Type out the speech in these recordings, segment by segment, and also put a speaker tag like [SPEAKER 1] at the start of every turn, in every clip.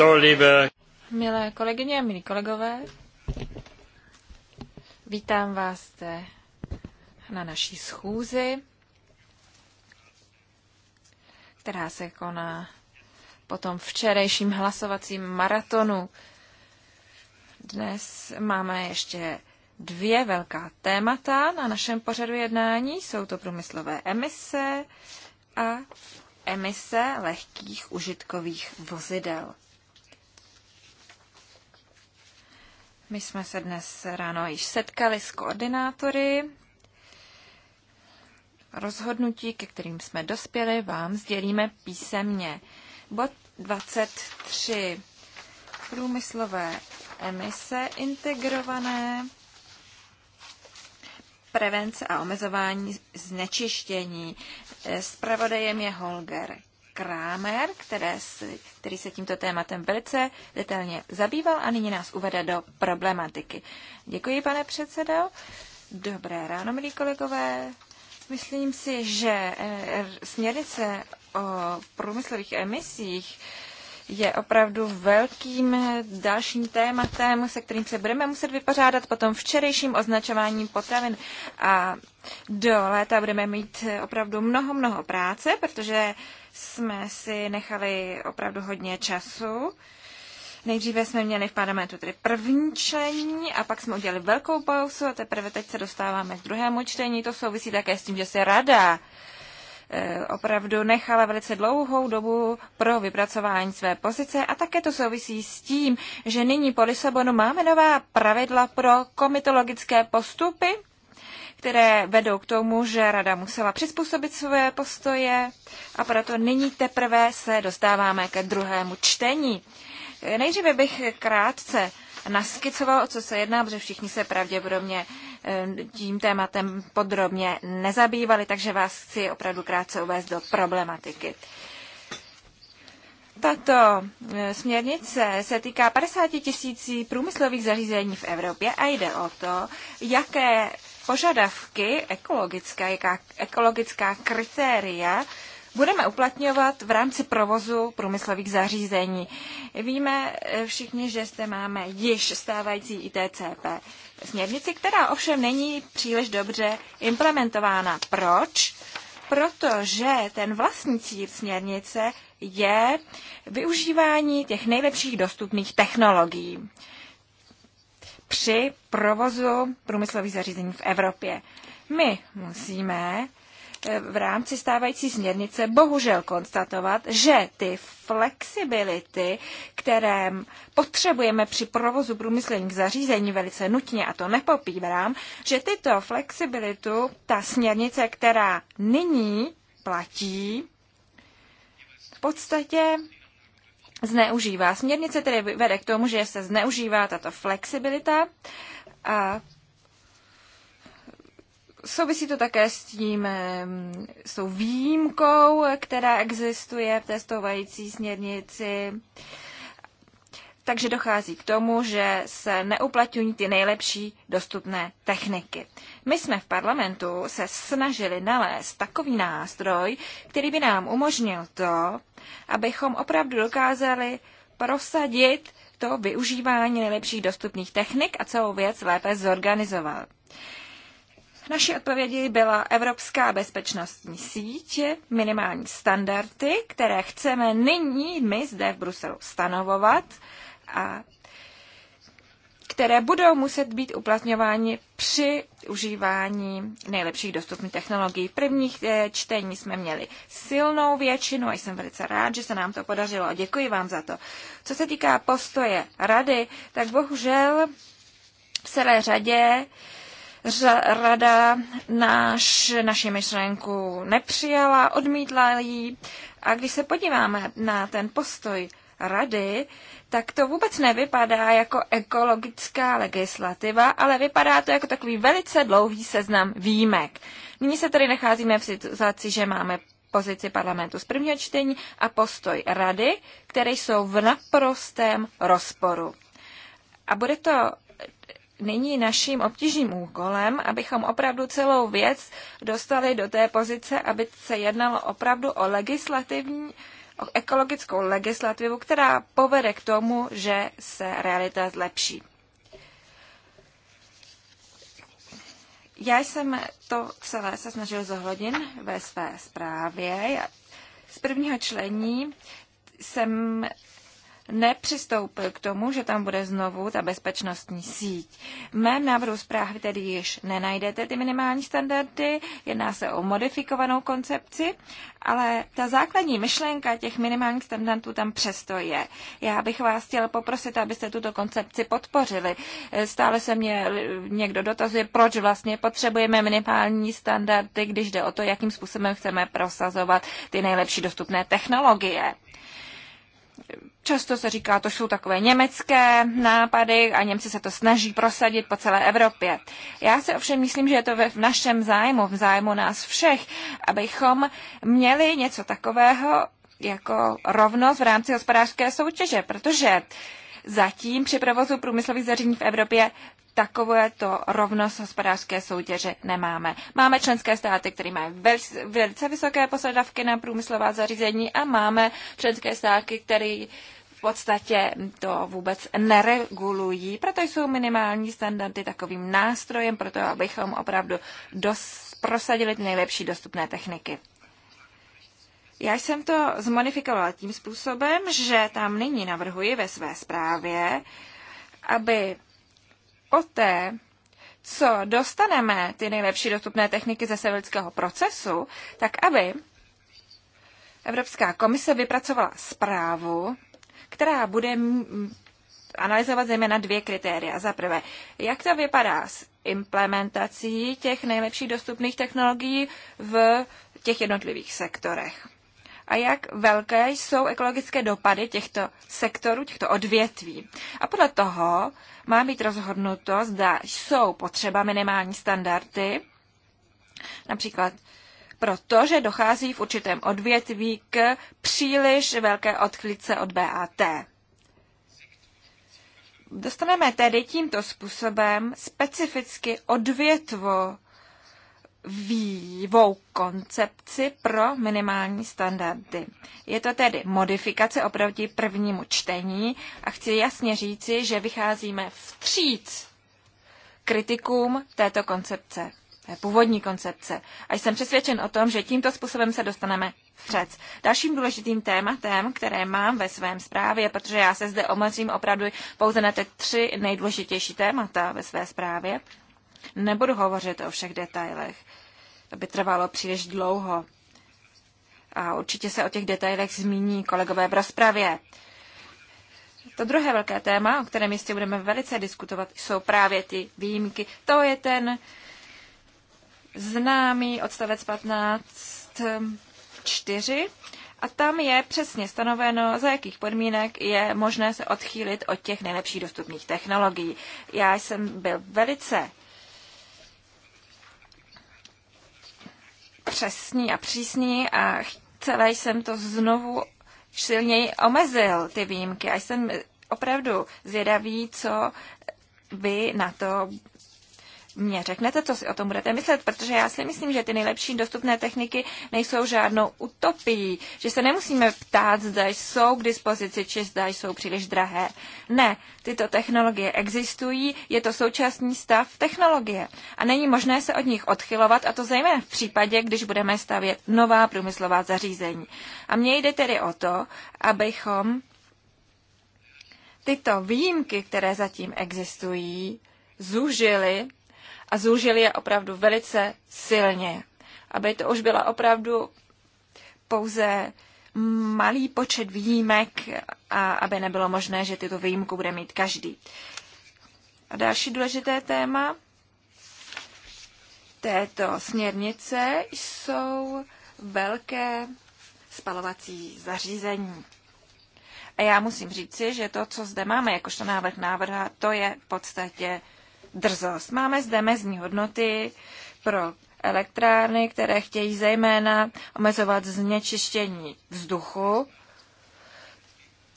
[SPEAKER 1] So, liebe...
[SPEAKER 2] Milé kolegyně a milí kolegové, vítám vás zde na naší schůzi, která se koná po tom včerejším hlasovacím maratonu. Dnes máme ještě dvě velká témata na našem pořadu jednání. Jsou to průmyslové emise a emise lehkých užitkových vozidel. My jsme se dnes ráno již setkali s koordinátory. Rozhodnutí, ke kterým jsme dospěli, vám sdělíme písemně. Bod 23. Průmyslové emise integrované prevence a omezování znečištění. Spravodajem je Holger Kramer, které si, který se tímto tématem velice detailně zabýval a nyní nás uvede do problematiky. Děkuji, pane předsedo. Dobré ráno, milí kolegové. Myslím si, že eh, směrnice o průmyslových emisích je opravdu velkým eh, dalším tématem, se kterým se budeme muset vypořádat potom včerejším označováním potravin. A do léta budeme mít eh, opravdu mnoho, mnoho práce, protože jsme si nechali opravdu hodně času. Nejdříve jsme měli v parlamentu tedy první čtení a pak jsme udělali velkou pauzu a teprve teď se dostáváme k druhému čtení. To souvisí také s tím, že se rada eh, opravdu nechala velice dlouhou dobu pro vypracování své pozice a také to souvisí s tím, že nyní po Lisabonu máme nová pravidla pro komitologické postupy, které vedou k tomu, že rada musela přizpůsobit své postoje a proto nyní teprve se dostáváme ke druhému čtení. Nejdříve bych krátce naskicoval, o co se jedná, protože všichni se pravděpodobně eh, tím tématem podrobně nezabývali, takže vás chci opravdu krátce uvést do problematiky. Tato eh, směrnice se týká 50 tisící průmyslových zařízení v Evropě a jde o to, jaké požadavky ekologické, jaká ekologická kritéria budeme uplatňovat v rámci provozu průmyslových zařízení. Víme eh, všichni, že zde máme již stávající ITCP směrnici, která ovšem není příliš dobře implementována. Proč? Protože ten vlastní cíl směrnice je využívání těch nejlepších dostupných technologií při provozu průmyslových zařízení v Evropě. My musíme eh, v rámci stávající směrnice bohužel konstatovat, že ty flexibility, které potřebujeme při provozu průmyslových zařízení velice nutně, a to nepopírám, že tyto flexibilitu, ta směrnice, která nyní platí, v podstatě zneužívá. Směrnice tedy vede k tomu, že se zneužívá tato flexibilita a souvisí to také s tím, mm, s tou výjimkou, která existuje v testovající směrnici takže dochází k tomu, že se neuplatňují ty nejlepší dostupné techniky. My jsme v parlamentu se snažili nalézt takový nástroj, který by nám umožnil to, abychom opravdu dokázali prosadit to využívání nejlepších dostupných technik a celou věc lépe zorganizoval. Naší odpovědi byla Evropská bezpečnostní síť, minimální standardy, které chceme nyní my zde v Bruselu stanovovat a které budou muset být uplatňovány při užívání nejlepších dostupných technologií. V prvních eh, čtení jsme měli silnou většinu a jsem velice rád, že se nám to podařilo a děkuji vám za to. Co se týká postoje rady, tak bohužel v celé řadě rada náš, naši myšlenku nepřijala, odmítla ji. A když se podíváme na ten postoj rady, tak to vůbec nevypadá jako ekologická legislativa, ale vypadá to jako takový velice dlouhý seznam výjimek. Nyní se tady nacházíme v situaci, že máme pozici parlamentu z prvního čtení a postoj rady, které jsou v naprostém rozporu. A bude to nyní naším obtížným úkolem, abychom opravdu celou věc dostali do té pozice, aby se jednalo opravdu o legislativní ekologickou legislativu, která povede k tomu, že se realita zlepší. Já jsem to celé se snažil zohlednit ve své zprávě. Z prvního člení jsem nepřistoupil k tomu, že tam bude znovu ta bezpečnostní síť. V mém návrhu zprávy tedy již nenajdete ty minimální standardy, jedná se o modifikovanou koncepci, ale ta základní myšlenka těch minimálních standardů tam přesto je. Já bych vás chtěla poprosit, abyste tuto koncepci podpořili. Stále se mě někdo dotazuje, proč vlastně potřebujeme minimální standardy, když jde o to, jakým způsobem chceme prosazovat ty nejlepší dostupné technologie. Často se říká, to jsou takové německé nápady a Němci se to snaží prosadit po celé Evropě. Já si ovšem myslím, že je to v našem zájmu, v zájmu nás všech, abychom měli něco takového jako rovnost v rámci hospodářské soutěže, protože zatím při provozu průmyslových zařízení v Evropě takovéto rovnost hospodářské soutěže nemáme. Máme členské státy, které mají velice vysoké posledavky na průmyslová zařízení a máme členské státy, které v podstatě to vůbec neregulují, proto jsou minimální standardy takovým nástrojem pro to, abychom opravdu dos- prosadili ty nejlepší dostupné techniky. Já jsem to zmodifikovala tím způsobem, že tam nyní navrhuji ve své zprávě, aby poté, co dostaneme ty nejlepší dostupné techniky ze sevilského procesu, tak aby Evropská komise vypracovala zprávu, která bude analyzovat zejména dvě kritéria. Za prvé, jak to vypadá s implementací těch nejlepších dostupných technologií v těch jednotlivých sektorech a jak velké jsou ekologické dopady těchto sektorů, těchto odvětví. A podle toho má být rozhodnuto, zda jsou potřeba minimální standardy, například protože dochází v určitém odvětví k příliš velké odklice od BAT. Dostaneme tedy tímto způsobem specificky odvětvo vývou koncepci pro minimální standardy. Je to tedy modifikace oproti prvnímu čtení a chci jasně říci, že vycházíme vstříc kritikům této koncepce, té původní koncepce. A jsem přesvědčen o tom, že tímto způsobem se dostaneme vpřed. Dalším důležitým tématem, které mám ve svém zprávě, protože já se zde omezím opravdu pouze na ty tři nejdůležitější témata ve své zprávě, Nebudu hovořit o všech detailech, to by trvalo příliš dlouho. A určitě se o těch detailech zmíní kolegové v rozpravě. To druhé velké téma, o kterém jistě budeme velice diskutovat, jsou právě ty výjimky. To je ten známý odstavec 15.4 a tam je přesně stanoveno, za jakých podmínek je možné se odchýlit od těch nejlepších dostupných technologií. Já jsem byl velice přesní a přísní a celé jsem to znovu silněji omezil, ty výjimky. A jsem opravdu zvědavý, co vy na to mě řeknete, co si o tom budete myslet, protože já si myslím, že ty nejlepší dostupné techniky nejsou žádnou utopií, že se nemusíme ptát, zda jsou k dispozici, či zda jsou příliš drahé. Ne, tyto technologie existují, je to současný stav technologie a není možné se od nich odchylovat, a to zejména v případě, když budeme stavět nová průmyslová zařízení. A mně jde tedy o to, abychom tyto výjimky, které zatím existují, zužili a zúžili je opravdu velice silně. Aby to už byla opravdu pouze malý počet výjimek a aby nebylo možné, že tyto výjimku bude mít každý. A další důležité téma této směrnice jsou velké spalovací zařízení. A já musím říci, že to, co zde máme jakožto návrh návrha, to je v podstatě drzost. Máme zde mezní hodnoty pro elektrárny, které chtějí zejména omezovat znečištění vzduchu.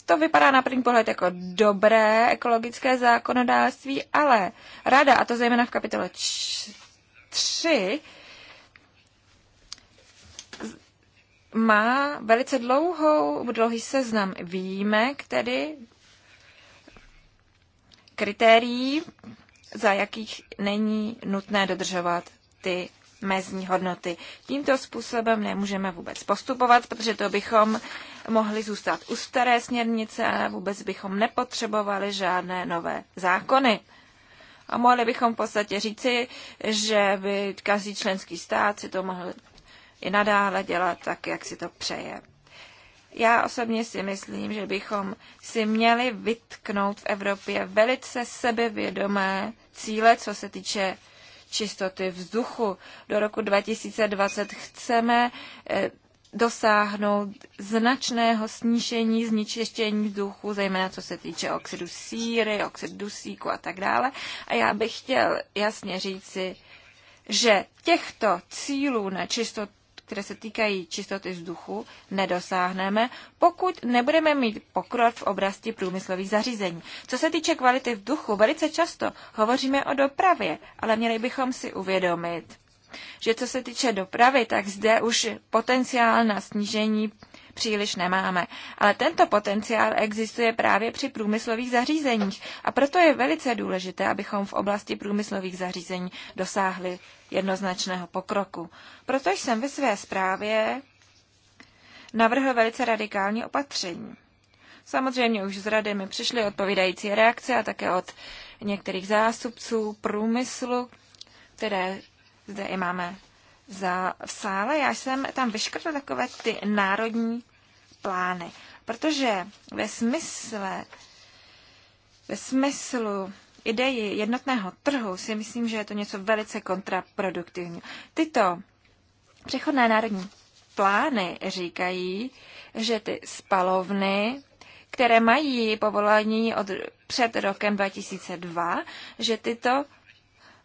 [SPEAKER 2] To vypadá na první pohled jako dobré ekologické zákonodárství, ale rada, a to zejména v kapitole 3, má velice dlouhou, dlouhý seznam výjimek, tedy kritérií za jakých není nutné dodržovat ty mezní hodnoty. Tímto způsobem nemůžeme vůbec postupovat, protože to bychom mohli zůstat u staré směrnice a vůbec bychom nepotřebovali žádné nové zákony. A mohli bychom v podstatě říci, že by každý členský stát si to mohl i nadále dělat tak, jak si to přeje. Já osobně si myslím, že bychom si měli vytknout v Evropě velice sebevědomé cíle, co se týče čistoty vzduchu. Do roku 2020 chceme eh, dosáhnout značného snížení znečištění vzduchu, zejména co se týče oxidu síry, oxidu dusíku a tak dále. A já bych chtěl jasně říci, že těchto cílů na čistotu které se týkají čistoty vzduchu, nedosáhneme, pokud nebudeme mít pokrok v oblasti průmyslových zařízení. Co se týče kvality vzduchu, velice často hovoříme o dopravě, ale měli bychom si uvědomit, že co se týče dopravy, tak zde už potenciál na snížení příliš nemáme. Ale tento potenciál existuje právě při průmyslových zařízeních a proto je velice důležité, abychom v oblasti průmyslových zařízení dosáhli jednoznačného pokroku. Proto jsem ve své zprávě navrhl velice radikální opatření. Samozřejmě už z rady mi přišly odpovídající reakce a také od některých zástupců průmyslu, které zde i máme za, v sále. Já jsem tam vyškrtla takové ty národní plány, protože ve smysle, ve smyslu ideji jednotného trhu si myslím, že je to něco velice kontraproduktivní. Tyto přechodné národní plány říkají, že ty spalovny, které mají povolení od před rokem 2002, že tyto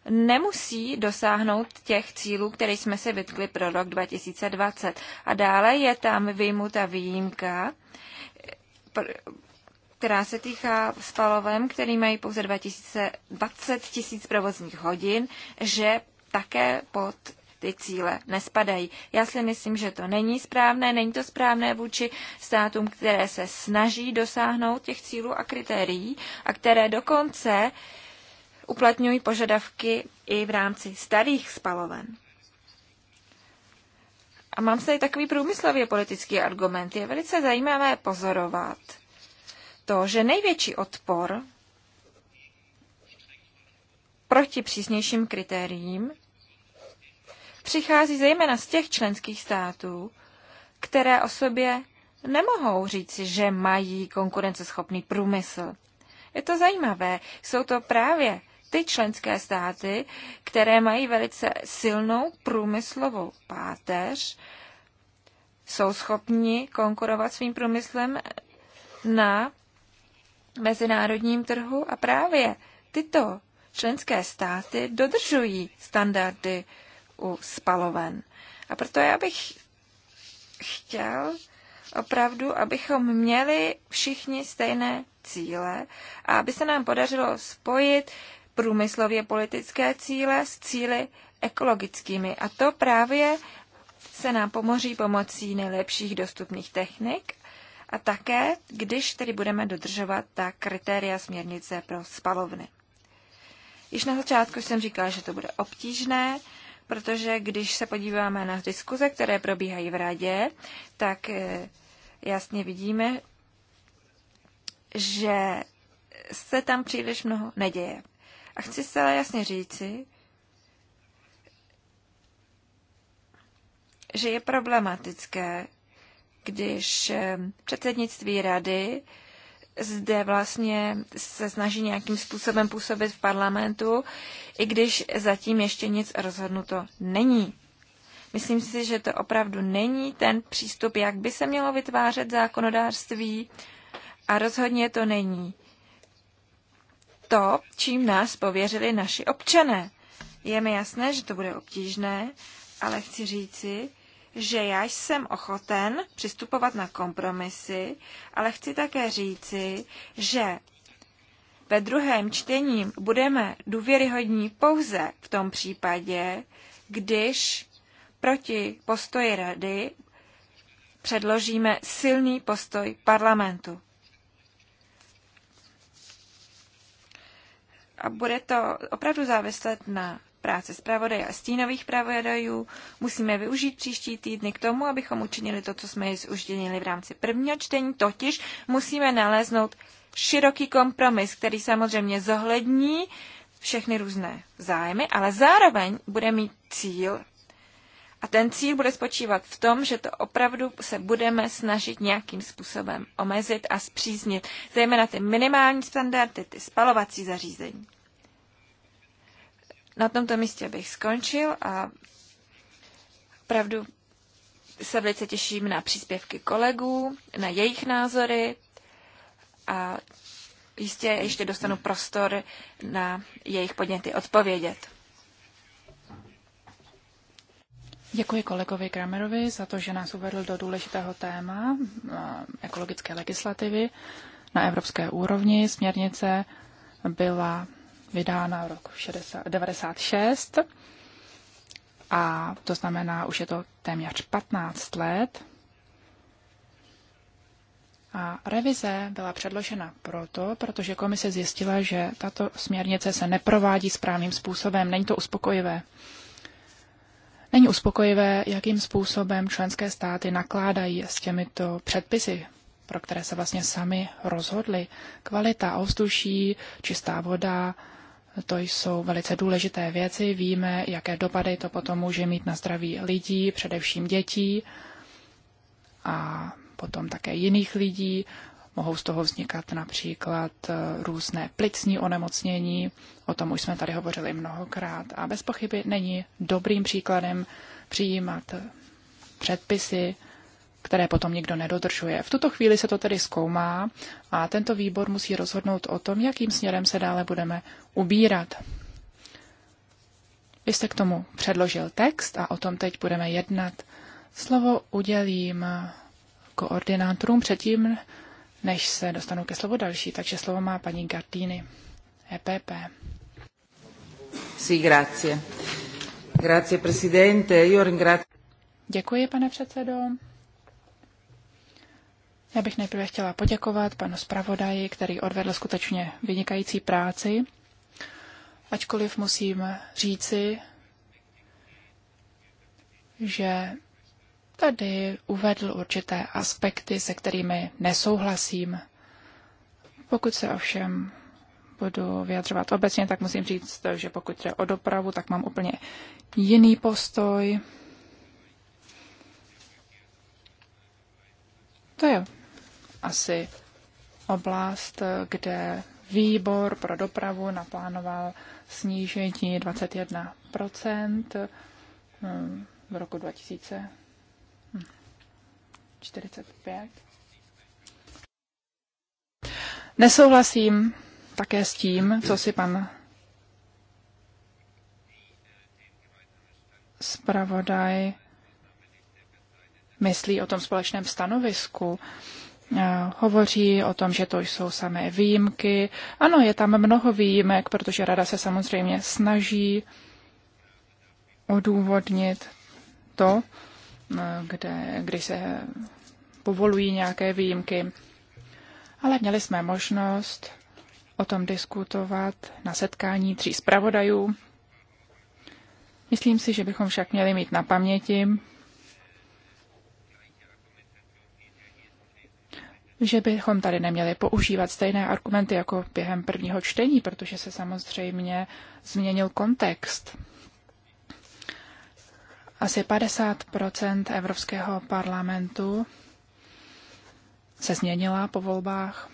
[SPEAKER 2] nemusí dosáhnout těch cílů, které jsme si vytkli pro rok 2020. A dále je tam vyjmuta výjimka, která se týká spalovem, který mají pouze 2020 tisíc provozních hodin, že také pod ty cíle nespadají. Já si myslím, že to není správné, není to správné vůči státům, které se snaží dosáhnout těch cílů a kritérií a které dokonce uplatňují požadavky i v rámci starých spaloven. A mám se i takový průmyslově politický argument. Je velice zajímavé pozorovat to, že největší odpor proti přísnějším kritériím přichází zejména z těch členských států, které o sobě nemohou říci, že mají konkurenceschopný průmysl. Je to zajímavé. Jsou to právě ty členské státy, které mají velice silnou průmyslovou páteř, jsou schopni konkurovat svým průmyslem na mezinárodním trhu a právě tyto členské státy dodržují standardy u spaloven. A proto já bych chtěl opravdu, abychom měli všichni stejné cíle a aby se nám podařilo spojit průmyslově politické cíle s cíly ekologickými. A to právě se nám pomoří pomocí nejlepších dostupných technik a také, když tedy budeme dodržovat ta kritéria směrnice pro spalovny. Již na začátku jsem říkala, že to bude obtížné, protože když se podíváme na diskuze, které probíhají v radě, tak eh, jasně vidíme, že se tam příliš mnoho neděje. A chci zcela jasně říci, že je problematické, když eh, předsednictví rady zde vlastně se snaží nějakým způsobem působit v parlamentu, i když zatím ještě nic rozhodnuto není. Myslím si, že to opravdu není ten přístup, jak by se mělo vytvářet zákonodárství a rozhodně to není to, čím nás pověřili naši občané. Je mi jasné, že to bude obtížné, ale chci říci, že já jsem ochoten přistupovat na kompromisy, ale chci také říci, že ve druhém čtení budeme důvěryhodní pouze v tom případě, když proti postoji rady předložíme silný postoj parlamentu. a bude to opravdu záviset na práci zpravodaje a stínových pravodajů. Musíme využít příští týdny k tomu, abychom učinili to, co jsme již učinili v rámci prvního čtení, totiž musíme naléznout široký kompromis, který samozřejmě zohlední všechny různé zájmy, ale zároveň bude mít cíl a ten cíl bude spočívat v tom, že to opravdu se budeme snažit nějakým způsobem omezit a zpříznit, zejména ty minimální standardy, ty spalovací zařízení. Na tomto místě bych skončil a opravdu se velice těším na příspěvky kolegů, na jejich názory a jistě ještě dostanu prostor na jejich podněty odpovědět. Děkuji
[SPEAKER 3] kolegovi Kramerovi za to, že nás uvedl do důležitého téma eh, ekologické legislativy na evropské úrovni. Směrnice byla vydána v roku 1996 a to znamená, už je to téměř 15 let. A revize byla předložena proto, protože komise zjistila, že tato směrnice se neprovádí správným způsobem. Není to uspokojivé. Není uspokojivé, jakým způsobem členské státy nakládají s těmito předpisy, pro které se vlastně sami rozhodli. Kvalita ovzduší, čistá voda, to jsou velice důležité věci. Víme, jaké dopady to potom může mít na zdraví lidí, především dětí a potom také jiných lidí. Mohou z toho vznikat například eh, různé plicní onemocnění, o tom už jsme tady hovořili mnohokrát a bez pochyby není dobrým příkladem přijímat eh, předpisy, které potom nikdo nedodržuje. V tuto chvíli se to tedy zkoumá a tento výbor musí rozhodnout o tom, jakým směrem se dále budeme ubírat. Vy jste k tomu předložil text a o tom teď budeme jednat. Slovo udělím koordinátorům předtím, než se dostanou ke slovu další. Takže slovo má paní Gardini, EPP. Sí, grazie. Grazie, presidente. Io ringrazio... Děkuji, pane předsedo. Já bych nejprve chtěla poděkovat panu zpravodaji, který odvedl skutečně vynikající práci. Ačkoliv musím říci, že tady uvedl určité aspekty, se kterými nesouhlasím. Pokud se ovšem budu vyjadřovat obecně, tak musím říct, že pokud jde o dopravu, tak mám úplně jiný postoj. To je asi oblast, kde výbor pro dopravu naplánoval snížení 21 hm, v roku 2000 45. Nesouhlasím také s tím, co si pan zpravodaj myslí o tom společném stanovisku. Eh, hovoří o tom, že to jsou samé výjimky. Ano, je tam mnoho výjimek, protože rada se samozřejmě snaží odůvodnit to, kde, kdy se povolují nějaké výjimky. Ale měli jsme možnost o tom diskutovat na setkání tří zpravodajů. Myslím si, že bychom však měli mít na paměti, že bychom tady neměli používat stejné argumenty jako během prvního čtení, protože se samozřejmě změnil kontext. Asi 50 Evropského parlamentu se změnila po volbách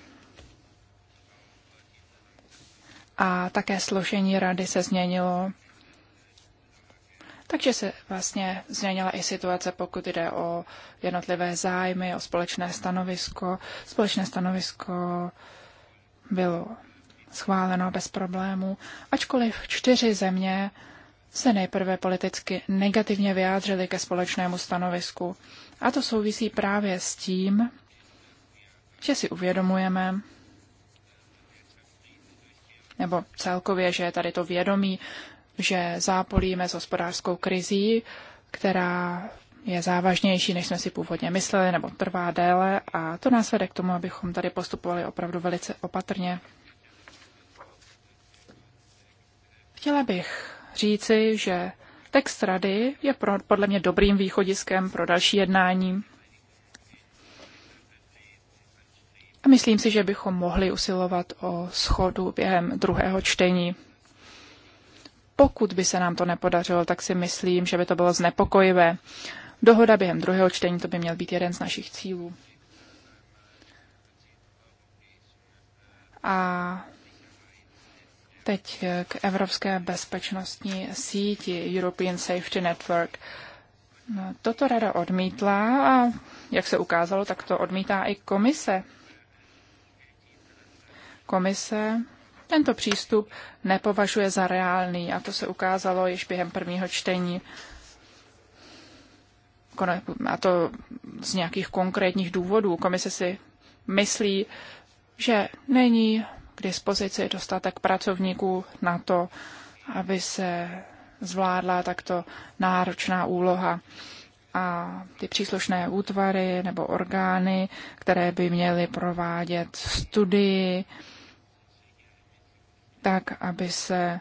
[SPEAKER 3] a také složení rady se změnilo. Takže se vlastně změnila i situace, pokud jde o jednotlivé zájmy, o společné stanovisko. Společné stanovisko bylo schváleno bez problémů, ačkoliv čtyři země se nejprve politicky negativně vyjádřili ke společnému stanovisku. A to souvisí právě s tím, že si uvědomujeme, nebo celkově, že je tady to vědomí, že zápolíme s hospodářskou krizí, která je závažnější, než jsme si původně mysleli, nebo trvá déle a to nás vede k tomu, abychom tady postupovali opravdu velice opatrně. Chtěla bych říci, že text rady je pro, podle mě dobrým východiskem pro další jednání. A myslím si, že bychom mohli usilovat o schodu během druhého čtení. Pokud by se nám to nepodařilo, tak si myslím, že by to bylo znepokojivé. Dohoda během druhého čtení to by měl být jeden z našich cílů. A Teď k Evropské bezpečnostní síti European Safety Network. No, toto rada odmítla a jak se ukázalo, tak to odmítá i komise. Komise tento přístup nepovažuje za reálný a to se ukázalo již během prvního čtení. A to z nějakých konkrétních důvodů. Komise si myslí, že není k dispozici dostatek pracovníků na to, aby se zvládla takto náročná úloha. A ty příslušné útvary nebo orgány, které by měly provádět studii, tak, aby se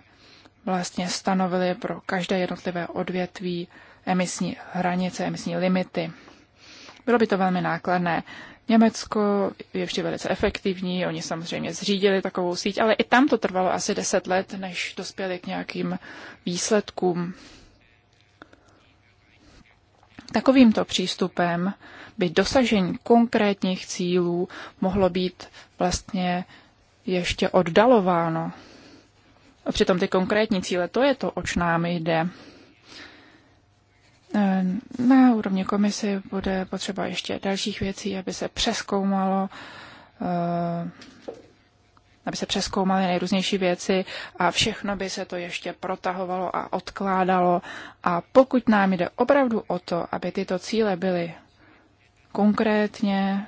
[SPEAKER 3] vlastně stanovily pro každé jednotlivé odvětví emisní hranice, emisní limity. Bylo by to velmi nákladné. Německo je ještě velice efektivní, oni samozřejmě zřídili takovou síť, ale i tam to trvalo asi deset let, než dospěli k nějakým výsledkům. Takovýmto přístupem by dosažení konkrétních cílů mohlo být vlastně ještě oddalováno. A přitom ty konkrétní cíle, to je to, oč nám jde. Eh, na úrovni komisy bude potřeba ještě dalších věcí, aby se přeskoumalo eh, aby se přeskoumaly nejrůznější věci a všechno by se to ještě protahovalo a odkládalo. A pokud nám jde opravdu o to, aby tyto cíle byly konkrétně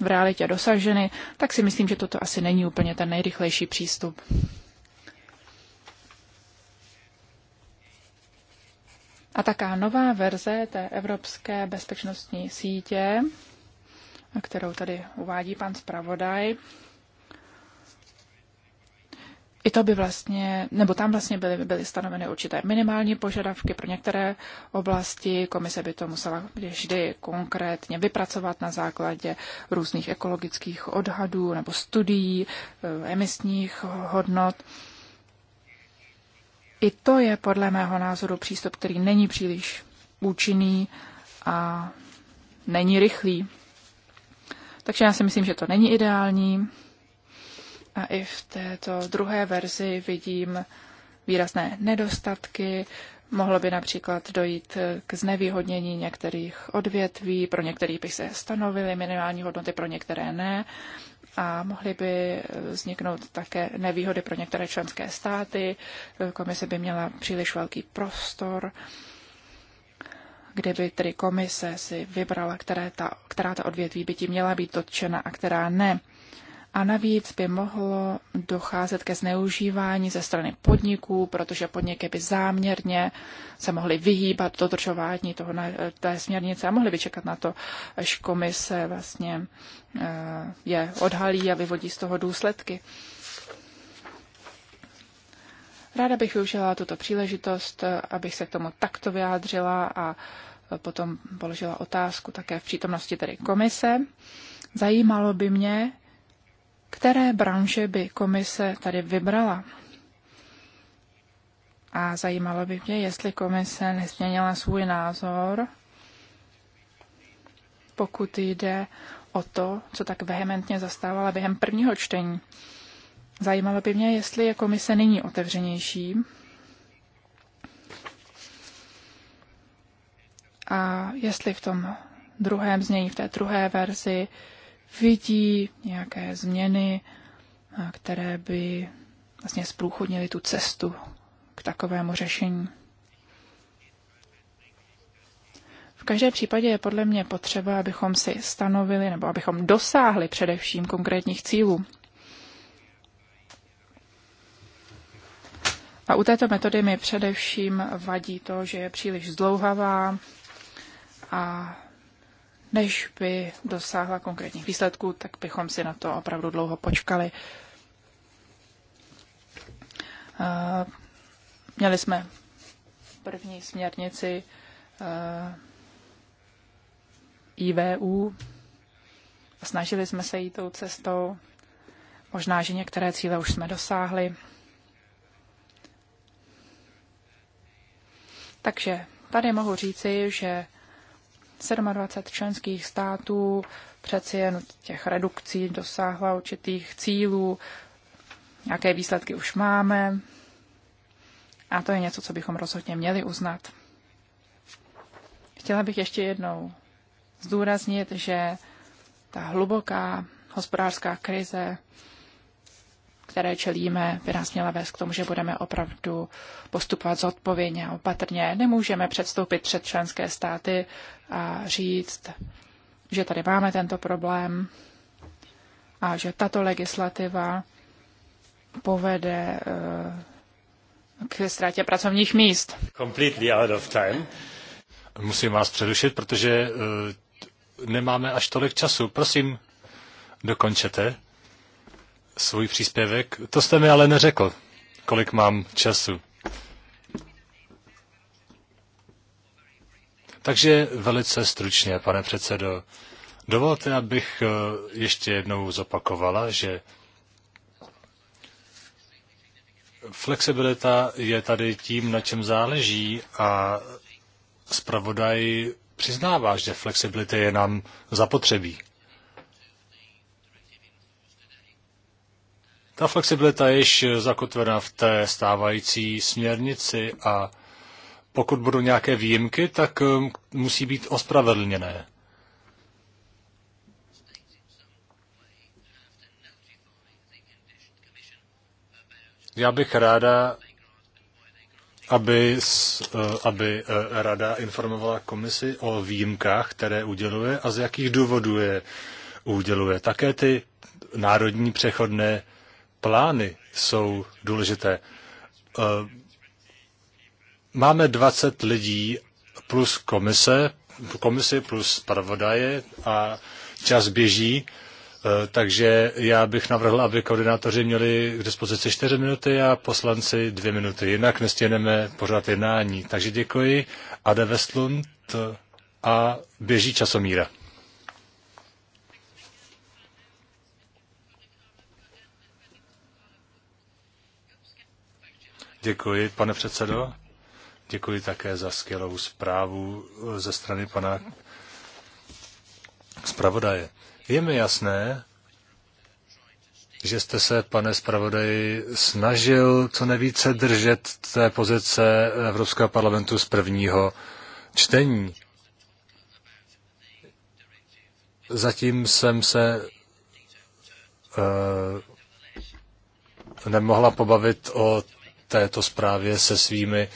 [SPEAKER 3] v realitě dosaženy, tak si myslím, že toto asi není úplně ten nejrychlejší přístup. A taká nová verze té evropské bezpečnostní sítě, kterou tady uvádí pan zpravodaj, i to by vlastně, nebo tam vlastně byly, byly stanoveny určité minimální požadavky pro některé oblasti. Komise by to musela vždy konkrétně vypracovat na základě různých ekologických odhadů nebo studií, eh, emisních hodnot. I to je podle mého názoru přístup, který není příliš účinný a není rychlý. Takže já si myslím, že to není ideální. A i v této druhé verzi vidím výrazné nedostatky. Mohlo by například dojít k znevýhodnění některých odvětví, pro některých by se stanovily minimální hodnoty, pro některé ne a mohly by vzniknout také nevýhody pro některé členské státy. Komise by měla příliš velký prostor, kdyby tedy komise si vybrala, které ta, která ta odvětví by tím měla být dotčena a která ne a navíc by mohlo docházet ke zneužívání ze strany podniků, protože podniky by záměrně se mohly vyhýbat dodržování toho, té směrnice a mohly by čekat na to, až komise vlastně eh, je odhalí a vyvodí z toho důsledky. Ráda bych využila tuto příležitost, abych se k tomu takto vyjádřila a potom položila otázku také v přítomnosti tedy komise. Zajímalo by mě, které branže by komise tady vybrala. A zajímalo by mě, jestli komise nesměnila svůj názor, pokud jde o to, co tak vehementně zastávala během prvního čtení. Zajímalo by mě, jestli je komise nyní otevřenější a jestli v tom druhém znění, v té druhé verzi, vidí nějaké změny, které by vlastně zprůchodnily tu cestu k takovému řešení. V každém případě je podle mě potřeba, abychom si stanovili nebo abychom dosáhli především konkrétních cílů. A u této metody mi především vadí to, že je příliš zdlouhavá a než by dosáhla konkrétních výsledků, tak bychom si na to opravdu dlouho počkali. Eh, měli jsme první směrnici eh, IVU. a Snažili jsme se jít tou cestou. Možná, že některé cíle už jsme dosáhli. Takže tady mohu říci, že 27 členských států přeci jen těch redukcí dosáhla určitých cílů, nějaké výsledky už máme a to je něco, co bychom rozhodně měli uznat. Chtěla bych ještě jednou zdůraznit, že ta hluboká hospodářská krize které čelíme, by nás měla vést k tomu, že budeme opravdu postupovat zodpovědně a opatrně. Nemůžeme předstoupit před členské státy a říct, že tady máme tento problém a že tato legislativa povede eh, k ztrátě pracovních míst.
[SPEAKER 1] Completely out of time. Musím vás přerušit, protože eh, nemáme až tolik času. Prosím, dokončete svůj příspěvek. To jste mi ale neřekl, kolik mám času. Takže velice stručně, pane předsedo. Dovolte, abych eh, ještě jednou zopakovala, že flexibilita je tady tím, na čem záleží a zpravodaj přiznává, že flexibilita je nám zapotřebí. Ta flexibilita je již zakotvena v té stávající směrnici a pokud budou nějaké výjimky, tak um, musí být ospravedlněné. Já bych ráda, aby, uh, aby uh, rada informovala komisi o výjimkách, které uděluje a z jakých důvodů je uděluje. Také ty národní přechodné plány jsou důležité. Eh, máme 20 lidí plus komise, komisi plus pravodaje a čas běží, eh, takže já bych navrhl, aby koordinátoři měli k dispozici 4 minuty a poslanci 2 minuty. Jinak nestěneme pořád jednání. Takže děkuji. Ade Westlund a běží časomíra. Děkuji, pane předsedo. Děkuji také za skvělou zprávu eh, ze strany pana zpravodaje. Je mi jasné, že jste se, pane zpravodaji, snažil co nejvíce držet té pozice Evropského parlamentu z prvního čtení. Zatím jsem se uh, nemohla pobavit o této zprávě se svými,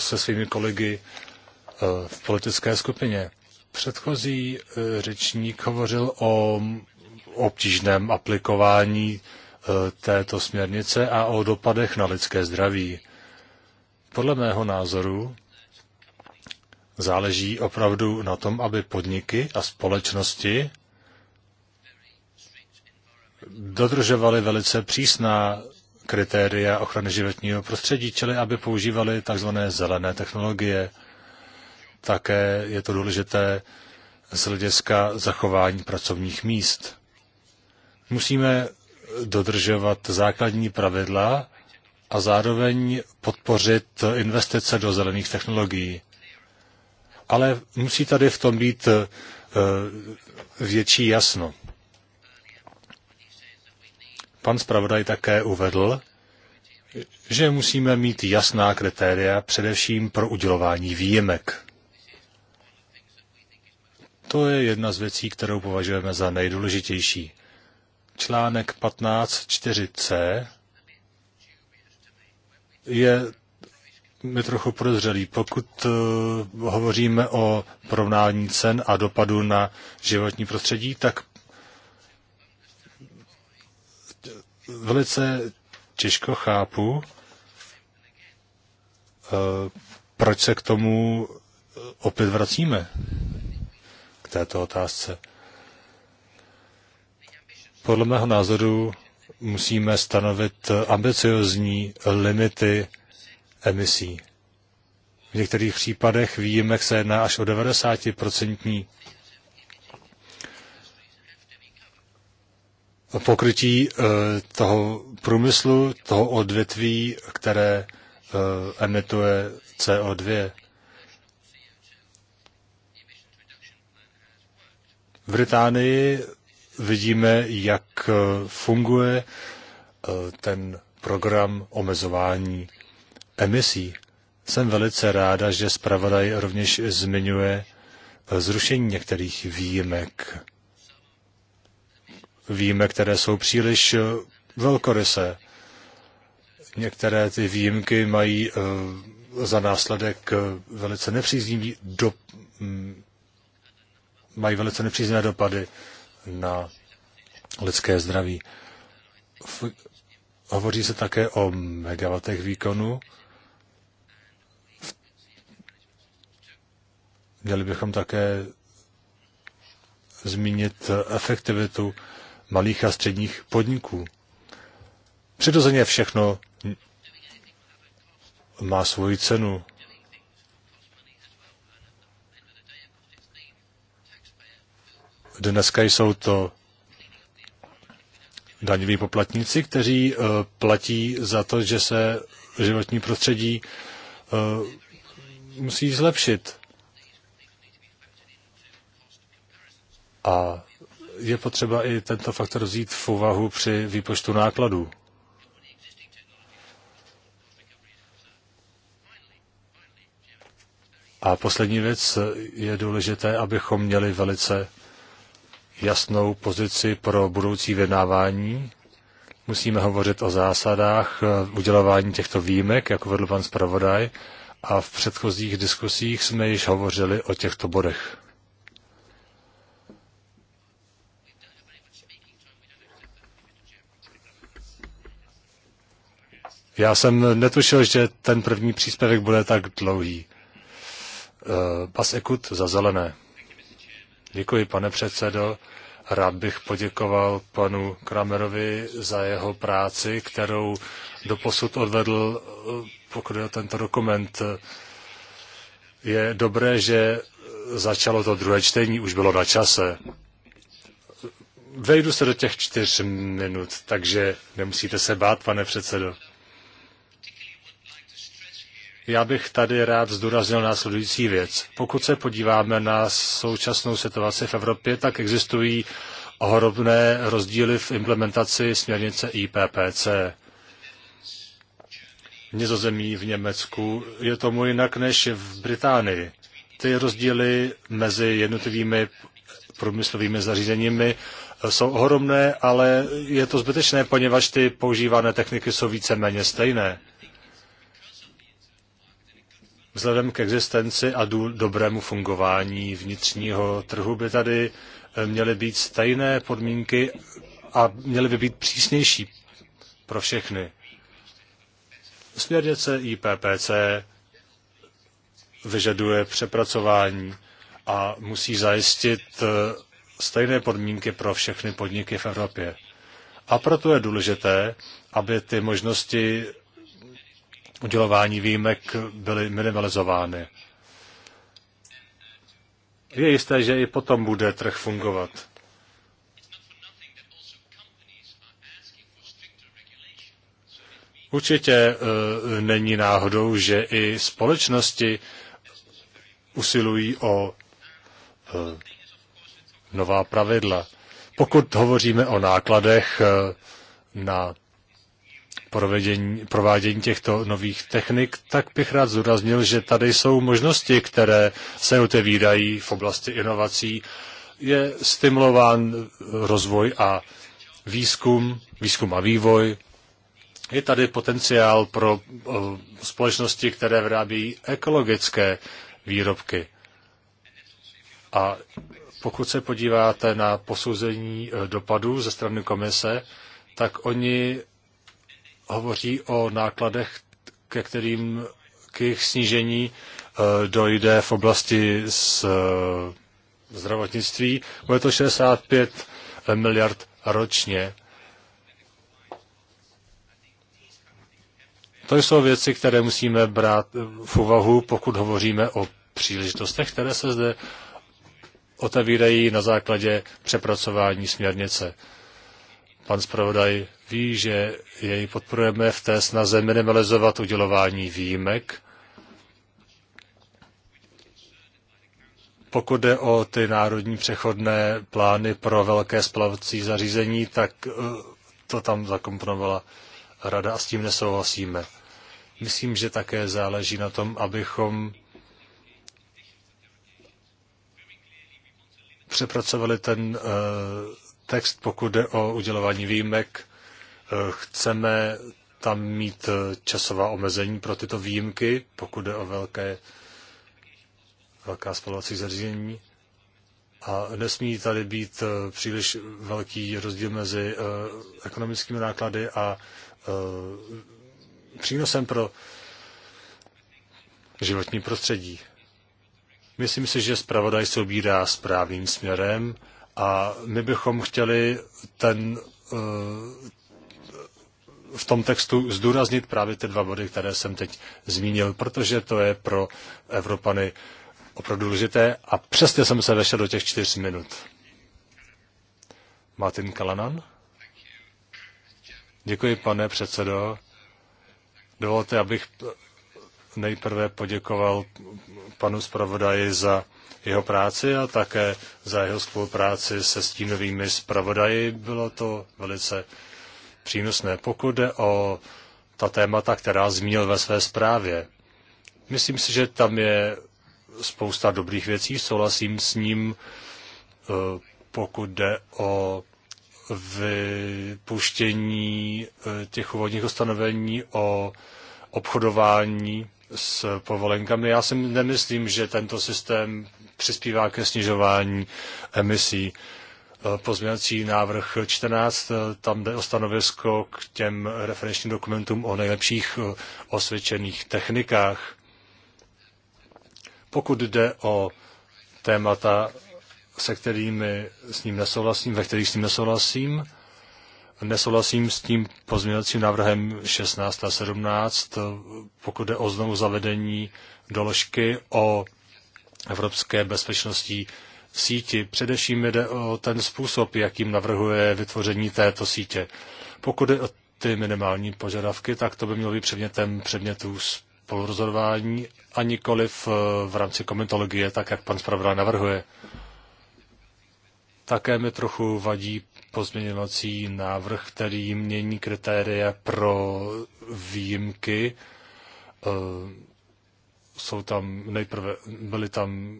[SPEAKER 1] se svými kolegy eh, v politické skupině. Předchozí eh, řečník hovořil o obtížném aplikování eh, této směrnice a o dopadech na lidské zdraví. Podle mého názoru záleží opravdu na tom, aby podniky a společnosti dodržovaly velice přísná kritéria ochrany životního prostředí, čili aby používali tzv. zelené technologie. Také je to důležité z hlediska zachování pracovních míst. Musíme dodržovat základní pravidla a zároveň podpořit investice do zelených technologií. Ale musí tady v tom být eh, větší jasno. Pan zpravodaj také uvedl, že musíme mít jasná kritéria především pro udělování výjimek. To je jedna z věcí, kterou považujeme za nejdůležitější. Článek 15.4c je mi trochu podezřelý. Pokud eh, hovoříme o porovnání cen a dopadu na životní prostředí, tak velice těžko chápu, eh, proč se k tomu eh, opět vracíme, k této otázce. Podle mého názoru musíme stanovit eh, ambiciozní limity emisí. V některých případech výjimek se jedná až o 90% pokrytí eh, toho průmyslu, toho odvětví, které eh, emituje CO2. V Británii vidíme, jak eh, funguje ten program omezování emisí. Jsem velice ráda, že zpravodaj rovněž zmiňuje zrušení některých výjimek víme, které jsou příliš eh, velkorysé. Některé ty výjimky mají eh, za následek eh, velice nepříznivý do, mm, mají velice nepříznivé dopady na lidské zdraví. V, hovoří se také o megawatech výkonu. Měli bychom také zmínit efektivitu malých a středních podniků. Přirozeně všechno má svoji cenu. Dneska jsou to daňoví poplatníci, kteří eh, platí za to, že se životní prostředí eh, musí zlepšit. A je potřeba i tento faktor vzít v úvahu při výpočtu nákladů. A poslední věc je důležité, abychom měli velice jasnou pozici pro budoucí vyjednávání. Musíme hovořit o zásadách eh, udělování těchto výjimek, jako vedl pan zpravodaj, a v předchozích diskusích jsme již hovořili o těchto bodech. Já jsem netušil, že ten první příspěvek bude tak dlouhý. Bas eh, Ekut za zelené. Děkuji, pane předsedo. Rád bych poděkoval panu Kramerovi za jeho práci, kterou doposud odvedl, eh, pokud je tento dokument. Je dobré, že začalo to druhé čtení, už bylo na čase. Vejdu se do těch čtyř minut, takže nemusíte se bát, pane předsedo. Já bych tady rád zdůraznil následující věc. Pokud se podíváme na současnou situaci v Evropě, tak existují ohromné rozdíly v implementaci směrnice IPPC. V Nizozemí, v Německu je tomu jinak než v Británii. Ty rozdíly mezi jednotlivými průmyslovými zařízeními eh, jsou ohromné, ale je to zbytečné, poněvadž ty používané techniky jsou víceméně stejné. Vzhledem k existenci a dobrému fungování vnitřního trhu by tady eh, měly být stejné podmínky a měly by být přísnější pro všechny. Směrnice IPPC vyžaduje přepracování a musí zajistit eh, stejné podmínky pro všechny podniky v Evropě. A proto je důležité, aby ty možnosti udělování výjimek byly minimalizovány. Je jisté, že i potom bude trh fungovat. Určitě e, není náhodou, že i společnosti usilují o e, nová pravidla. Pokud hovoříme o nákladech e, na provedení, provádění těchto nových technik, tak bych rád zdůraznil, že tady jsou možnosti, které se otevírají v oblasti inovací. Je stimulován rozvoj a výzkum, výzkum a vývoj. Je tady potenciál pro eh, společnosti, které vyrábí ekologické výrobky. A pokud se podíváte na posouzení eh, dopadů ze strany komise, tak oni hovoří o nákladech, ke kterým k jejich snížení eh, dojde v oblasti z eh, zdravotnictví. Bude to 65 miliard ročně. To jsou věci, které musíme brát eh, v úvahu, pokud hovoříme o příležitostech, které se zde otevírají na základě přepracování směrnice. Pan zpravodaj ví, že jej podporujeme v té snaze minimalizovat udělování výjimek. Pokud jde o ty národní přechodné plány pro velké splavací zařízení, tak eh, to tam zakomponovala rada a s tím nesouhlasíme. Myslím, že také záleží na tom, abychom přepracovali ten eh, text, pokud jde o udělování výjimek Eh, chceme tam mít eh, časová omezení pro tyto výjimky, pokud jde o velké, velká spalovací zařízení. A nesmí tady být eh, příliš velký rozdíl mezi ekonomickými náklady a přínosem pro životní prostředí. Myslím si, že zpravodaj se ubírá správným směrem a my bychom chtěli ten, v tom textu zdůraznit právě ty dva body, které jsem teď zmínil, protože to je pro Evropany opravdu důležité a přesně jsem se vešel do těch čtyř minut. Martin Kalanan? Děkuji, pane předsedo. Dovolte, abych nejprve poděkoval panu zpravodaji za jeho práci a také za jeho spolupráci se stínovými zpravodaji. Bylo to velice přínosné, pokud jde o ta témata, která zmínil ve své zprávě. Myslím si, že tam je spousta dobrých věcí, souhlasím s ním, eh, pokud jde o vypuštění eh, těch úvodních ustanovení o obchodování s povolenkami. Já si nemyslím, že tento systém přispívá ke snižování emisí pozměňovací návrh 14, tam jde o stanovisko k těm referenčním dokumentům o nejlepších eh, osvědčených technikách. Pokud jde o témata, se kterými s ním nesouhlasím, ve kterých s ním nesouhlasím, nesouhlasím s tím pozměňovacím návrhem 16 a 17, eh, pokud jde o znovu zavedení doložky o evropské bezpečnosti v síti. Především jde o ten způsob, jakým navrhuje vytvoření této sítě. Pokud je o ty minimální požadavky, tak to by mělo být předmětem předmětů spolurozhodování a v, eh, v rámci komentologie, tak jak pan zpravodaj navrhuje. Také mi trochu vadí pozměňovací návrh, který mění kritéria pro výjimky. Eh, jsou tam nejprve, byly tam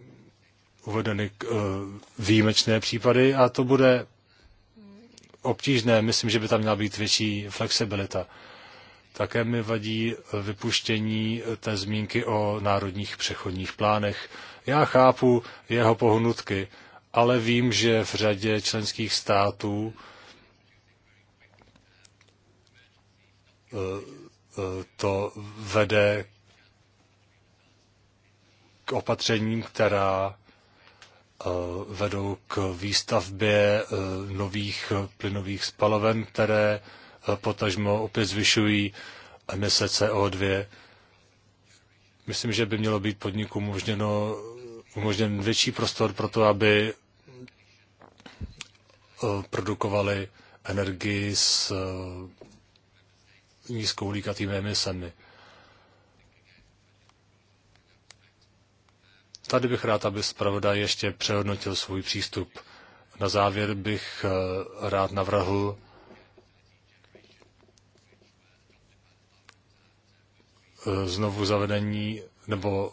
[SPEAKER 1] uvedeny k, eh, výjimečné případy a to bude obtížné. Myslím, že by tam měla být větší flexibilita. Také mi vadí eh, vypuštění eh, té zmínky o národních přechodních plánech. Já chápu jeho pohnutky, ale vím, že v řadě členských států to vede k opatřením, která Eh, vedou k výstavbě eh, nových plynových spaloven, které eh, potažmo opět zvyšují emise CO2. Myslím, že by mělo být podniku umožněno, umožněn větší prostor pro to, aby produkovali energii s nízkouhlíkatými emisemi. Tady bych rád, aby zpravodaj ještě přehodnotil svůj přístup. Na závěr bych eh, rád navrhl eh, znovu zavedení nebo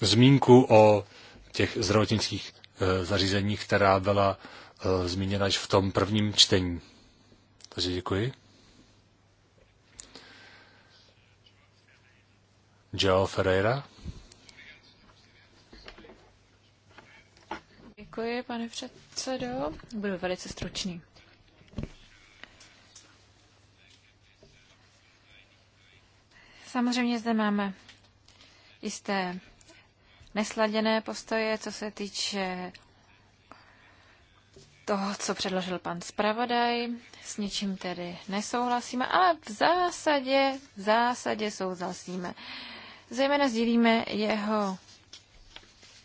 [SPEAKER 1] zmínku o těch zdravotnických eh, zařízeních, která byla zmíněna již v tom prvním čtení. Takže děkuji. Joe Ferreira.
[SPEAKER 2] Děkuji, pane předsedo. Budu velice stručný. Samozřejmě zde máme jisté nesladěné postoje, co se týče toho, co předložil pan zpravodaj. S něčím tedy nesouhlasíme, ale v zásadě, v zásadě souhlasíme. Zejména sdílíme jeho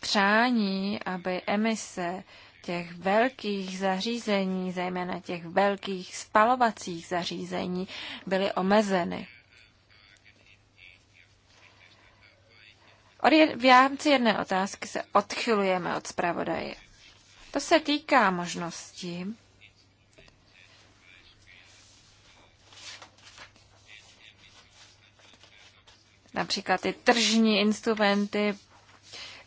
[SPEAKER 2] přání, aby emise těch velkých zařízení, zejména těch velkých spalovacích zařízení, byly omezeny. V rámci jedné otázky se odchylujeme od zpravodaje. To se týká možnosti, například ty tržní instrumenty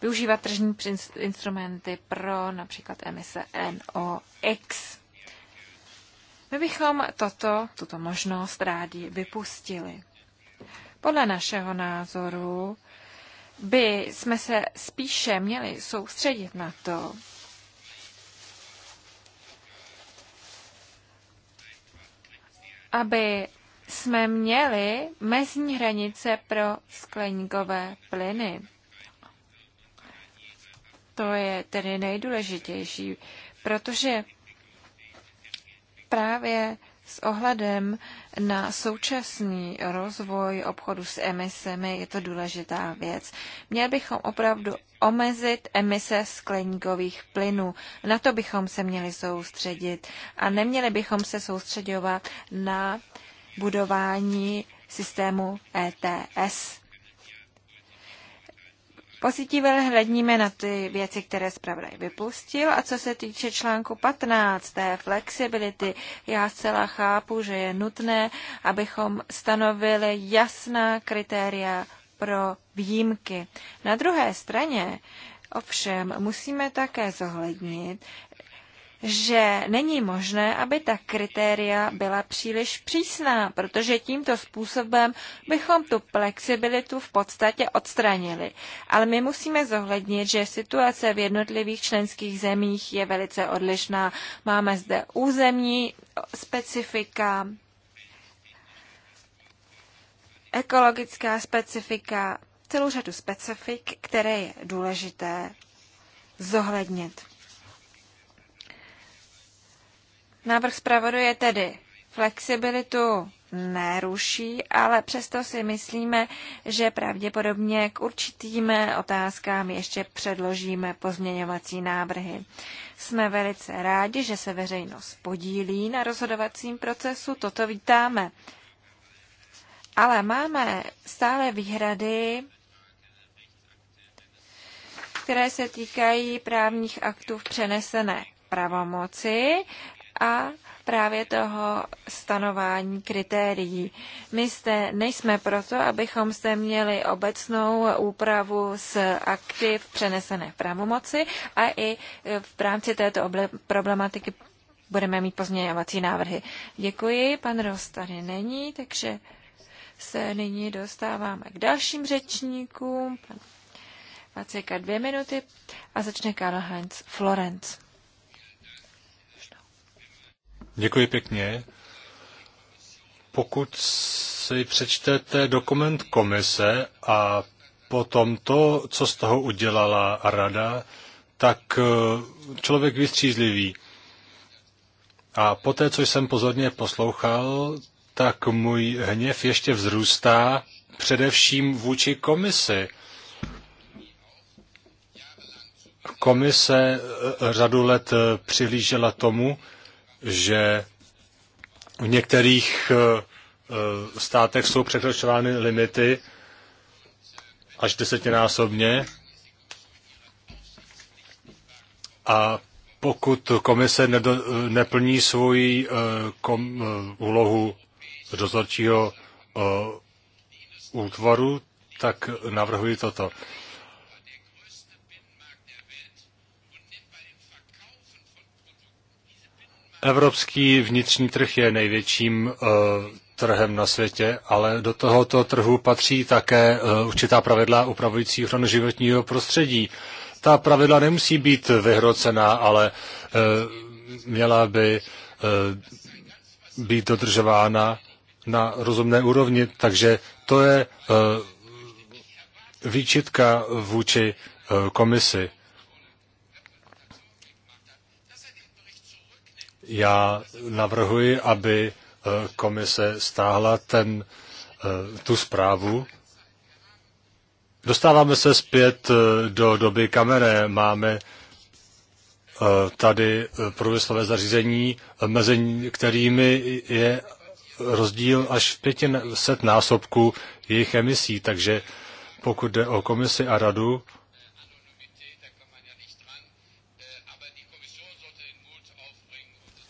[SPEAKER 2] využívat tržní instrumenty pro například emise NOx. My bychom toto, tuto možnost rádi vypustili. Podle našeho názoru by jsme se spíše měli soustředit na to, aby jsme měli mezní hranice pro skleníkové plyny. To je tedy nejdůležitější, protože právě s ohledem na současný rozvoj obchodu s emisemi je to důležitá věc. Měli bychom opravdu omezit emise skleníkových plynů. Na to bychom se měli soustředit a neměli bychom se soustředovat na budování systému ETS. Pozitivně hledíme na ty věci, které zpravodaj vypustil. A co se týče článku 15, té flexibility, já zcela chápu, že je nutné, abychom stanovili jasná kritéria pro výjimky. Na druhé straně Ovšem musíme také zohlednit, že není možné, aby ta kritéria byla příliš přísná, protože tímto způsobem bychom tu flexibilitu v podstatě odstranili. Ale my musíme zohlednit, že situace v jednotlivých členských zemích je velice odlišná. Máme zde územní specifika, ekologická specifika, celou řadu specifik, které je důležité zohlednit. Návrh zpravoduje tedy flexibilitu neruší, ale přesto si myslíme, že pravděpodobně k určitým otázkám ještě předložíme pozměňovací návrhy. Jsme velice rádi, že se veřejnost podílí na rozhodovacím procesu, toto vítáme. Ale máme stále výhrady, které se týkají právních aktů v přenesené pravomoci a právě toho stanování kritérií. My jste, nejsme proto, abychom se měli obecnou úpravu s aktiv přenesené pravomoci a i v rámci této problematiky budeme mít pozměňovací návrhy. Děkuji, pan Rost tady není, takže se nyní dostáváme k dalším řečníkům. Pan Vaceka dvě minuty a začne Karl Heinz Florenc.
[SPEAKER 1] Děkuji pěkně. Pokud si přečtete dokument komise a potom to, co z toho udělala rada, tak eh, člověk vystřízlivý. A poté, co jsem pozorně poslouchal, tak můj hněv ještě vzrůstá především vůči komisi. Komise eh, řadu let eh, přihlížela tomu, že v některých eh, eh, státech jsou překročovány limity až desetinásobně. A pokud komise nedo, neplní svoji eh, kom, úlohu dozorčího útvaru, tak navrhuji toto. Evropský vnitřní trh je největším eh, trhem na světě, ale do tohoto trhu patří také eh, určitá pravidla upravující ochranu životního prostředí. Ta pravidla nemusí být vyhrocená, ale eh, měla by být dodržována na rozumné úrovni, takže to je výčitka vůči komisi. Já navrhuji, aby eh, komise stáhla ten, eh, tu zprávu. Dostáváme se zpět eh, do doby kamere. Máme tady průmyslové zařízení, mezi kterými je rozdíl až v 500 násobku jejich emisí, takže pokud jde o komisi a radu,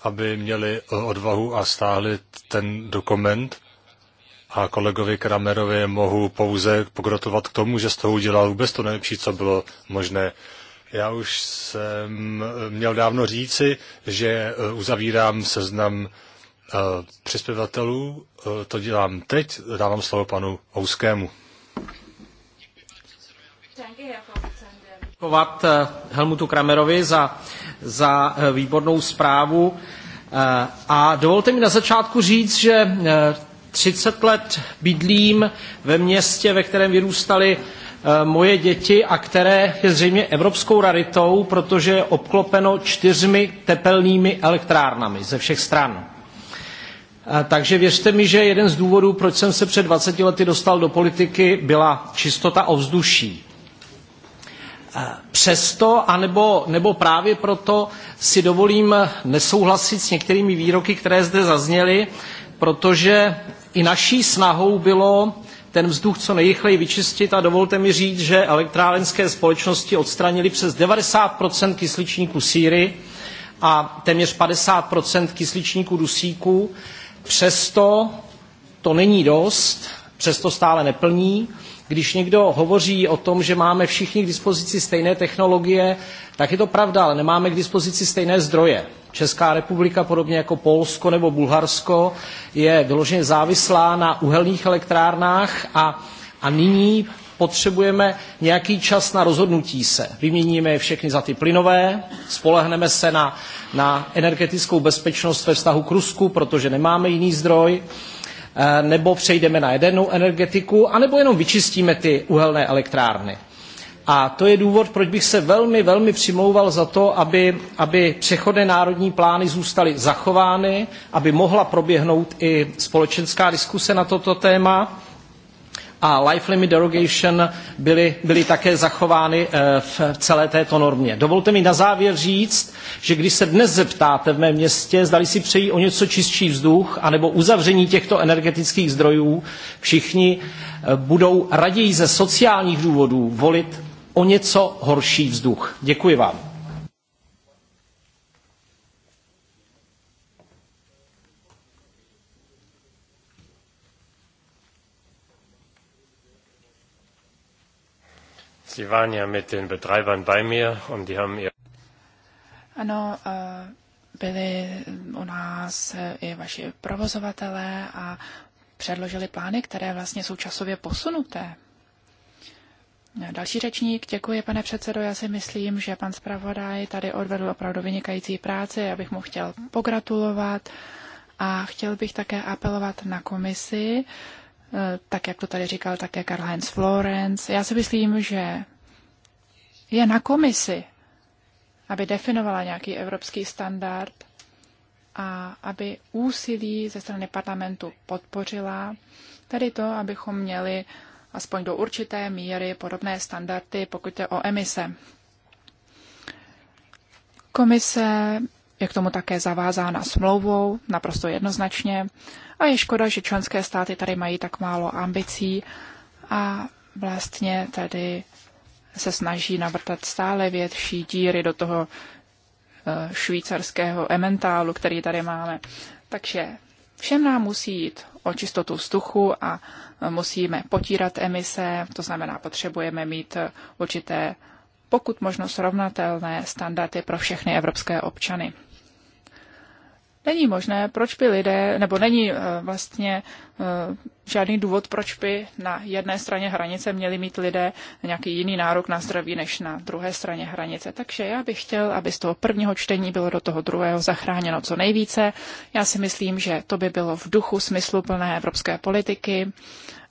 [SPEAKER 1] aby měli odvahu a stáhli ten dokument. A kolegovi Kramerovi mohu pouze pogratulovat k tomu, že z toho udělal vůbec to nejlepší, co bylo možné. Já už jsem měl dávno říci, že eh, uzavírám seznam eh, přispěvatelů. Eh, to dělám teď. Dávám slovo panu Ouskému poděkovat eh,
[SPEAKER 4] Helmutu Kramerovi za, za eh, výbornou zprávu. Eh, a dovolte mi na začátku říct, že 30 let bydlím ve městě, ve kterém vyrůstaly moje děti a které je zřejmě evropskou raritou, protože je obklopeno čtyřmi tepelnými elektrárnami ze všech stran. Takže věřte mi, že jeden z důvodů, proč jsem se před 20 lety dostal do politiky, byla čistota ovzduší. Eh, přesto, anebo, nebo právě proto si dovolím nesouhlasit s některými výroky, které zde zazněly, protože i naší snahou bylo ten vzduch co nejrychleji vyčistit a dovolte mi říct, že elektrárenské společnosti odstranili přes 90 kysličníku síry a téměř 50 kysličníku dusíku. Přesto to není dost, přesto stále neplní když někdo hovoří o tom, že máme všichni k dispozici stejné technologie, tak je to pravda, ale nemáme k dispozici stejné zdroje. Česká republika, podobně jako Polsko nebo Bulharsko, je vyloženě závislá na uhelných elektrárnách a, a nyní potřebujeme nějaký čas na rozhodnutí se. Vyměníme je všechny za ty plynové, spolehneme se na, na energetickou bezpečnost ve vztahu k Rusku, protože nemáme jiný zdroj. Eh, nebo přejdeme na jadernou energetiku, anebo jenom vyčistíme ty uhelné elektrárny. A to je důvod, proč bych se velmi, velmi přimlouval za to, aby, aby přechodné národní plány zůstaly zachovány, aby mohla proběhnout i společenská diskuse na toto téma a life limit derogation byly, byly také zachovány eh, v celé této normě. Dovolte mi na závěr říct, že když se dnes zeptáte v mém městě, zdali si přejí o něco čistší vzduch anebo uzavření těchto energetických zdrojů, všichni eh, budou raději ze sociálních důvodů volit o něco horší vzduch. Děkuji vám.
[SPEAKER 1] Sie waren ja mit den Betreibern bei mir und die haben ihr...
[SPEAKER 3] Ano, eh, byli u nás i vaši provozovatelé a předložili plány, které vlastně jsou časově posunuté. Další řečník, děkuji pane předsedo, já si myslím, že pan zpravodaj tady odvedl opravdu vynikající práci, já bych mu chtěl pogratulovat a chtěl bych také apelovat na komisi, Eh, tak jak to tady říkal také Karl-Heinz Florence. Já si myslím, že je na komisi, aby definovala nějaký evropský standard a aby úsilí ze strany parlamentu podpořila, tedy to, abychom měli aspoň do určité míry podobné standardy, pokud je o emise. Komise je k tomu také zavázána smlouvou, naprosto jednoznačně. A je škoda, že členské státy tady mají tak málo ambicí a vlastně tady se snaží navrtat stále větší díry do toho eh, švýcarského ementálu, který tady máme. Takže všem nám musí jít o čistotu vzduchu a eh, musíme potírat emise, to znamená, potřebujeme mít eh, určité pokud možno srovnatelné standardy pro všechny evropské občany není možné, proč by lidé, nebo není eh, vlastně eh, žádný důvod, proč by na jedné straně hranice měli mít lidé nějaký jiný nárok na zdraví než na druhé straně hranice. Takže já bych chtěl, aby z toho prvního čtení bylo do toho druhého zachráněno co nejvíce. Já si myslím, že to by bylo v duchu smysluplné evropské politiky.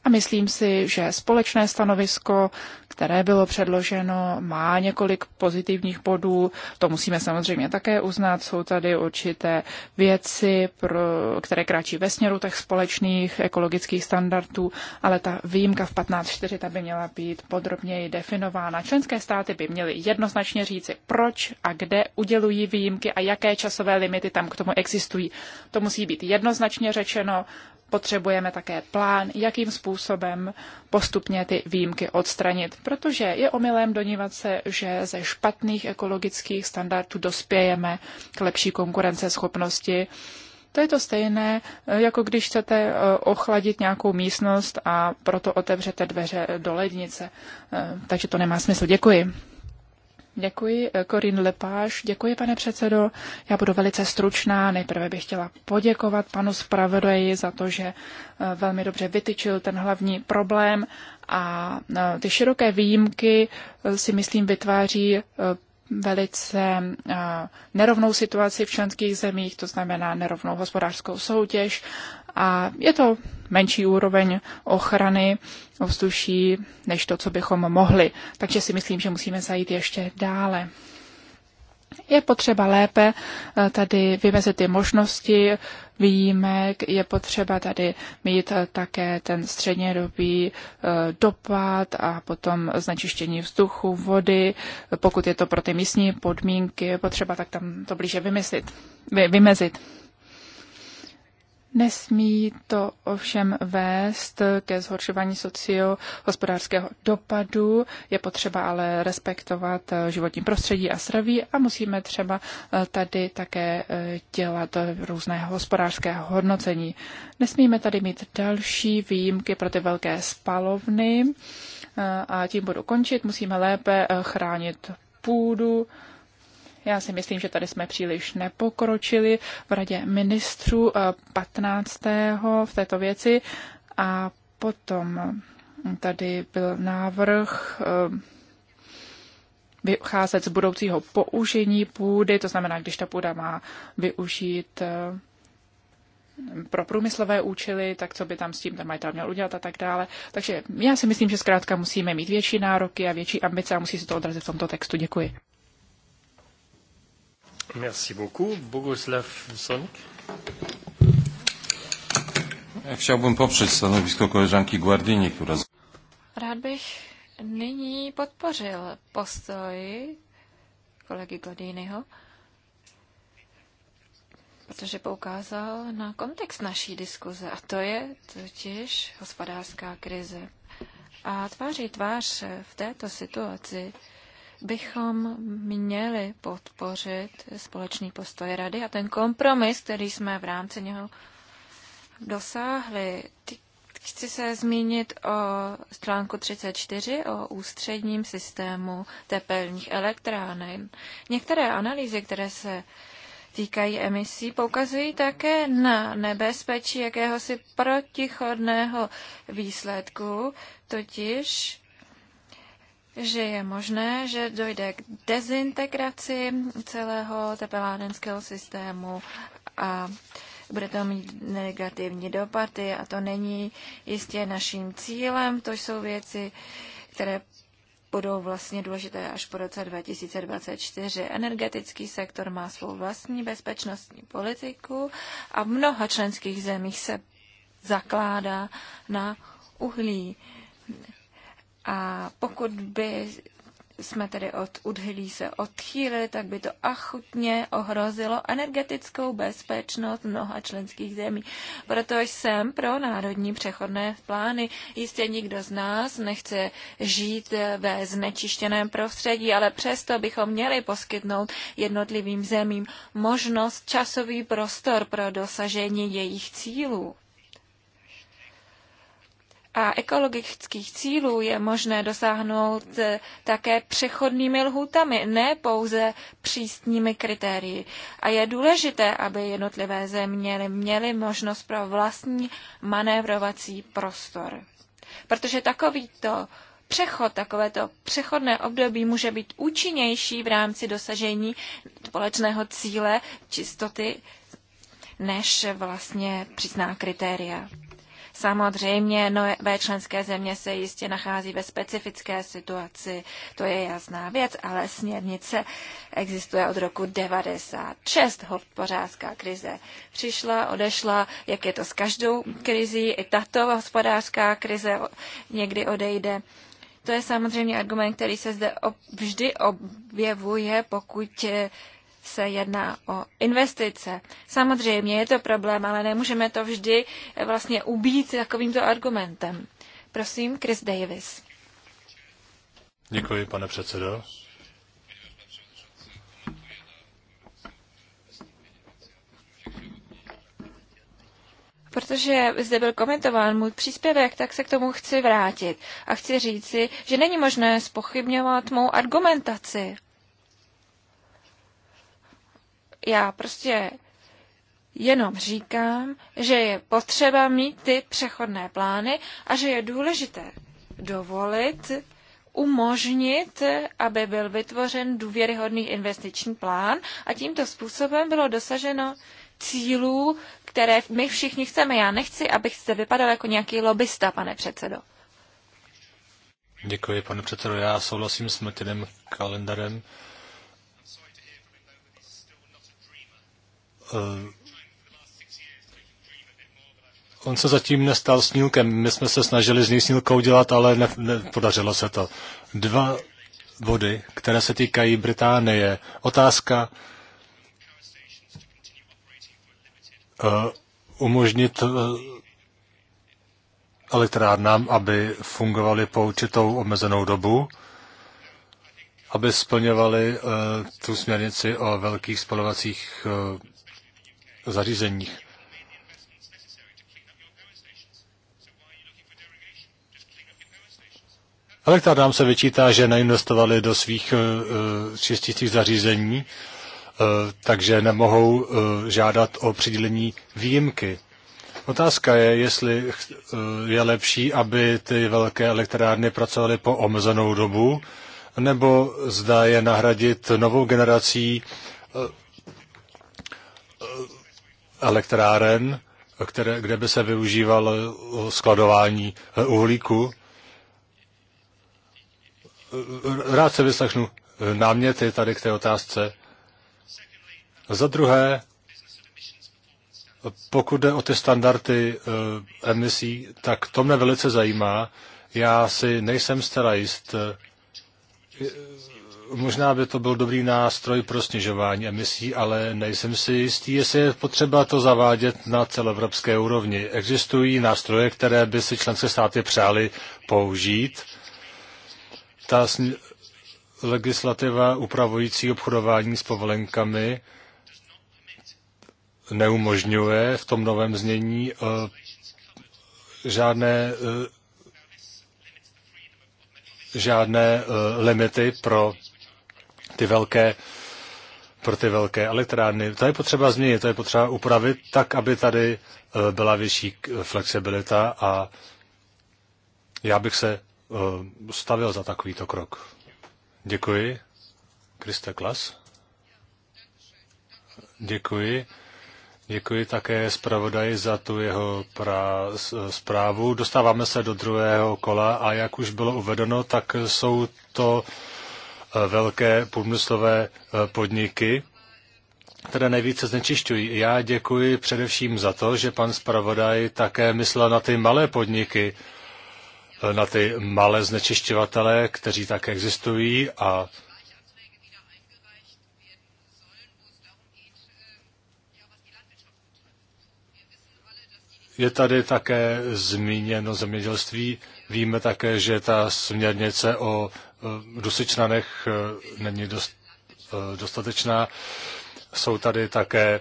[SPEAKER 3] A myslím si, že společné stanovisko, které bylo předloženo, má několik pozitivních bodů. To musíme samozřejmě také uznat. Jsou tady určité věci, pro, které kráčí ve směru těch společných ekologických standardů, ale ta výjimka v 15.4 ta by měla být podrobněji definována. Členské státy by měly jednoznačně říci, proč a kde udělují výjimky a jaké časové limity tam k tomu existují. To musí být jednoznačně řečeno, potřebujeme také plán, jakým způsobem postupně ty výjimky odstranit, protože je omylem donívat se, že ze špatných ekologických standardů dospějeme k lepší konkurenceschopnosti to je to stejné, eh, jako když chcete eh, ochladit nějakou místnost a proto otevřete dveře do lednice. Eh, takže to nemá smysl. Děkuji. Děkuji, Korin Lepáš. Děkuji, pane předsedo. Já budu velice stručná. Nejprve bych chtěla poděkovat panu zpravodaji za to, že velmi dobře vytyčil ten hlavní problém a ty široké výjimky si myslím vytváří velice eh, nerovnou situaci v členských zemích, to znamená nerovnou hospodářskou soutěž a je to menší úroveň ochrany ovzduší než to, co bychom mohli. Takže si myslím, že musíme zajít ještě dále. Je potřeba lépe eh, tady vymezit ty možnosti výjimek, je potřeba tady mít eh, také ten střednědobý eh, dopad a potom znečištění vzduchu, vody, pokud je to pro ty místní podmínky potřeba, tak tam to blíže vymyslit, vymezit. Nesmí to ovšem vést ke zhoršování sociohospodářského dopadu. Je potřeba ale respektovat eh, životní prostředí a sraví a musíme třeba eh, tady také eh, dělat různé hospodářské hodnocení. Nesmíme tady mít další výjimky pro ty velké spalovny a tím budu končit. Musíme lépe chránit půdu, já si myslím, že tady jsme příliš nepokročili v radě ministrů 15. Eh, v této věci a potom tady byl návrh eh, vycházet z budoucího použení půdy, to znamená, když ta půda má využít eh, pro průmyslové účely, tak co by tam s tím ten majitel měl udělat a tak dále. Takže já si myslím, že zkrátka musíme mít větší nároky a větší ambice a musí se to odrazit v tomto textu. Děkuji.
[SPEAKER 1] Merci beaucoup. Boguslav Sonik. Chciałbym poprzeć stanowisko koleżanki Guardini, która...
[SPEAKER 2] Rád bych nyní podpořil postoj kolegy Godínyho, protože poukázal na kontext naší diskuze, a to je totiž hospodářská krize. A tváří tvář v této situaci bychom měli podpořit společný postoj rady a ten kompromis, který jsme v rámci něho dosáhli. Chci se zmínit o stránku 34, o ústředním systému tepelních elektráren. Některé analýzy, které se týkají emisí, poukazují také na nebezpečí jakéhosi protichodného výsledku, totiž že je možné, že dojde k dezintegraci celého tepelárenského systému a bude to mít negativní dopady a to není jistě naším cílem. To jsou věci, které budou vlastně důležité až po roce 2024. Energetický sektor má svou vlastní bezpečnostní politiku a v mnoha členských zemích se zakládá na uhlí. A pokud by jsme tedy od udhylí se odchýlili, tak by to achutně ohrozilo energetickou bezpečnost mnoha členských zemí. Proto jsem pro národní přechodné plány. Jistě nikdo z nás nechce žít ve znečištěném prostředí, ale přesto bychom měli poskytnout jednotlivým zemím možnost časový prostor pro dosažení jejich cílů a ekologických cílů je možné dosáhnout eh, také přechodnými lhůtami, ne pouze přísnými kritérii. A je důležité, aby jednotlivé země měly možnost pro vlastní manévrovací prostor. Protože takovýto přechod, takovéto přechodné období může být účinnější v rámci dosažení společného cíle čistoty než vlastně přísná kritéria. Samozřejmě nové členské země se jistě nachází ve specifické situaci, to je jasná věc, ale směrnice existuje od roku 96. Hospodářská krize přišla, odešla, jak je to s každou krizí, i tato hospodářská krize někdy odejde. To je samozřejmě argument, který se zde vždy objevuje, pokud eh, se jedná o investice. Samozřejmě je to problém, ale nemůžeme to vždy eh, vlastně ubít takovýmto argumentem. Prosím, Chris Davis.
[SPEAKER 1] Děkuji, pane předsedo.
[SPEAKER 2] protože zde byl komentován můj příspěvek, tak se k tomu chci vrátit. A chci říci, že není možné spochybňovat mou argumentaci. Já prostě jenom říkám, že je potřeba mít ty přechodné plány a že je důležité dovolit, umožnit, aby byl vytvořen důvěryhodný investiční plán a tímto způsobem bylo dosaženo cílů, které my všichni chceme. Já nechci, abych se vypadal jako nějaký lobista, pane předsedo.
[SPEAKER 1] Děkuji, pane předsedo. Já souhlasím s Matinem kalendarem Eh, on se zatím nestal snílkem. My jsme se snažili z něj snílka udělat, ale nepodařilo ne, se to. Dva body, které se týkají Británie. Otázka uh, umožnit uh, elektrárnám, aby fungovaly po určitou omezenou dobu, aby splňovaly uh, tu směrnici o velkých spalovacích uh, zařízeních. Elektrárnám se vyčítá, že neinvestovali do svých uh, čistících zařízení, uh, takže nemohou uh, žádat o přidělení výjimky. Otázka je, jestli uh, je lepší, aby ty velké elektrárny pracovaly po omezenou dobu, nebo zda je nahradit novou generací uh, elektráren, které, kde by se využíval eh, skladování eh, uhlíku. Eh, rád se vyslechnu náměty tady k té otázce. Za druhé, pokud jde o ty standardy emisí, tak to mě velice zajímá. Já si nejsem zcela jist, možná by to byl dobrý nástroj pro snižování emisí, ale nejsem si jistý, jestli je potřeba to zavádět na celoevropské úrovni. Existují nástroje, které by si členské státy přáli použít. Ta legislativa upravující obchodování s povolenkami neumožňuje v tom novém znění eh, žádné eh, žádné eh, limity pro ty velké, pro ty velké elektrárny. To je potřeba změnit, to je potřeba upravit tak, aby tady eh, byla větší flexibilita a já bych se eh, stavil za takovýto krok. Děkuji. Kriste Klas. Děkuji. Děkuji také zpravodaji za tu jeho pra, zprávu. Dostáváme se do druhého kola a jak už bylo uvedeno, tak jsou to Eh, velké průmyslové eh, podniky, které nejvíce znečišťují. Já děkuji především za to, že pan zpravodaj také myslel na ty malé podniky, eh, na ty malé znečišťovatele, kteří tak existují a Je tady také zmíněno zemědělství. Víme také, že ta směrnice o Eh, Dusičnanech eh, není dost, eh, dostatečná. Jsou tady také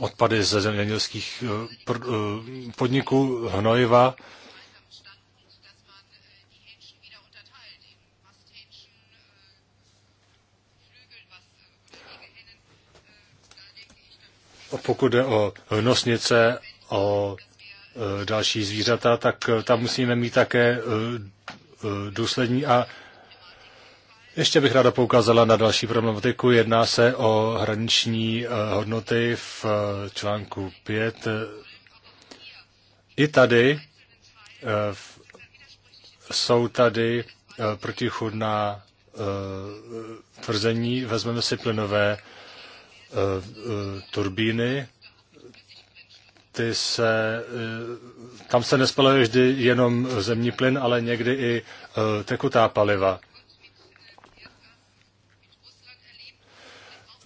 [SPEAKER 1] odpady ze zemědělských podniků, hnojiva. Pokud jde o nosnice, o další zvířata, tak tam musíme mít také Eh, důslední a ještě bych ráda poukázala na další problematiku. Jedná se o hraniční eh, hodnoty v eh, článku 5. I tady jsou tady protichudná tvrzení. Vezmeme si plynové turbíny ty se, eh, tam se nespaluje vždy jenom zemní plyn, ale někdy i eh, tekutá paliva.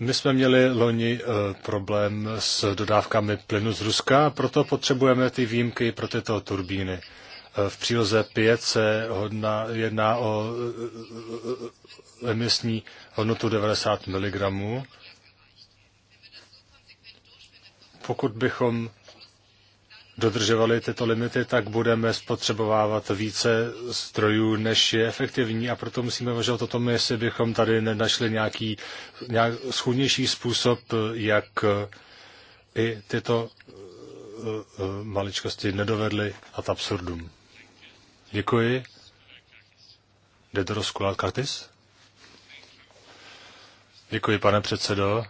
[SPEAKER 1] My jsme měli loni eh, problém s dodávkami plynu z Ruska, proto potřebujeme ty výjimky pro tyto turbíny. V příloze 5 se hodna, jedná o emisní hodnotu 90 mg. Pokud bychom dodržovali tyto limity, tak budeme spotřebovávat více strojů, než je efektivní a proto musíme uvažovat o tom, jestli bychom tady nenašli nějaký nějak schůdnější způsob, jak eh, i tyto eh, eh, maličkosti nedovedly ad absurdum. Děkuji. Dedros Kulat Kartis. Děkuji, pane předsedo.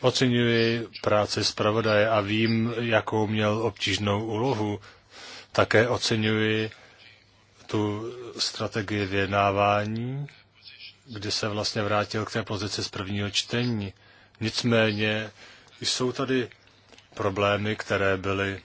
[SPEAKER 1] Oceňuji práci zpravodaje a vím, jakou měl obtížnou úlohu. Také oceňuji tu strategii vyjednávání, kdy se vlastně vrátil k té pozici z prvního čtení. Nicméně jsou tady problémy, které byly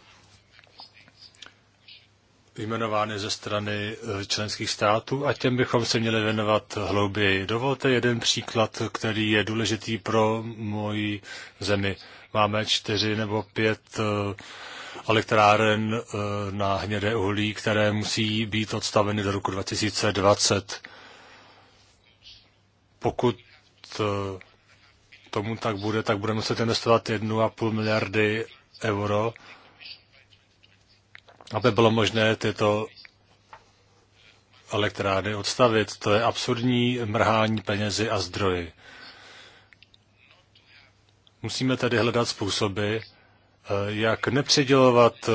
[SPEAKER 1] jmenovány ze strany eh, členských států a těm bychom se měli věnovat hlouběji. Dovolte jeden příklad, který je důležitý pro moji zemi. Máme čtyři nebo pět eh, elektráren eh, na hnědé uhlí, které musí být odstaveny do roku 2020. Pokud tomu tak bude, tak budeme muset investovat 1,5 miliardy euro aby bylo možné tyto elektrárny odstavit. To je absurdní mrhání penězi a zdroji. Musíme tedy hledat způsoby, eh, jak nepředělovat eh,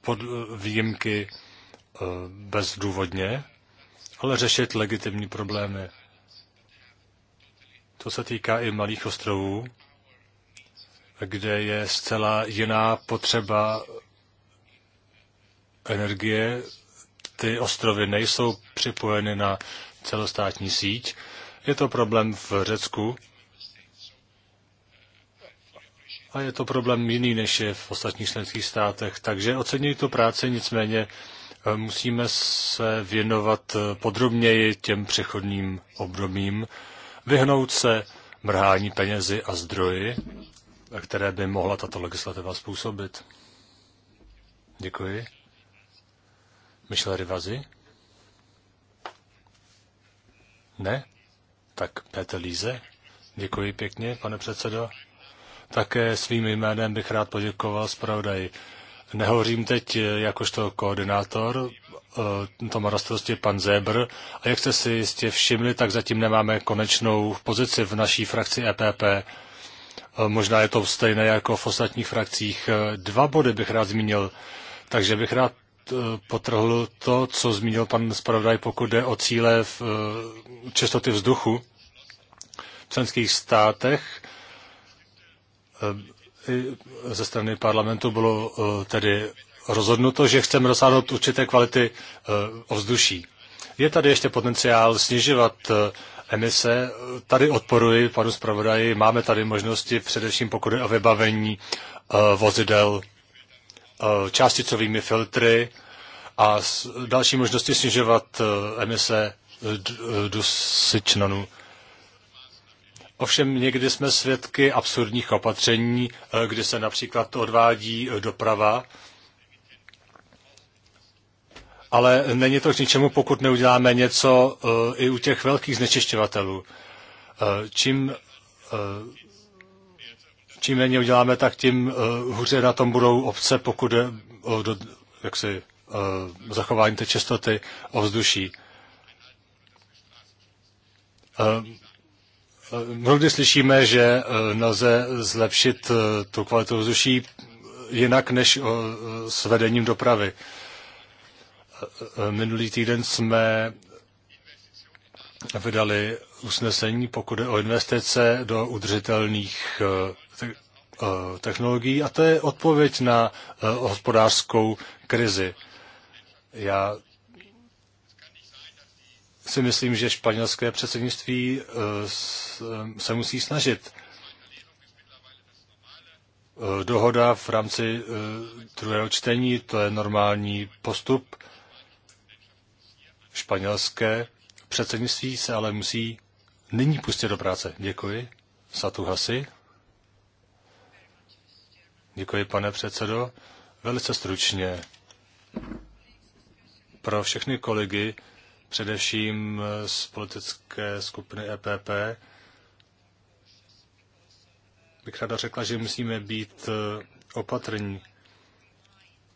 [SPEAKER 1] pod eh, výjimky bezdůvodně, ale řešit legitimní problémy. To se týká i malých ostrovů, kde je zcela jiná potřeba energie. Ty ostrovy nejsou připojeny na celostátní síť. Je to problém v Řecku a je to problém jiný, než je v ostatních členských státech. Takže oceňuji tu práci, nicméně eh, musíme se věnovat eh, podrobněji těm přechodným obdobím, vyhnout se mrhání penězi a zdroji, které by mohla tato legislativa způsobit. Děkuji. Michel Rivazi? Ne? Tak Petr Líze? Děkuji pěkně, pane předsedo. Také svým jménem bych rád poděkoval zpravodaji. Nehovořím teď jakožto koordinátor, eh, to má pan Zebr. A jak jste si jistě všimli, tak zatím nemáme konečnou pozici v naší frakci EPP. Eh, možná je to stejné jako v ostatních frakcích. Eh, dva body bych rád zmínil. Takže bych rád Eh, potrhl to, co zmínil pan zpravodaj, pokud jde o cíle v eh, čistoty vzduchu v členských státech. Eh, ze strany parlamentu bylo tedy rozhodnuto, že chceme dosáhnout určité kvality ovzduší. Je tady ještě potenciál snižovat emise. Tady odporuji panu zpravodaji. Máme tady možnosti především pokud je o vybavení vozidel Eh, částicovými filtry a další možnosti snižovat eh, emise eh, dusičnanů. Ovšem někdy jsme svědky absurdních opatření, kdy se například odvádí doprava, ale není to k ničemu, pokud neuděláme něco i u těch velkých znečišťovatelů. Čím čím méně uděláme, tak tím uh, hůře na tom budou obce, pokud je o do, jaksi, uh, eh, zachování té čistoty ovzduší. Uh, Mnohdy slyšíme, že nelze zlepšit tu kvalitu vzduší jinak než s vedením dopravy. Minulý týden jsme vydali usnesení, pokud je o investice do udržitelných Eh, technologií a to je odpověď na eh, hospodářskou krizi. Já si myslím, že španělské předsednictví eh, se musí snažit. Dohoda v rámci druhého čtení, to je normální postup. Španělské předsednictví se ale musí nyní pustit do práce. Děkuji. Satu Hasi. Děkuji, pane předsedo. Velice stručně. Pro všechny kolegy, především z politické skupiny EPP, bych ráda řekla, že musíme být eh, opatrní.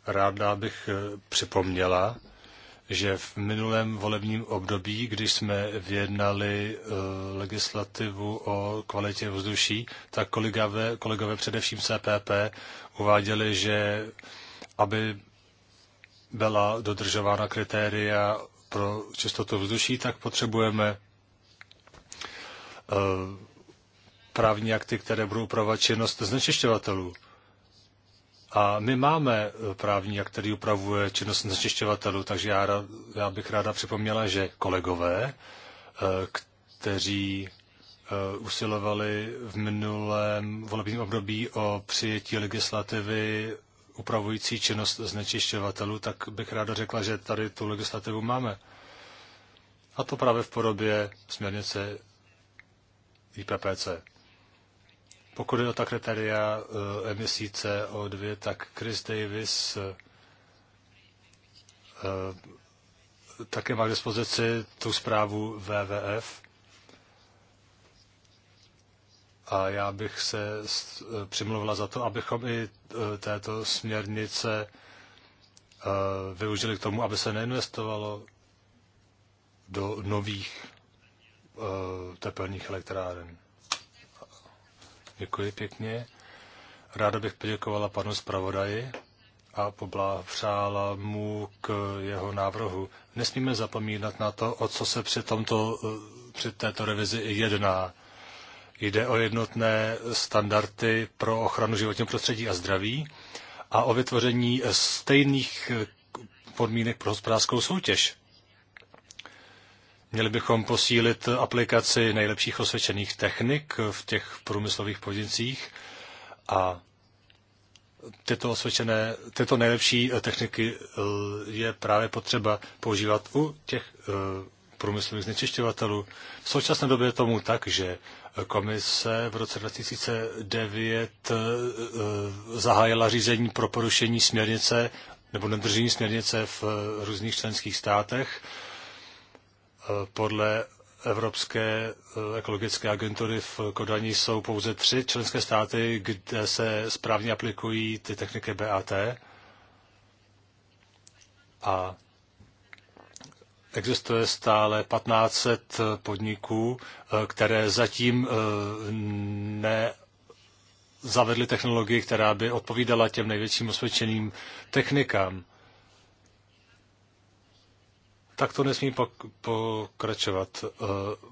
[SPEAKER 1] Ráda bych eh, připomněla, že v minulém volebním období, když jsme vyjednali eh, legislativu o kvalitě vzduší, tak kolegové, kolegové především CPP uváděli, že aby byla dodržována kritéria pro čistotu vzduší, tak potřebujeme eh, právní akty, které budou upravovat činnost znečišťovatelů. A my máme eh, právní akt, který upravuje činnost znečišťovatelů, takže já, já bych ráda připomněla, že kolegové, eh, kteří eh, usilovali v minulém volebním období o přijetí legislativy upravující činnost znečišťovatelů, tak bych ráda řekla, že tady tu legislativu máme. A to právě v podobě směrnice IPPC. Pokud je o ta kritéria eh, emisí CO2, tak Chris Davis eh, také má k dispozici tu zprávu WWF. A já bych se eh, přimluvila za to, abychom i této směrnice využili k tomu, aby se neinvestovalo do nových tepelných elektráren. Děkuji pěkně. Ráda bych poděkovala panu zpravodaji a poblahopřála mu k jeho návrhu. Nesmíme zapomínat na to, o co se při, tomto, eh, při této revizi jedná. Jde o jednotné standardy pro ochranu životního prostředí a zdraví a o vytvoření stejných eh, podmínek pro hospodářskou soutěž. Měli bychom posílit aplikaci nejlepších osvědčených technik v těch průmyslových pozicích a tyto osvědčené, tyto nejlepší eh, techniky eh, je právě potřeba používat u těch eh, průmyslových znečišťovatelů. V současné době je tomu tak, že komise v roce 2009 zahájila řízení pro porušení směrnice nebo nedržení směrnice v různých členských státech podle Evropské eh, ekologické agentury v Kodani jsou pouze tři členské státy, kde se správně aplikují ty techniky BAT. A existuje stále 1500 podniků, eh, které zatím eh, ne zavedly technologii, která by odpovídala těm největším osvědčeným technikám tak to nesmí pokračovat. Eh,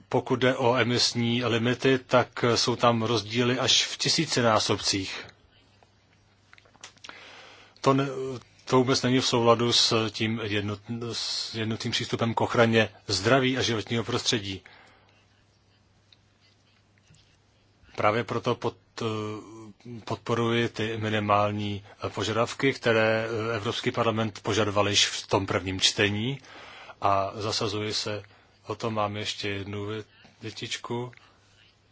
[SPEAKER 1] pokud jde o emisní limity, tak eh, jsou tam rozdíly až v násobcích. To, ne, to vůbec není v souladu s tím jednot, s jednotným přístupem k ochraně zdraví a životního prostředí. Právě proto pod, eh, podporuji ty minimální požadavky, které Evropský parlament požadoval již v tom prvním čtení a zasazuji se. O tom mám ještě jednu větičku.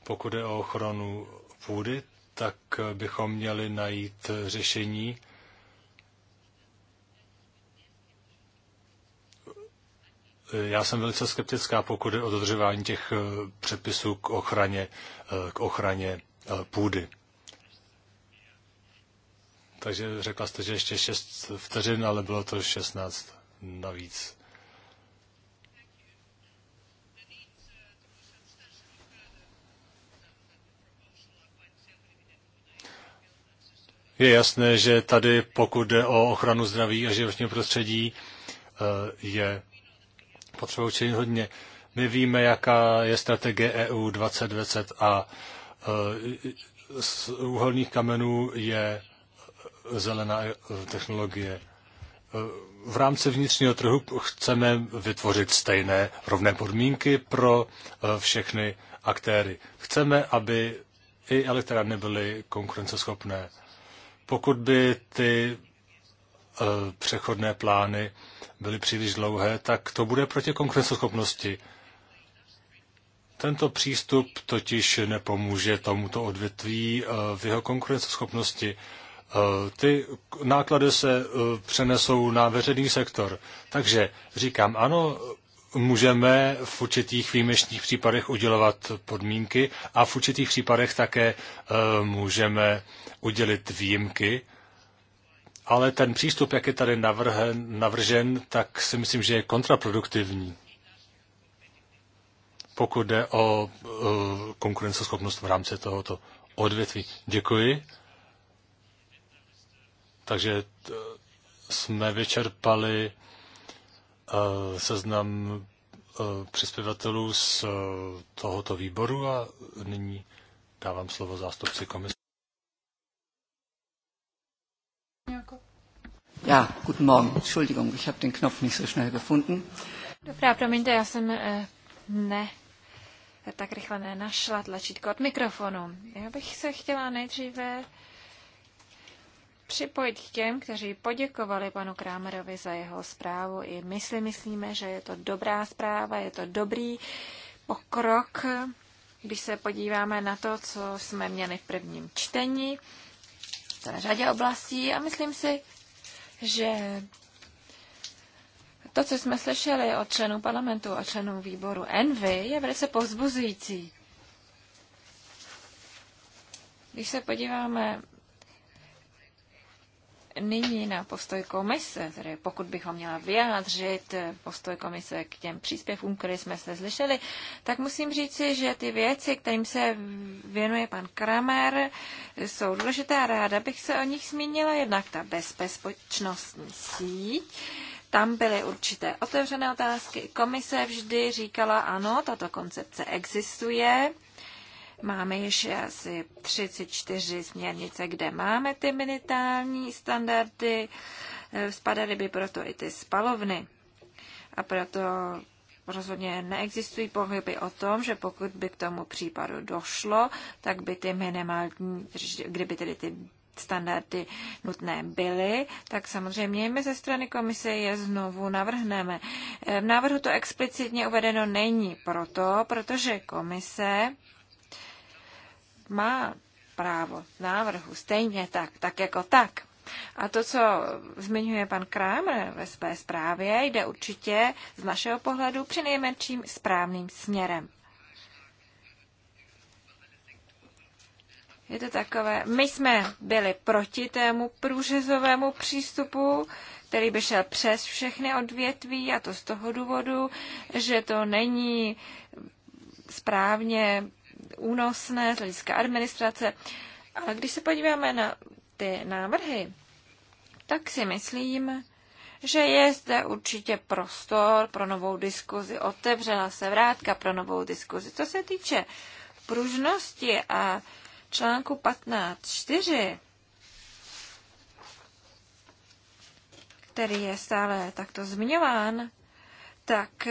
[SPEAKER 1] Pokud je o ochranu půdy, tak bychom měli najít řešení, Já jsem velice skeptická, pokud je o dodržování těch eh, předpisů k ochraně, eh, k ochraně eh, půdy. Takže řekla jste, že ještě 6 vteřin, ale bylo to 16 navíc. Je jasné, že tady, pokud jde o ochranu zdraví a životního prostředí, eh, je potřeba učinit hodně. My víme, jaká je strategie EU 2020 a eh, z uhelných kamenů je zelená eh, technologie. V rámci vnitřního trhu chceme vytvořit stejné rovné podmínky pro všechny aktéry. Chceme, aby i elektrárny byly konkurenceschopné. Pokud by ty eh, přechodné plány byly příliš dlouhé, tak to bude proti konkurenceschopnosti. Tento přístup totiž nepomůže tomuto odvětví eh, v jeho konkurenceschopnosti. Eh, ty náklady se přenesou na veřejný sektor. Takže říkám, ano, můžeme v určitých výjimečných případech udělovat podmínky a v určitých případech také eh, můžeme udělit výjimky. Ale ten přístup, jak je tady navrhen, navržen, tak si myslím, že je kontraproduktivní, pokud jde o eh, konkurenceschopnost v rámci tohoto odvětví. Děkuji. Takže eh, jsme vyčerpali seznam e, přispěvatelů z e, tohoto výboru a nyní dávám slovo zástupci komise.
[SPEAKER 3] Ja, guten Morgen. Entschuldigung, ich habe den Knopf nicht so schnell gefunden.
[SPEAKER 2] Dobrá, promiňte, já jsem e, ne, tak rychle nenašla tlačítko od mikrofonu. Já bych se chtěla nejdříve připojit k těm, kteří poděkovali panu Krámerovi za jeho zprávu. I my si myslíme, že je to dobrá zpráva, je to dobrý pokrok, když se podíváme na to, co jsme měli v prvním čtení v celé řadě oblastí a myslím si, že to, co jsme slyšeli od členů parlamentu a členů výboru Envy, je velice povzbuzující. Když se podíváme nyní na postoj komise, tedy pokud bych ho měla vyjádřit, eh, postoj komise k těm příspěvkům, které jsme se slyšeli, tak musím říci, že ty věci, kterým se věnuje pan Kramer, jsou důležité a ráda bych se o nich zmínila. Jednak ta bezpečnostní síť, tam byly určité otevřené otázky. Komise vždy říkala, ano, tato koncepce existuje, Máme již asi 34 směrnice, kde máme ty minitální standardy, eh, spadaly by proto i ty spalovny. A proto rozhodně neexistují pohyby o tom, že pokud by k tomu případu došlo, tak by ty minimální, kdyby tedy ty standardy nutné byly, tak samozřejmě my ze strany komise je znovu navrhneme. Eh, v návrhu to explicitně uvedeno není proto, protože komise má právo návrhu, stejně tak, tak jako tak. A to, co zmiňuje pan Kramer ve své zprávě, jde určitě z našeho pohledu při nejmenším správným směrem. Je to takové, my jsme byli proti tému průřezovému přístupu, který by šel přes všechny odvětví, a to z toho důvodu, že to není správně únosné z hlediska administrace. Ale když se podíváme na ty návrhy, tak si myslím, že je zde určitě prostor pro novou diskuzi. Otevřela se vrátka pro novou diskuzi. Co se týče pružnosti a článku 15.4, který je stále takto zmiňován, tak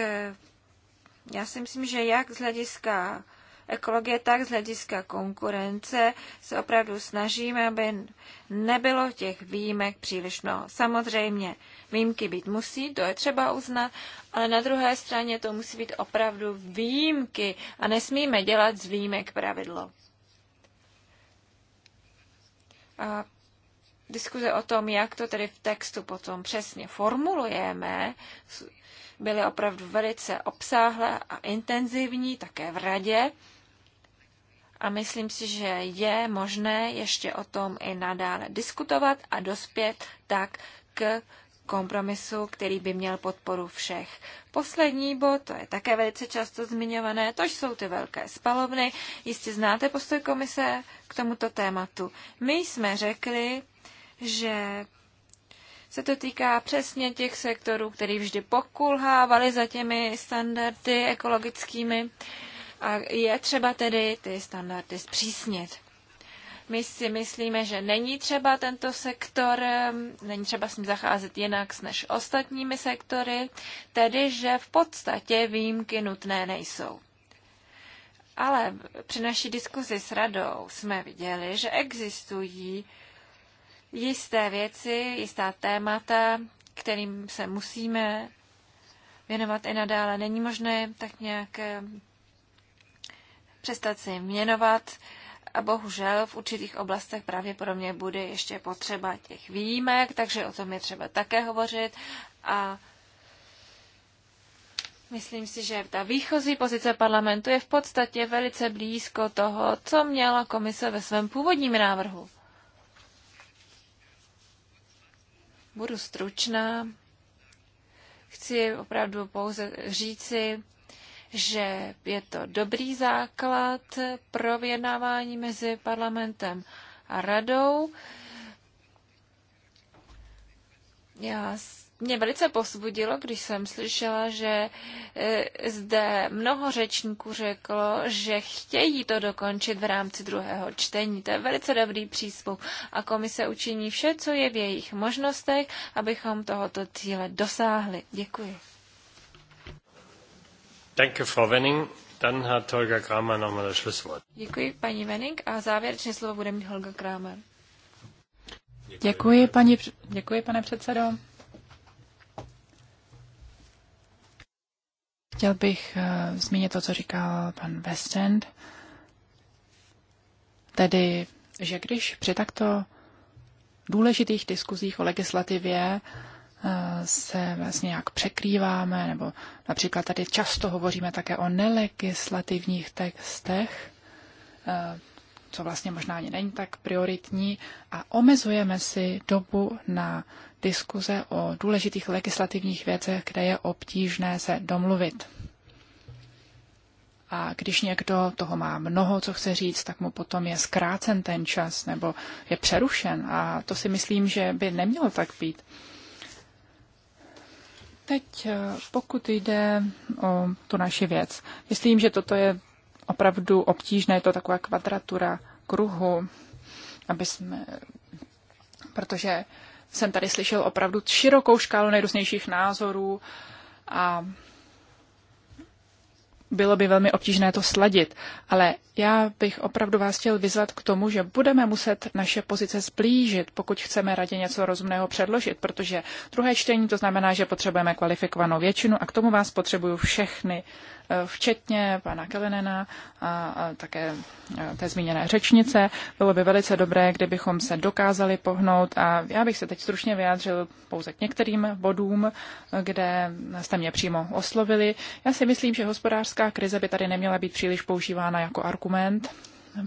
[SPEAKER 2] já si myslím, že jak z hlediska ekologie, tak z hlediska konkurence se opravdu snažíme, aby nebylo těch výjimek příliš mnoho. Samozřejmě výjimky být musí, to je třeba uznat, ale na druhé straně to musí být opravdu výjimky a nesmíme dělat z výjimek pravidlo. A diskuze o tom, jak to tedy v textu potom přesně formulujeme, byly opravdu velice obsáhlé a intenzivní, také v radě a myslím si, že je možné ještě o tom i nadále diskutovat a dospět tak k kompromisu, který by měl podporu všech. Poslední bod, to je také velice často zmiňované, to jsou ty velké spalovny. Jistě znáte postoj komise k tomuto tématu. My jsme řekli, že se to týká přesně těch sektorů, který vždy pokulhávali za těmi standardy ekologickými. Uh, a je třeba tedy ty standardy zpřísnit. My si myslíme, že není třeba tento sektor, není třeba s ním zacházet jinak než ostatními sektory, tedy že v podstatě výjimky nutné nejsou. Ale při naší diskuzi s radou jsme viděli, že existují jisté věci, jistá témata, kterým se musíme věnovat i nadále. Není možné tak nějak přestat se jim měnovat a bohužel v určitých oblastech pravděpodobně bude ještě potřeba těch výjimek, takže o tom je třeba také hovořit a Myslím si, že ta výchozí pozice parlamentu je v podstatě velice blízko toho, co měla komise ve svém původním návrhu. Budu stručná. Chci opravdu pouze říci, že je to dobrý základ pro vyjednávání mezi parlamentem a radou. Já mě velice posvudilo, když jsem slyšela, že e, zde mnoho řečníků řeklo, že chtějí to dokončit v rámci druhého čtení. To je velice dobrý přístup a komise učiní vše, co je v jejich možnostech, abychom tohoto cíle dosáhli. Děkuji.
[SPEAKER 1] Danke, Frau Wenning. Dann hat Holger Kramer nochmal das Schlusswort.
[SPEAKER 2] Děkuji, paní Wenning. A závěrečné slovo bude mít Holger Kramer. Děkuji, paní, děkuji pane předsedo.
[SPEAKER 3] Chtěl bych eh, zmínit to, co říkal pan Westend, tedy, že když při takto důležitých diskuzích o legislativě uh, Eh, se vlastně nějak překrýváme, nebo například tady často hovoříme také o nelegislativních textech, eh, co vlastně možná ani není tak prioritní, a omezujeme si dobu na diskuze o důležitých legislativních věcech, kde je obtížné se domluvit. A když někdo toho má mnoho, co chce říct, tak mu potom je zkrácen ten čas nebo je přerušen. A to si myslím, že by nemělo tak být. Teď, eh, pokud jde o tu naši věc, myslím, že toto je opravdu obtížné, je to taková kvadratura kruhu, aby jsme, protože jsem tady slyšel opravdu širokou škálu nejrůznějších názorů a bylo by velmi obtížné to sladit. Ale já bych opravdu vás chtěl vyzvat k tomu, že budeme muset naše pozice zblížit, pokud chceme radě něco rozumného předložit, protože druhé čtení to znamená, že potřebujeme kvalifikovanou většinu a k tomu vás potřebuju všechny včetně pana Kelenena a také té zmíněné řečnice. Bylo by velice dobré, kdybychom se dokázali pohnout a já bych se teď stručně vyjádřil pouze k některým bodům, kde jste mě přímo oslovili. Já si myslím, že hospodářská krize by tady neměla být příliš používána jako argument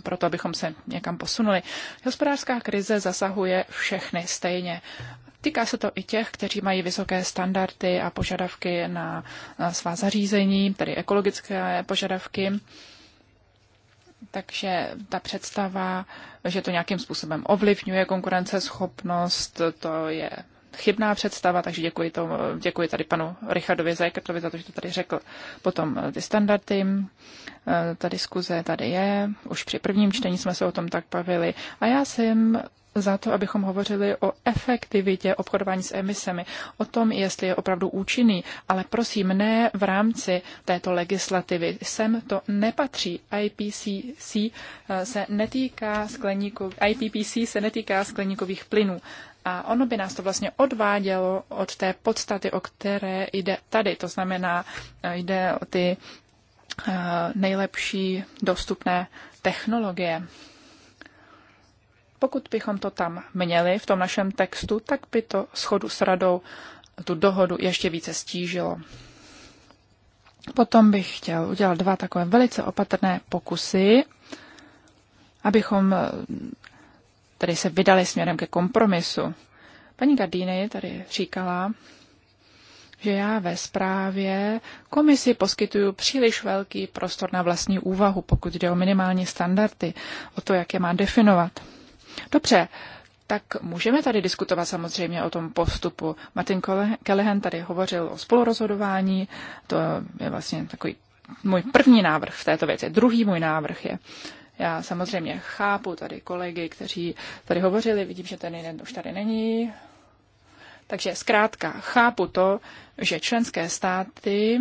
[SPEAKER 3] proto abychom se někam posunuli. Hospodářská krize zasahuje všechny stejně Týká se to i těch, kteří mají vysoké standardy a požadavky na, svá zařízení, tedy ekologické požadavky. Takže ta představa, že to nějakým způsobem ovlivňuje konkurenceschopnost, to je chybná představa, takže děkuji, to, děkuji tady panu Richardovi Zajkertovi za to, že to tady řekl. Potom eh, ty standardy, eh, ta diskuze tady je, už při prvním čtení jsme se o tom tak bavili a já jsem za to, abychom hovořili o efektivitě obchodování s emisemi, o tom, jestli je opravdu účinný, ale prosím, ne v rámci této legislativy. Sem to nepatří. IPCC eh, se netýká skleníků, IPPC se netýká skleníkových plynů. A ono by nás to vlastně odvádělo od té podstaty, o které jde tady. To znamená, eh, jde o ty eh, nejlepší dostupné technologie. Pokud bychom to tam měli v tom našem textu, tak by to schodu s radou tu dohodu ještě více stížilo. Potom bych chtěl udělat dva takové velice opatrné pokusy, abychom eh, tady se vydali směrem ke kompromisu. Paní Gardíny tady říkala, že já ve zprávě komisi poskytuju příliš velký prostor na vlastní úvahu, pokud jde o minimální standardy, o to, jak je má definovat. Dobře, tak můžeme tady diskutovat samozřejmě o tom postupu. Martin Kelehen tady hovořil o spolurozhodování, to je vlastně takový můj první návrh v této věci. Druhý můj návrh je, já samozřejmě chápu tady kolegy, kteří tady hovořili, vidím, že ten jeden už tady není. Takže zkrátka chápu to, že členské státy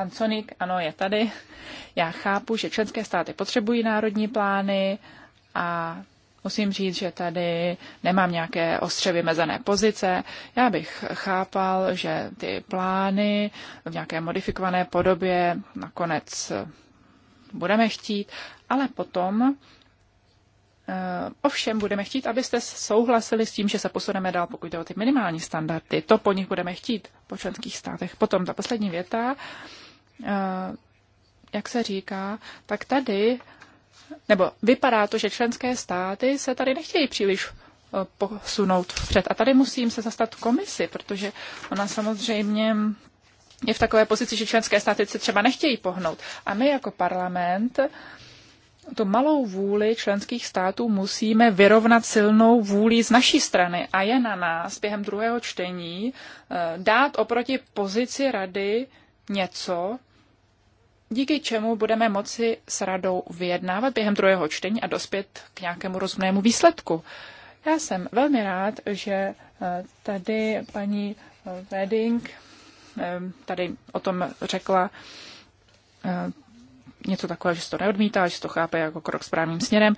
[SPEAKER 3] Pan Sonik, ano, je tady. Já chápu, že členské státy potřebují národní plány a musím říct, že tady nemám nějaké ostře vymezené pozice. Já bych chápal, že ty plány v nějaké modifikované podobě nakonec budeme chtít, ale potom eh, Ovšem budeme chtít, abyste souhlasili s tím, že se posuneme dál, pokud jde o ty minimální standardy. To po nich budeme chtít po členských státech. Potom ta poslední věta. Eh, jak se říká, tak tady, nebo vypadá to, že členské státy se tady nechtějí příliš eh, posunout vpřed. A tady musím se zastat komisi, protože ona samozřejmě je v takové pozici, že členské státy se třeba nechtějí pohnout. A my jako parlament tu malou vůli členských států musíme vyrovnat silnou vůli z naší strany a je na nás během druhého čtení eh, dát oproti pozici rady něco, díky čemu budeme moci s radou vyjednávat během druhého čtení a dospět k nějakému rozumnému výsledku. Já jsem velmi rád, že eh, tady paní eh, Wedding eh, tady o tom řekla něco takového, že se to neodmítá, že se to chápe jako krok správným směrem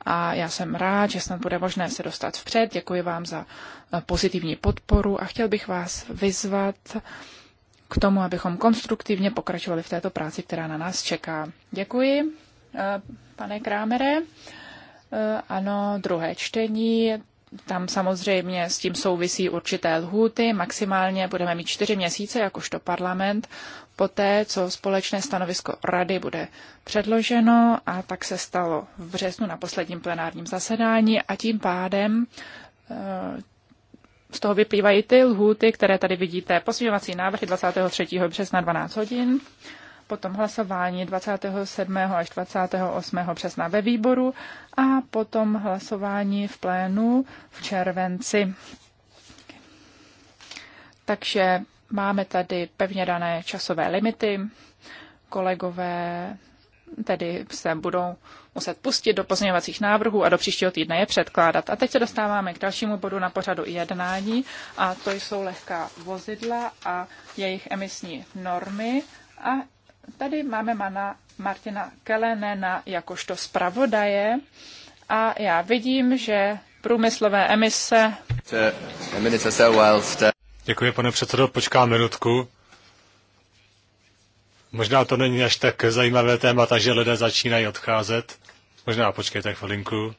[SPEAKER 3] a já jsem rád, že snad bude možné se dostat vpřed. Děkuji vám za pozitivní podporu a chtěl bych vás vyzvat, k tomu, abychom konstruktivně pokračovali v této práci, která na nás čeká. Děkuji, eh, pane Krámere. Eh, ano, druhé čtení. Tam samozřejmě s tím souvisí určité lhůty. Maximálně budeme mít čtyři měsíce, jakožto parlament, poté, co společné stanovisko rady bude předloženo a tak se stalo v březnu na posledním plenárním zasedání a tím pádem eh, z toho vyplývají ty lhůty, které tady vidíte. Posměvací návrhy 23. března 12 hodin, potom hlasování 27. až 28. března ve výboru a potom hlasování v plénu v červenci. Takže máme tady pevně dané časové limity. Kolegové tedy se budou muset pustit do pozměňovacích návrhů a do příštího týdne je předkládat. A teď se dostáváme k dalšímu bodu na pořadu jednání a to jsou lehká vozidla a jejich emisní normy. A tady máme mana Martina Kelenena jakožto zpravodaje a já vidím, že průmyslové emise...
[SPEAKER 1] Děkuji, pane předsedo, počkám minutku. Možná to není až tak zajímavé téma, takže lidé začínají odcházet. Možná počkejte chvilinku.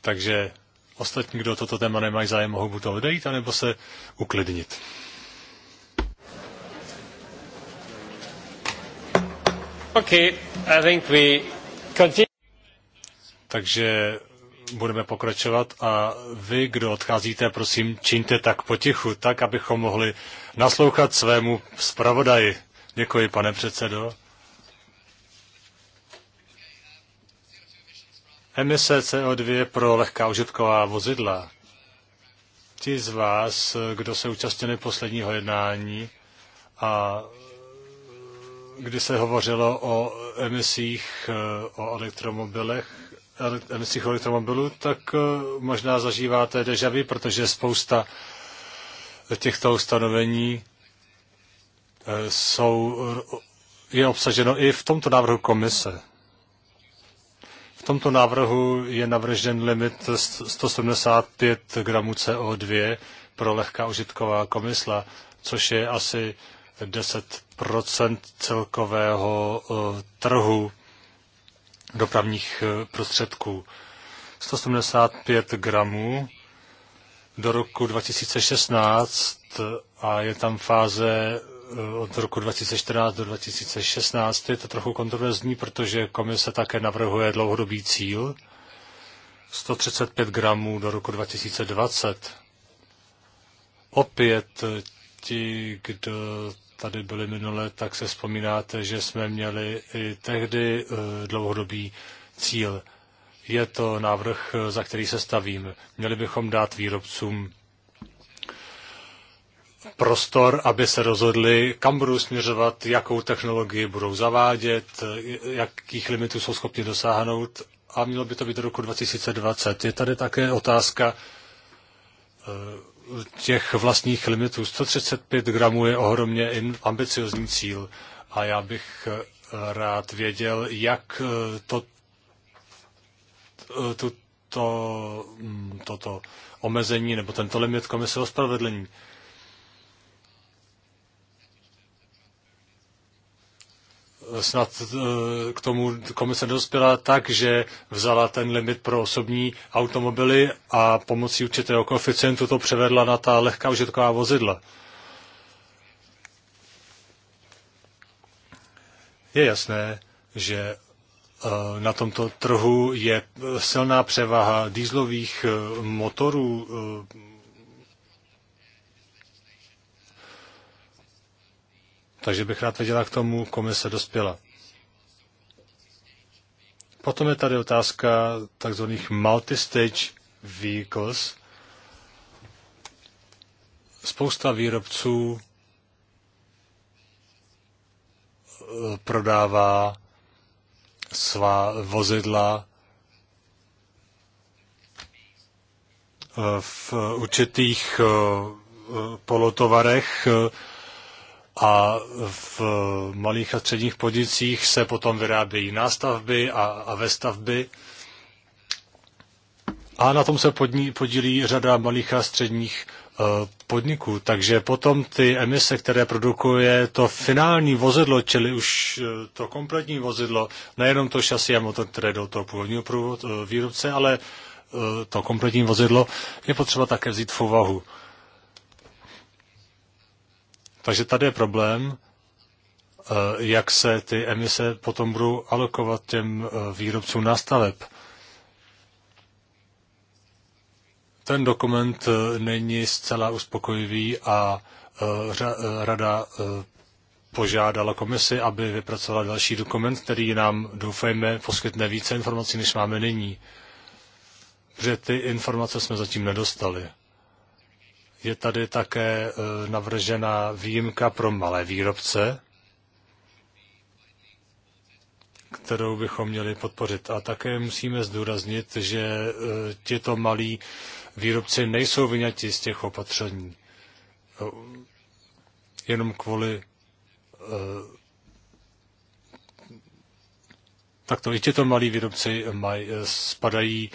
[SPEAKER 1] Takže ostatní, kdo toto téma nemají zájem, mohou buď to odejít, anebo se uklidnit. Okay, I think we continue. Takže budeme pokračovat a vy, kdo odcházíte, prosím, čiňte tak potichu, tak, abychom mohli naslouchat svému zpravodaji. Děkuji, pane předsedo. Emise CO2 pro lehká užitková vozidla. Ti z vás, kdo se účastnili posledního jednání a kdy se hovořilo o emisích, o elektromobilech, emisích elektromobilů, tak eh, možná zažíváte dežavy, protože spousta těchto ustanovení eh, jsou, eh, je obsaženo i v tomto návrhu komise. V tomto návrhu je navržen limit 175 gramů CO2 pro lehká užitková komysla, což je asi 10 celkového trhu dopravních eh, prostředků. 175 gramů do roku 2016 a je tam fáze eh, od roku 2014 do 2016. Je to trochu kontroverzní, protože komise také navrhuje dlouhodobý cíl 135 gramů do roku 2020. Opět eh, ti, kdo tady byli minule, tak se vzpomínáte, že jsme měli i tehdy eh, dlouhodobý cíl. Je to návrh, eh, za který se stavím. Měli bychom dát výrobcům prostor, aby se rozhodli, kam budou směřovat, jakou technologii budou zavádět, eh, jakých limitů jsou schopni dosáhnout a mělo by to být do roku 2020. Je tady také otázka těch vlastních limitů. 135 gramů je ohromně ambiciozní cíl a já bych eh, rád věděl, jak eh, to, eh, to, to, mm, toto omezení nebo tento limit komise ospravedlení. snad eh, k tomu komise dospěla tak, že vzala ten limit pro osobní automobily a pomocí určitého koeficientu to převedla na ta lehká užitková vozidla. Je jasné, že eh, na tomto trhu je eh, silná převaha dýzlových motorů Takže bych rád věděla, k tomu komise dospěla. Potom je tady otázka takzvaných multistage vehicles. Spousta výrobců eh, prodává svá vozidla eh, v určitých eh, polotovarech, a v malých a středních podnicích se potom vyrábějí nástavby a, a stavby. A na tom se podní, podílí řada malých a středních eh, podniků. Takže potom ty emise, které produkuje to finální vozidlo, čili už eh, to kompletní vozidlo, nejenom to šasi a motor, které do toho původního eh, výrobce, ale to kompletní vozidlo je potřeba také vzít v úvahu. Takže tady je problém, eh, jak se ty emise potom budou alokovat těm eh, výrobcům na staveb. Ten dokument eh, není zcela uspokojivý a rada požádala komisi, aby vypracovala další dokument, který nám, doufejme, poskytne více informací, než máme nyní. Protože ty informace jsme zatím nedostali. Je tady také eh, navržena výjimka pro malé výrobce, kterou bychom měli podpořit. A také musíme zdůraznit, že eh, těto malí výrobci nejsou vyňati z těch opatření. Eh, jenom kvůli takto i těto malí výrobci maj, spadají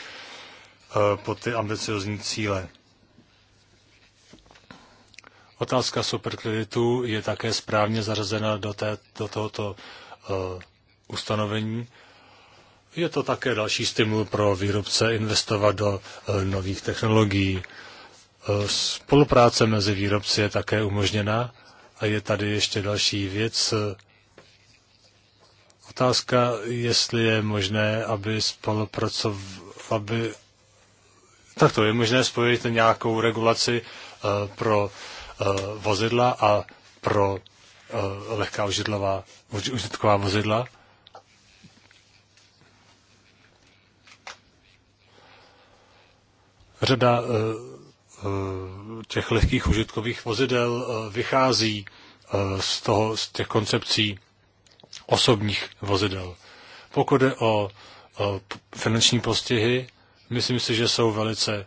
[SPEAKER 1] pod ty ambiciozní cíle. Otázka superkreditu je také správně zařazena do, té, do tohoto uh, ustanovení. Je to také další stimul pro výrobce investovat do uh, nových technologií. Uh, spolupráce mezi výrobci je také umožněna a je tady ještě další věc. Otázka, jestli je možné, aby spolupracov, aby tak to je možné spojit nějakou regulaci pro Eh, vozidla a pro eh, lehká užitková užitková vozidla. Řada eh, těch lehkých užitkových vozidel vychází z, toho, z těch koncepcí osobních vozidel. Pokud je o finanční postihy, myslím si, že jsou velice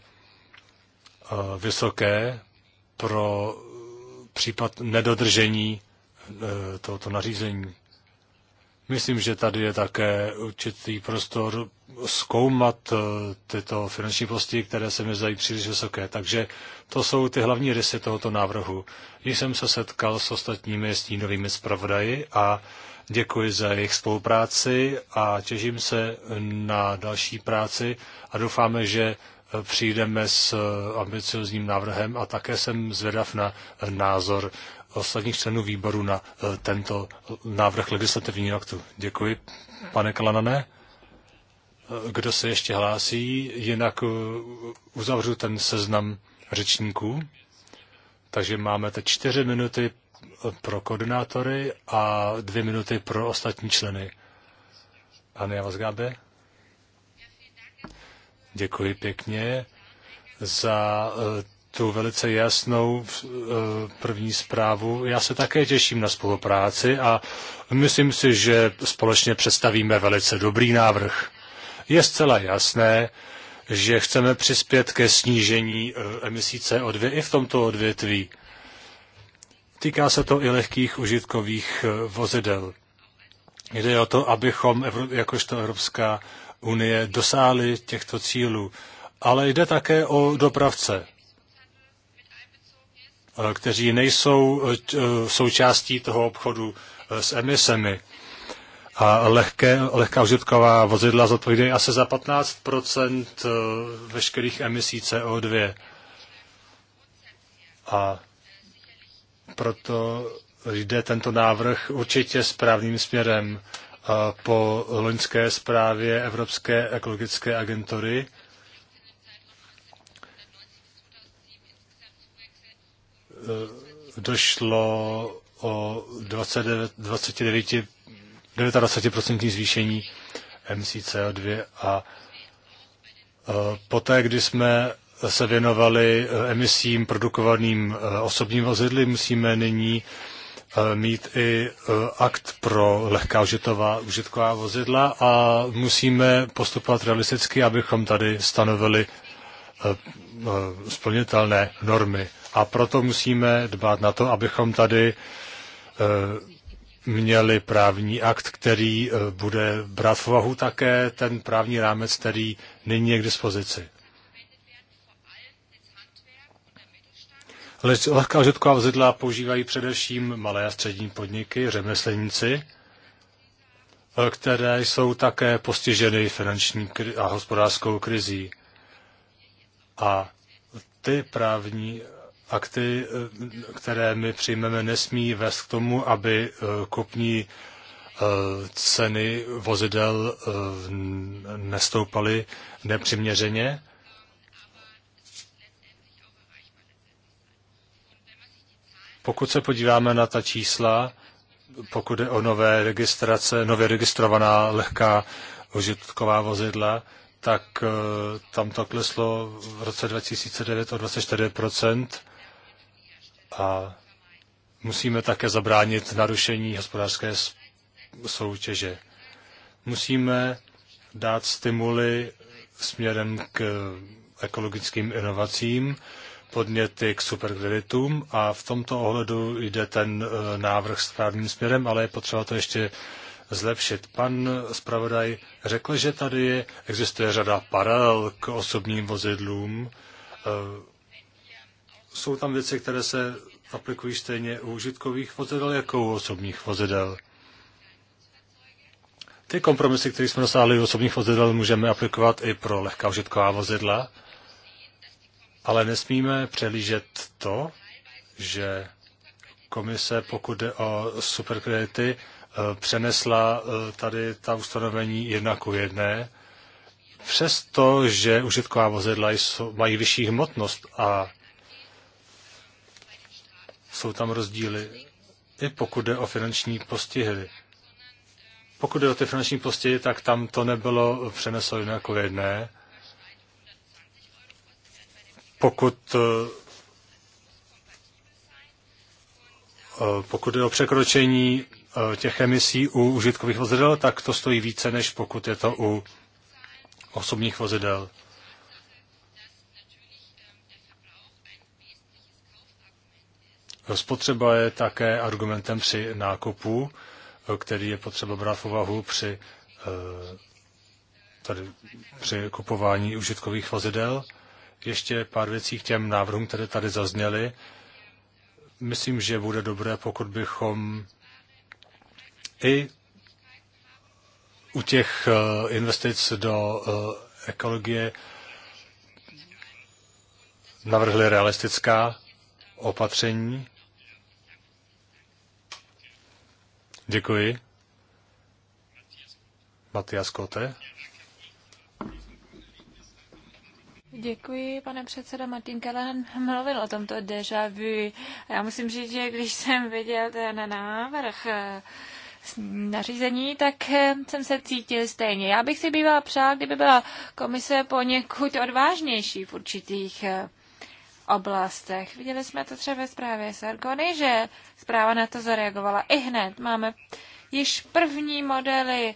[SPEAKER 1] vysoké pro případ nedodržení e, tohoto nařízení. Myslím, že tady je také určitý prostor zkoumat e, tyto finanční postihy, které se mi zdají příliš vysoké. Takže to jsou ty hlavní rysy tohoto návrhu. Již jsem se setkal s ostatními stínovými zpravodaji a děkuji za jejich spolupráci a těším se na další práci a doufáme, že přijdeme s eh, ambiciozním návrhem a také jsem zvědav na názor ostatních členů výboru na eh, tento návrh legislativního aktu. Děkuji, pane Klanané. Eh, kdo se ještě hlásí, jinak uzavřu ten seznam řečníků. Takže máme teď čtyři minuty pro koordinátory a dvě minuty pro ostatní členy. Pane Gábe? Děkuji pěkně za eh, tu velice jasnou eh, první zprávu. Já se také těším na spolupráci a myslím si, že společně představíme velice dobrý návrh. Je zcela jasné, že chceme přispět ke snížení eh, emisí CO2 i v tomto odvětví. Týká se to i lehkých užitkových vozidel. Jde o to, abychom jakožto Evropská unie dosáhly těchto cílů. Ale jde také o dopravce, eh, kteří nejsou eh, eh, součástí toho obchodu s emisemi. A lehké, lehká užitková vozidla zodpovídají asi za 15 veškerých emisí CO2. A proto jde tento návrh určitě správným směrem po loňské zprávě Evropské ekologické agentury. Eh, došlo o 29, 29, zvýšení emisí CO2 a eh, poté, kdy jsme se věnovali eh, emisím produkovaným osobním vozidly, musíme nyní Eh, mít i eh, akt pro lehká užitová, užitková vozidla a musíme postupovat realisticky, abychom tady stanovili eh, splnitelné normy. A proto musíme dbát na to, abychom tady měli právní akt, který bude brát v úvahu také ten právní rámec, který nyní je k dispozici. Lehká užitková vozidla používají především malé a střední podniky, řemeslníci, eh, které jsou také postiženy finanční a hospodářskou krizí. A ty právní akty, eh, které my přijmeme, nesmí vést k tomu, aby eh, kupní ceny vozidel nestoupaly nepřiměřeně Pokud se podíváme na ta čísla, pokud je o nové registrace, nově registrovaná lehká užitková vozidla, tak eh, tam to kleslo v roce 2009 o 24% a musíme také zabránit narušení hospodářské soutěže. Musíme dát stimuly směrem k ekologickým inovacím, podněty k superkreditům a v tomto ohledu jde ten e, návrh správným směrem, ale je potřeba to ještě zlepšit. Pan zpravodaj řekl, že tady je, existuje řada paralel k osobním vozidlům. E, jsou tam věci, které se aplikují stejně u užitkových vozidel jako u osobních vozidel. Ty kompromisy, které jsme dosáhli u osobních vozidel, můžeme aplikovat i pro lehká užitková vozidla. Ale nesmíme přelížet to, že komise, pokud jde o superkredity, eh, přenesla eh, tady ta ustanovení jedna ku jedné, přesto, že užitková vozidla mají vyšší hmotnost a jsou tam rozdíly, i pokud jde o finanční postihy. Pokud jde o ty finanční postihy, tak tam to nebylo přeneslo jedno jako jedné, pokud eh, eh, pokud je o překročení eh, těch emisí u užitkových vozidel, tak to stojí více, než pokud je to u osobních vozidel. Spotřeba je také argumentem při nákupu, který je potřeba brát v úvahu při, tady, při kupování užitkových vozidel ještě pár věcí k těm návrhům, které tady zazněly. Myslím, že bude dobré, pokud bychom i u těch eh, investic do eh, ekologie navrhli realistická opatření. Děkuji. Matias Kote.
[SPEAKER 2] Děkuji, pane předseda. Martin Kellen mluvil o tomto déjà vu. Já musím říct, že když jsem viděl ten návrh eh, nařízení, tak eh, jsem se cítil stejně. Já bych si bývala přál, kdyby byla komise poněkud odvážnější v určitých eh, oblastech. Viděli jsme to třeba ve zprávě Sargony, že zpráva na to zareagovala i hned. Máme již první modely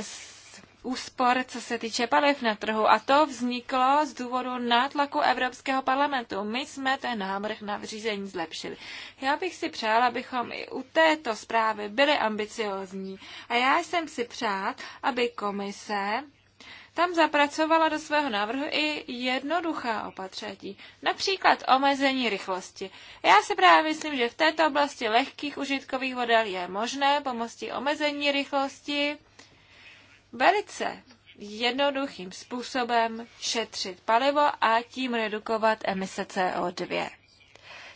[SPEAKER 2] s úspor, co se týče paliv na trhu. A to vzniklo z důvodu nátlaku Evropského parlamentu. My jsme ten návrh na vřízení zlepšili. Já bych si přála, abychom i u této zprávy byli ambiciozní. A já jsem si přát, aby komise tam zapracovala do svého návrhu i jednoduchá opatření, například omezení rychlosti. Já si právě myslím, že v této oblasti lehkých užitkových vodel je možné pomocí omezení rychlosti velice jednoduchým způsobem šetřit palivo a tím redukovat emise CO2.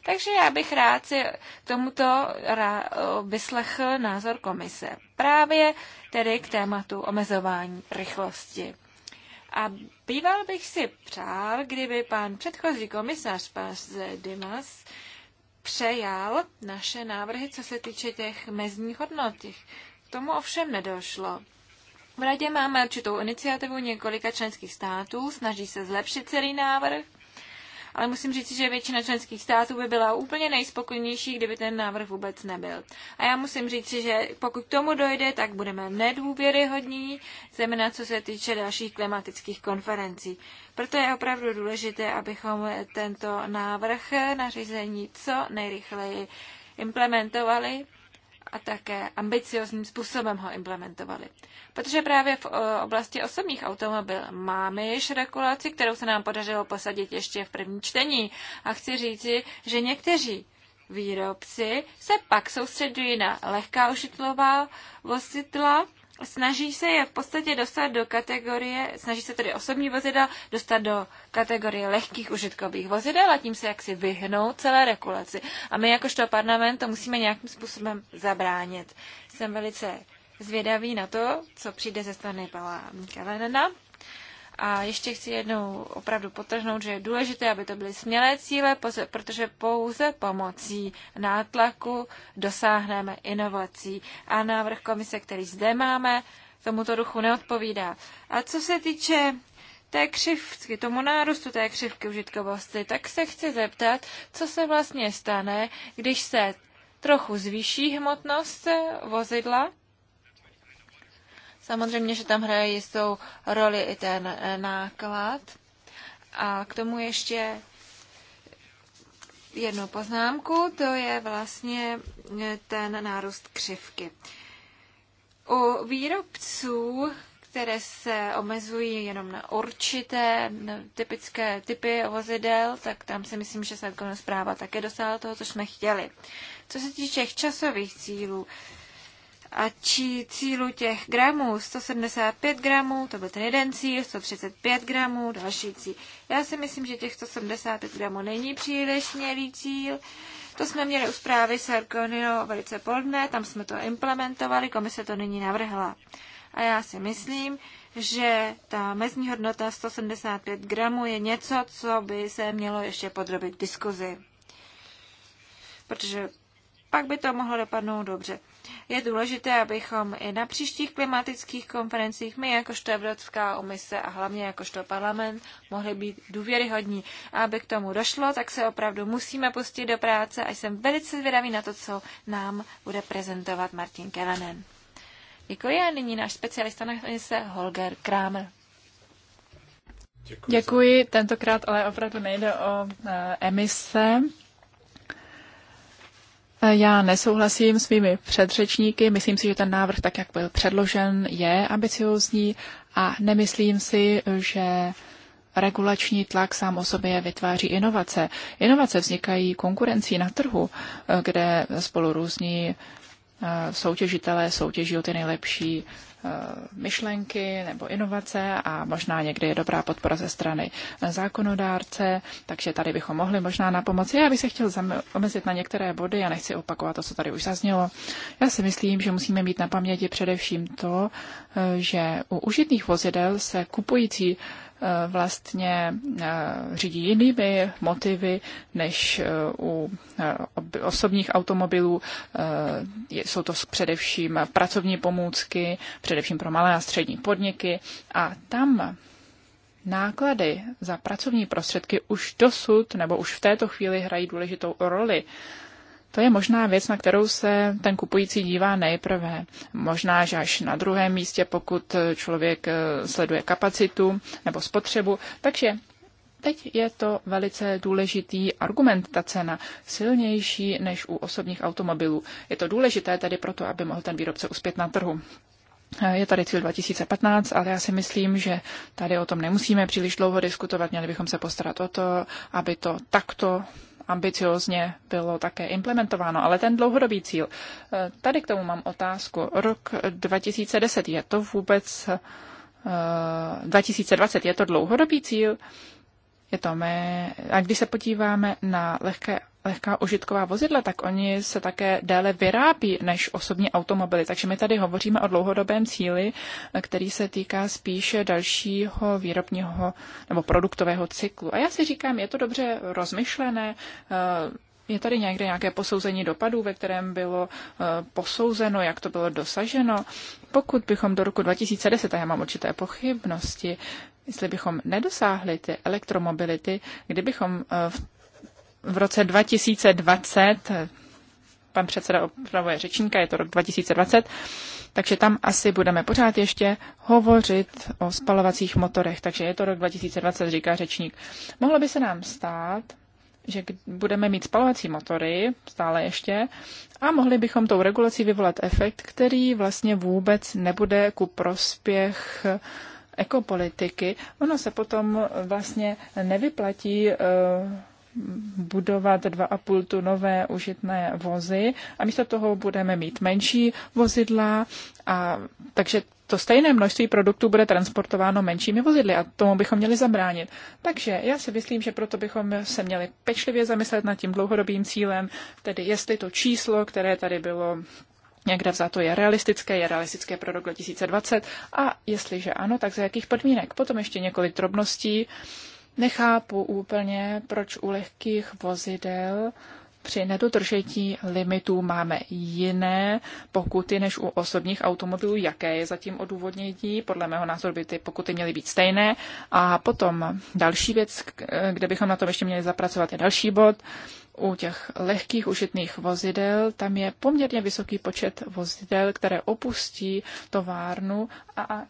[SPEAKER 2] Takže já bych rád si k tomuto vyslechl názor komise. Právě tedy k tématu omezování rychlosti. A býval bych si přál, kdyby pan předchozí komisař, pan Dimas, přejal naše návrhy, co se týče těch mezních hodnot. K tomu ovšem nedošlo. V radě máme určitou iniciativu několika členských států, snaží se zlepšit celý návrh, ale musím říct, že většina členských států by byla úplně nejspokojnější, kdyby ten návrh vůbec nebyl. A já musím říct, že pokud k tomu dojde, tak budeme nedůvěryhodní, zejména co se týče dalších klimatických konferencí. Proto je opravdu důležité, abychom tento návrh nařízení co nejrychleji implementovali a také ambiciozním způsobem ho implementovali. Protože právě v eh, oblasti osobních automobil máme již regulaci, kterou se nám podařilo posadit ještě v první čtení. A chci říci, že někteří výrobci se pak soustředují na lehká užitlová vozidla snaží se je v podstatě dostat do kategorie, snaží se tedy osobní vozidla dostat do kategorie lehkých užitkových vozidel a tím se jaksi vyhnou celé regulaci. A my jakožto parlament to musíme nějakým způsobem zabránit. Jsem velice zvědavý na to, co přijde ze strany pana Kelenena. A ještě chci jednou opravdu potrhnout, že je důležité, aby to byly smělé cíle, protože pouze pomocí nátlaku dosáhneme inovací. A návrh komise, který zde máme, tomuto duchu neodpovídá. A co se týče té křivky, tomu nárůstu té křivky užitkovosti, tak se chci zeptat, co se vlastně stane, když se trochu zvýší hmotnost vozidla, Samozřejmě, že tam hraje jistou roli i ten eh, náklad. A k tomu ještě jednu poznámku, to je vlastně eh, ten nárůst křivky. U výrobců, které se omezují jenom na určité typické typy vozidel, tak tam si myslím, že se jako zpráva také dosáhla toho, co jsme chtěli. Co se týče časových cílů, a či cílu těch gramů 175 gramů, to byl ten jeden cíl, 135 gramů, další cíl. Já si myslím, že těch 175 gramů není příliš smělý cíl. To jsme měli u zprávy Sarkonino velice podne, tam jsme to implementovali, komise to nyní navrhla. A já si myslím, že ta mezní hodnota 175 gramů je něco, co by se mělo ještě podrobit diskuzi. Protože pak by to mohlo dopadnout dobře je důležité, abychom i na příštích klimatických konferencích my jakožto Evropská umise a hlavně jakožto parlament mohli být důvěryhodní. A aby k tomu došlo, tak se opravdu musíme pustit do práce a jsem velice zvědavý na to, co nám bude prezentovat Martin Kelanen. Děkuji a nyní náš specialista na se Holger Kramer.
[SPEAKER 3] Děkuji. Děkuji. Tentokrát ale opravdu nejde o eh, emise. Já nesouhlasím s mými předřečníky. Myslím si, že ten návrh, tak jak byl předložen, je ambiciózní a nemyslím si, že regulační tlak sám o sobě vytváří inovace. Inovace vznikají konkurencí na trhu, eh, kde spolu různí eh, soutěžitelé soutěží o ty nejlepší Eh, myšlenky nebo inovace a možná někdy je dobrá podpora ze strany zákonodárce, takže tady bychom mohli možná na pomoci. Já bych se chtěl omezit na některé body, já nechci opakovat to, co tady už zaznělo. Já si myslím, že musíme mít na paměti především to, eh, že u užitných vozidel se kupující Eh, vlastně eh, řídí jinými motivy než eh, u osobních automobilů. Jsou to především pracovní pomůcky, především pro malé a střední podniky a tam náklady za pracovní prostředky už dosud nebo už v této chvíli hrají důležitou roli to je možná věc, na kterou se ten kupující dívá nejprve. Možná, že až na druhém místě, pokud člověk eh, sleduje kapacitu nebo spotřebu. Takže teď je to velice důležitý argument, ta cena, silnější než u osobních automobilů. Je to důležité tedy proto, aby mohl ten výrobce uspět na trhu. Eh, je tady cíl 2015, ale já si myslím, že tady o tom nemusíme příliš dlouho diskutovat. Měli bychom se postarat o to, aby to takto ambiciozně bylo také implementováno, ale ten dlouhodobý cíl. Eh, tady k tomu mám otázku. Rok 2010 je to vůbec 2020 eh, je to dlouhodobý cíl? je to mé. A když se podíváme na lehké, lehká užitková vozidla, tak oni se také déle vyrábí než osobní automobily. Takže my tady hovoříme o dlouhodobém cíli, který se týká spíše dalšího výrobního nebo produktového cyklu. A já si říkám, je to dobře rozmyšlené, eh, je tady někde nějaké posouzení dopadů, ve kterém bylo eh, posouzeno, jak to bylo dosaženo? Pokud bychom do roku 2010, a já mám určité pochybnosti, jestli bychom nedosáhli ty elektromobility, kdybychom eh, v, v roce 2020, eh, pan předseda opravuje řečníka, je to rok 2020, takže tam asi budeme pořád ještě hovořit o spalovacích motorech. Takže je to rok 2020, říká řečník. Mohlo by se nám stát, že budeme mít spalovací motory stále ještě a mohli bychom tou regulací vyvolat efekt, který vlastně vůbec nebude ku prospěch uh, ekopolitiky, ono se potom vlastně nevyplatí eh, budovat 2,5 tunové užitné vozy a místo toho budeme mít menší vozidla a takže to stejné množství produktů bude transportováno menšími vozidly a tomu bychom měli zabránit. Takže já si myslím, že proto bychom se měli pečlivě zamyslet nad tím dlouhodobým cílem, tedy jestli to číslo, které tady bylo Někde vzato je realistické, je realistické pro rok 2020 a jestliže ano, tak za jakých podmínek. Potom ještě několik drobností. Nechápu úplně, proč u lehkých vozidel při nedodržení limitů máme jiné pokuty než u osobních automobilů. Jaké je zatím odůvodnění? Podle mého názoru by ty pokuty měly být stejné. A potom další věc, kde bychom na tom ještě měli zapracovat, je další bod u těch lehkých užitných vozidel, tam je poměrně vysoký počet vozidel, které opustí továrnu a, a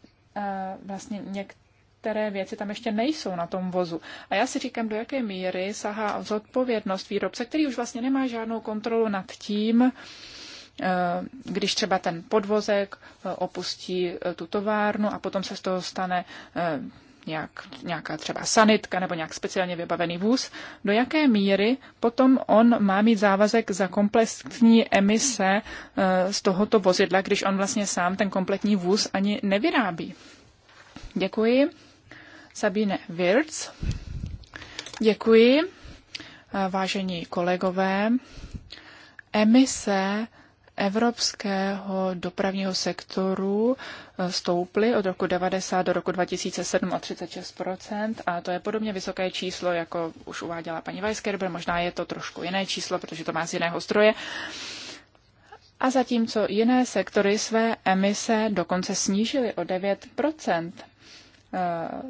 [SPEAKER 3] vlastně některé věci tam ještě nejsou na tom vozu. A já si říkám, do jaké míry sahá zodpovědnost výrobce, který už vlastně nemá žádnou kontrolu nad tím, eh, když třeba ten podvozek eh, opustí eh, tu továrnu a potom se z toho stane nějak, nějaká třeba sanitka nebo nějak speciálně vybavený vůz, do jaké míry potom on má mít závazek za komplexní emise eh, z tohoto vozidla, když on vlastně sám ten kompletní vůz ani nevyrábí. Děkuji. Sabine Wirtz. Děkuji. Eh, vážení kolegové, emise evropského dopravního sektoru eh, stouply od roku 90 do roku 2007 o 36 a to je podobně vysoké číslo, jako už uváděla paní Weisgerber, možná je to trošku jiné číslo, protože to má z jiného stroje. A zatímco jiné sektory své emise dokonce snížily o 9 eh,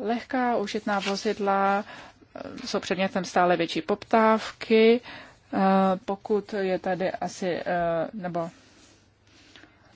[SPEAKER 3] Lehká užitná vozidla eh, jsou předmětem stále větší poptávky, Eh, pokud je tady asi, eh, nebo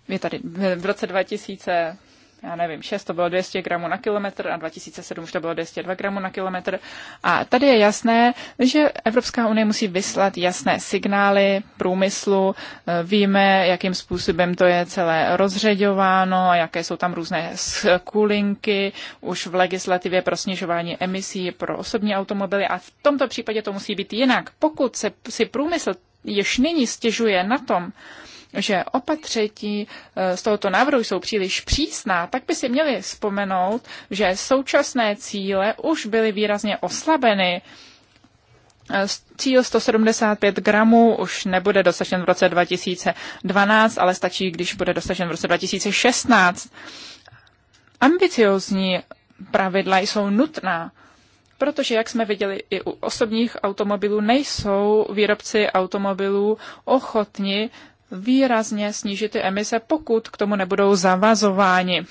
[SPEAKER 3] je tady v roce 2000 já nevím, 6 to bylo 200 gramů na kilometr a 2007 už to bylo 202 gramů na kilometr. A tady je jasné, že Evropská unie musí vyslat jasné signály průmyslu. E, víme, jakým způsobem to je celé rozředováno, jaké jsou tam různé skulinky už v legislativě pro snižování emisí pro osobní automobily. A v tomto případě to musí být jinak. Pokud se si průmysl již nyní stěžuje na tom, že opatření eh, z tohoto návrhu jsou příliš přísná, tak by si měli vzpomenout, že současné cíle už byly výrazně oslabeny. Eh, cíl 175 gramů už nebude dosažen v roce 2012, ale stačí, když bude dosažen v roce 2016. Ambiciozní pravidla jsou nutná, protože, jak jsme viděli, i u osobních automobilů nejsou výrobci automobilů ochotni výrazně snížit ty emise, pokud k tomu nebudou zavazováni.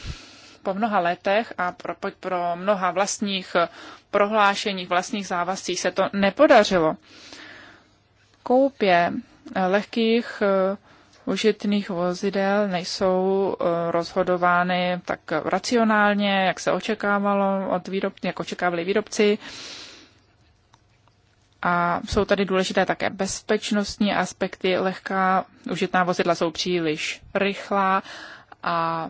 [SPEAKER 3] Po mnoha letech a pro, pro mnoha vlastních prohlášeních, vlastních závazcích se to nepodařilo. Koupě eh, lehkých eh, užitných vozidel nejsou eh, rozhodovány tak racionálně, jak se očekávalo od výrob, jak očekávali výrobci. A jsou tady důležité také bezpečnostní aspekty. Lehká užitná vozidla jsou příliš rychlá a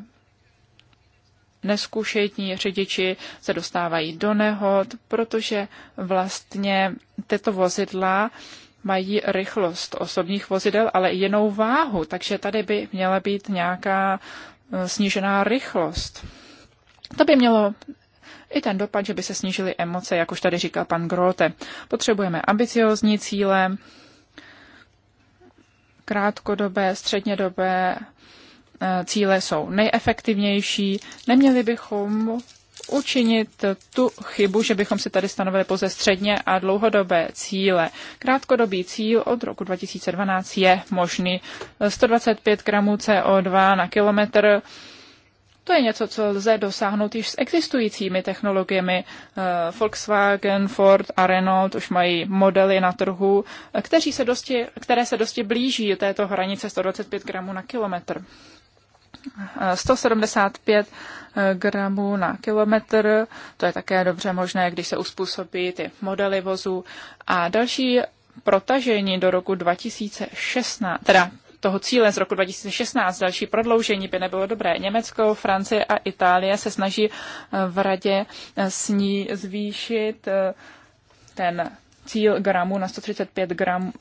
[SPEAKER 3] neskušetní řidiči se dostávají do nehod, protože vlastně tyto vozidla mají rychlost osobních vozidel, ale i jinou váhu, takže tady by měla být nějaká e, snížená rychlost. To by mělo i ten dopad, že by se snížily emoce, jak už tady říkal pan Grote. Potřebujeme ambiciozní cíle, krátkodobé, střednědobé eh, cíle jsou nejefektivnější. Neměli bychom učinit tu chybu, že bychom si tady stanovili pouze středně a dlouhodobé cíle. Krátkodobý cíl od roku 2012 je možný. 125 eh, gramů CO2 na kilometr to je něco, co lze dosáhnout již s existujícími technologiemi. Eh, Volkswagen, Ford a Renault už mají modely na trhu, eh, kteří se dosti, které se dosti blíží této hranice 125 gramů na kilometr. 175 eh, gramů na kilometr. To je také dobře možné, když se uspůsobí ty modely vozů. A další protažení do roku 2016, teda toho cíle z roku 2016, další prodloužení by nebylo dobré. Německo, Francie a Itálie se snaží eh, v radě eh, ní zvýšit eh, ten cíl gramů na 135 gram,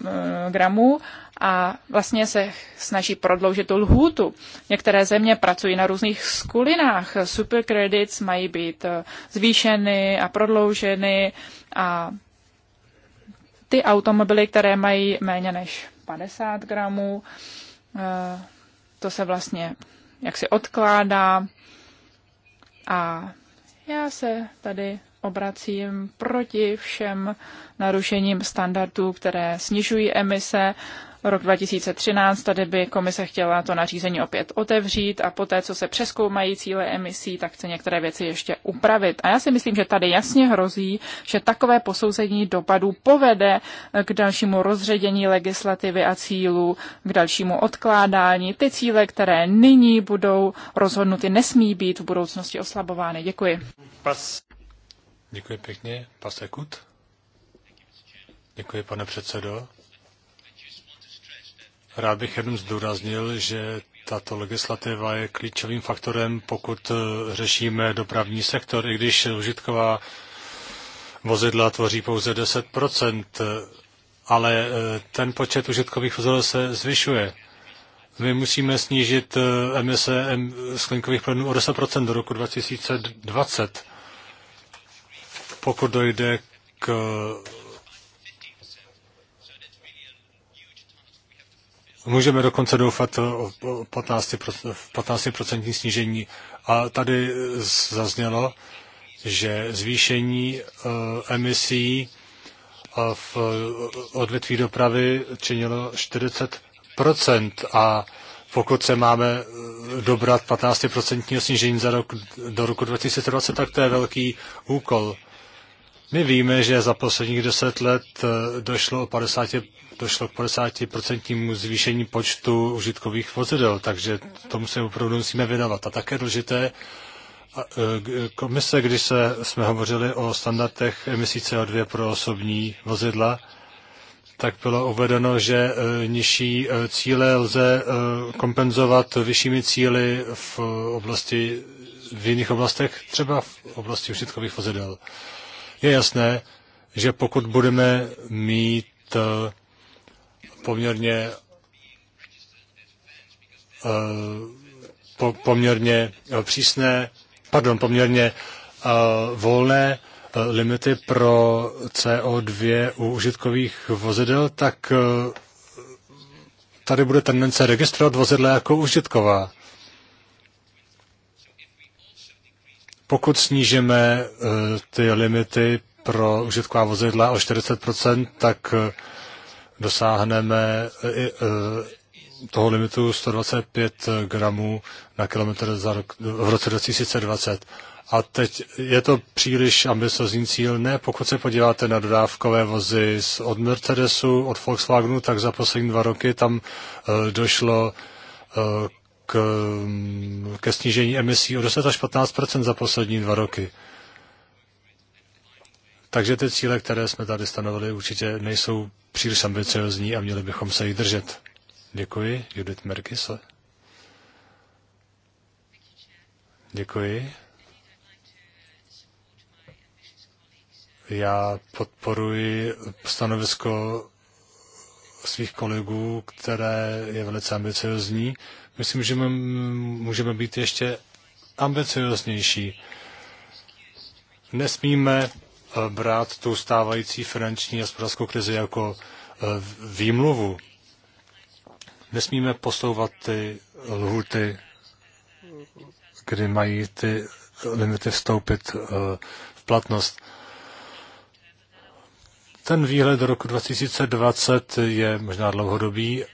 [SPEAKER 3] gramů a vlastně se snaží prodloužit tu lhůtu. Některé země pracují na různých skulinách. Supercredits mají být zvýšeny a prodlouženy a ty automobily, které mají méně než 50 gramů. Eh, to se vlastně jaksi odkládá. A já se tady obracím proti všem narušením standardů, které snižují emise rok 2013. Tady by komise chtěla to nařízení opět otevřít a poté, co se přeskoumají cíle emisí, tak chce některé věci ještě upravit. A já si myslím, že tady jasně hrozí, že takové posouzení dopadů povede k dalšímu rozředění legislativy a cílů, k dalšímu odkládání. Ty cíle, které nyní budou rozhodnuty, nesmí být v budoucnosti oslabovány. Děkuji.
[SPEAKER 1] Pas. Děkuji pěkně. Pasekut. Děkuji, pane předsedo. Rád bych jenom zdůraznil, že tato legislativa je klíčovým faktorem, pokud eh, řešíme dopravní sektor, i když užitková vozidla tvoří pouze 10 eh, ale eh, ten počet užitkových vozidel se zvyšuje. My musíme snížit emise skleníkových plynů o 10 do roku 2020, pokud dojde k Můžeme dokonce doufat eh, o 15%, 15 snížení. A tady eh, zaznělo, že zvýšení eh, emisí v odvětví dopravy činilo 40 a pokud se máme dobrat 15% snížení za rok, do roku 2020, tak to je velký úkol. My víme, že za posledních deset let eh, došlo, o 50, došlo k 50% zvýšení počtu užitkových vozidel, takže tomu se opravdu musíme věnovat. A také důležité, eh, komise, když se, jsme hovořili o standardech emisí CO2 pro osobní vozidla, tak bylo uvedeno, že eh, nižší cíle lze kompenzovat vyššími cíly v oblasti v jiných oblastech, třeba v oblasti užitkových vozidel. Je jasné, že pokud budeme mít eh, poměrně eh, poměrně eh, přísné, pardon, poměrně volné limity pro CO2 u užitkových vozidel, tak tady bude tendence registrovat vozidla jako užitková. Pokud snížíme eh, ty limity pro užitková vozidla o 40%, tak eh, dosáhneme eh, toho limitu 125 gramů na kilometr za rok, v roce 2020. A teď je to příliš ambiciozní cíl. Ne, pokud se podíváte na dodávkové vozy od Mercedesu, od Volkswagenu, tak za poslední dva roky tam došlo k, mm, ke snížení emisí o 10 až 15 za poslední dva roky. Takže ty cíle, které jsme tady stanovili, určitě nejsou příliš ambiciozní a měli bychom se jich držet. Děkuji, Judith Merkisle. Děkuji. Já podporuji stanovisko svých kolegů, které je velice ambiciozní. Myslím, že můžeme, můžeme být ještě ambicioznější. Nesmíme eh, brát tu stávající finanční a hospodářskou krizi jako eh, výmluvu. Nesmíme posouvat ty lhuty, kdy mají ty limity vstoupit eh, v platnost. Ten výhled do roku 2020 je možná dlouhodobý,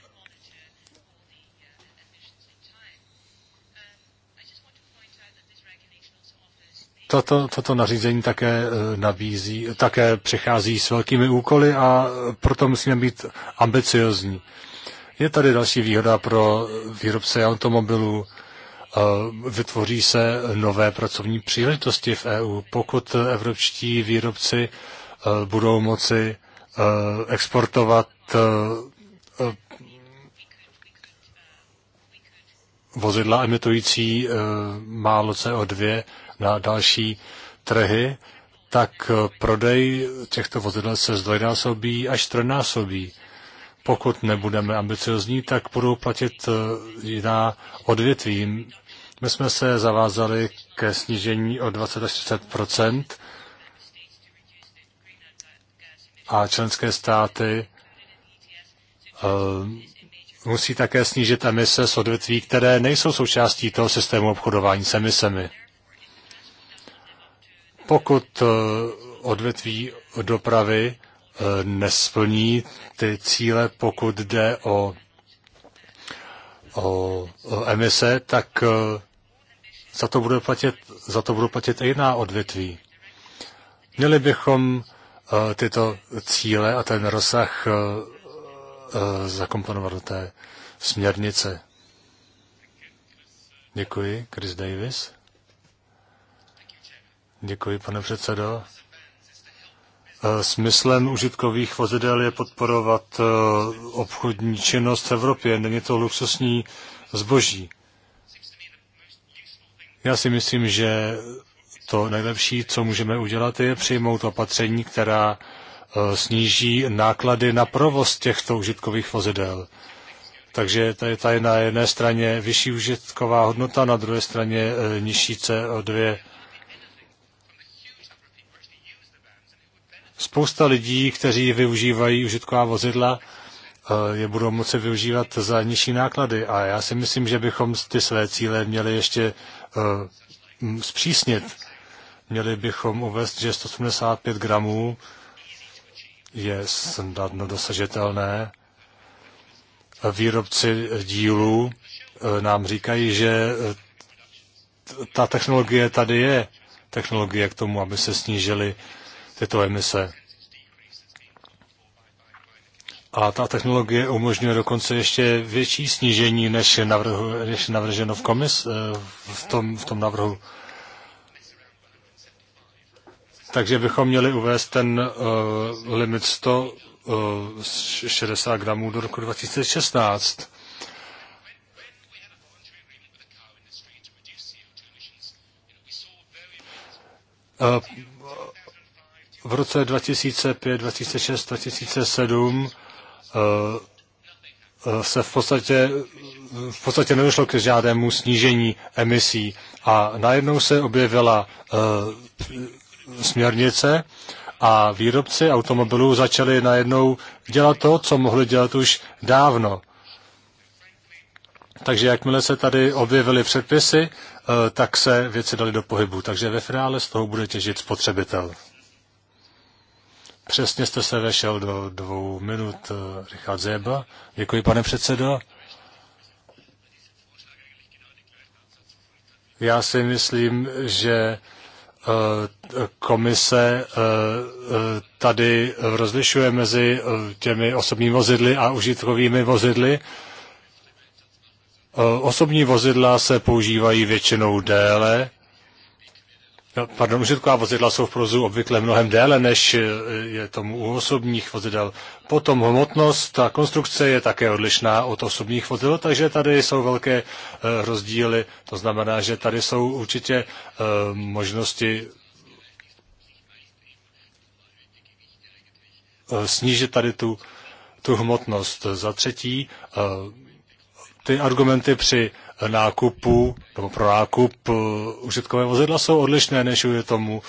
[SPEAKER 1] Toto, toto nařízení také eh, nabízí, také přichází s velkými úkoly a proto musíme být ambiciozní. Je tady další výhoda pro výrobce automobilů. Eh, vytvoří se nové pracovní příležitosti v EU. Pokud evropští výrobci eh, budou moci exportovat vozidla emitující eh, málo CO2 na další trhy, tak eh, prodej těchto vozidel se zdvojnásobí až trojnásobí. Pokud nebudeme ambiciozní, tak budou platit eh, jiná odvětví. My jsme se zavázali ke snížení o 20 až 30 a členské státy musí také snížit emise z odvětví, které nejsou součástí toho systému obchodování s emisemi. Pokud eh, odvětví dopravy eh, nesplní ty cíle, pokud jde o, o, o emise, tak eh, za to, budou platit, za to budou platit i jiná odvětví. Měli bychom tyto cíle a ten rozsah Eh, zakomponovat do té směrnice. Děkuji, Chris Davis. Děkuji, pane předsedo. Eh, smyslem užitkových vozidel je podporovat eh, obchodní činnost v Evropě. Není to luxusní zboží. Já si myslím, že to nejlepší, co můžeme udělat, je přijmout opatření, která Eh, sníží náklady na provoz těchto užitkových vozidel. Takže to je tady na jedné straně vyšší užitková hodnota, na druhé straně eh, nižší CO2. Spousta lidí, kteří využívají užitková vozidla, eh, je budou moci využívat za nižší náklady. A já si myslím, že bychom ty své cíle měli ještě zpřísnit. Měli bychom uvést, že 185 gramů je snadno dosažitelné. Výrobci dílů eh, nám říkají, že eh, ta technologie tady je, technologie k tomu, aby se snížily tyto emise. A ta technologie umožňuje dokonce ještě větší snížení, než je, navrženo v, komis, eh, v, tom, v tom navrhu. Takže bychom měli uvést ten uh, limit 160 eh, gramů do roku 2016. Eh, v roce 2005, 2006, 2007 se v podstatě, v podstatě nedošlo k žádnému snížení emisí a najednou se objevila směrnice a výrobci automobilů začali najednou dělat to, co mohli dělat už dávno. Takže jakmile se tady objevily předpisy, eh, tak se věci daly do pohybu. Takže ve finále z toho bude těžit spotřebitel. Přesně jste se vešel do dvou minut, eh, Richard Zeba. Děkuji, pane předsedo. Já si myslím, že Eh, komise eh, eh, tady rozlišuje mezi těmi osobními vozidly a užitkovými vozidly. Osobní vozidla se používají většinou déle, No, pardon, užitková vozidla jsou v prozu obvykle mnohem déle, než eh, je tomu u osobních vozidel. Potom hmotnost, ta konstrukce je také odlišná od osobních vozidel, takže tady jsou velké eh, rozdíly. To znamená, že tady jsou určitě eh, možnosti snížit tady tu, tu hmotnost. Za třetí, ty argumenty při nákupu nebo pro nákup eh, užitkové vozidla jsou odlišné, než je tomu,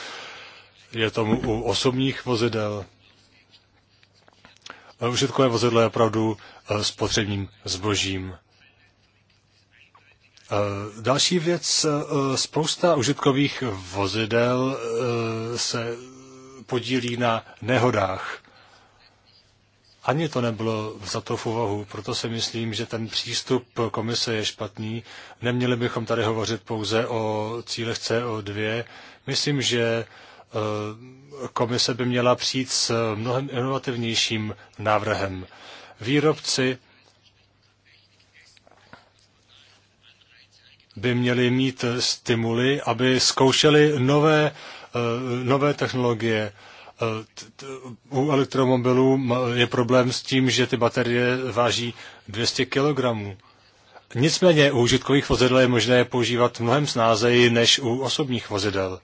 [SPEAKER 1] je tomu u osobních vozidel. Eh, užitkové vozidlo je opravdu eh, spotřebním zbožím. Další věc, spousta užitkových vozidel se podílí na nehodách. Ani to nebylo vzato v úvahu, proto si myslím, že ten přístup komise je špatný. Neměli bychom tady hovořit pouze o cílech CO2. Myslím, že eh, komise by měla přijít s mnohem inovativnějším návrhem. Výrobci by měli mít stimuly, aby zkoušeli nové, eh, nové technologie. Eh, u elektromobilů je problém s tím, že ty baterie váží 200 kg. Nicméně u užitkových vozidel je možné je používat mnohem snázeji než u osobních vozidel.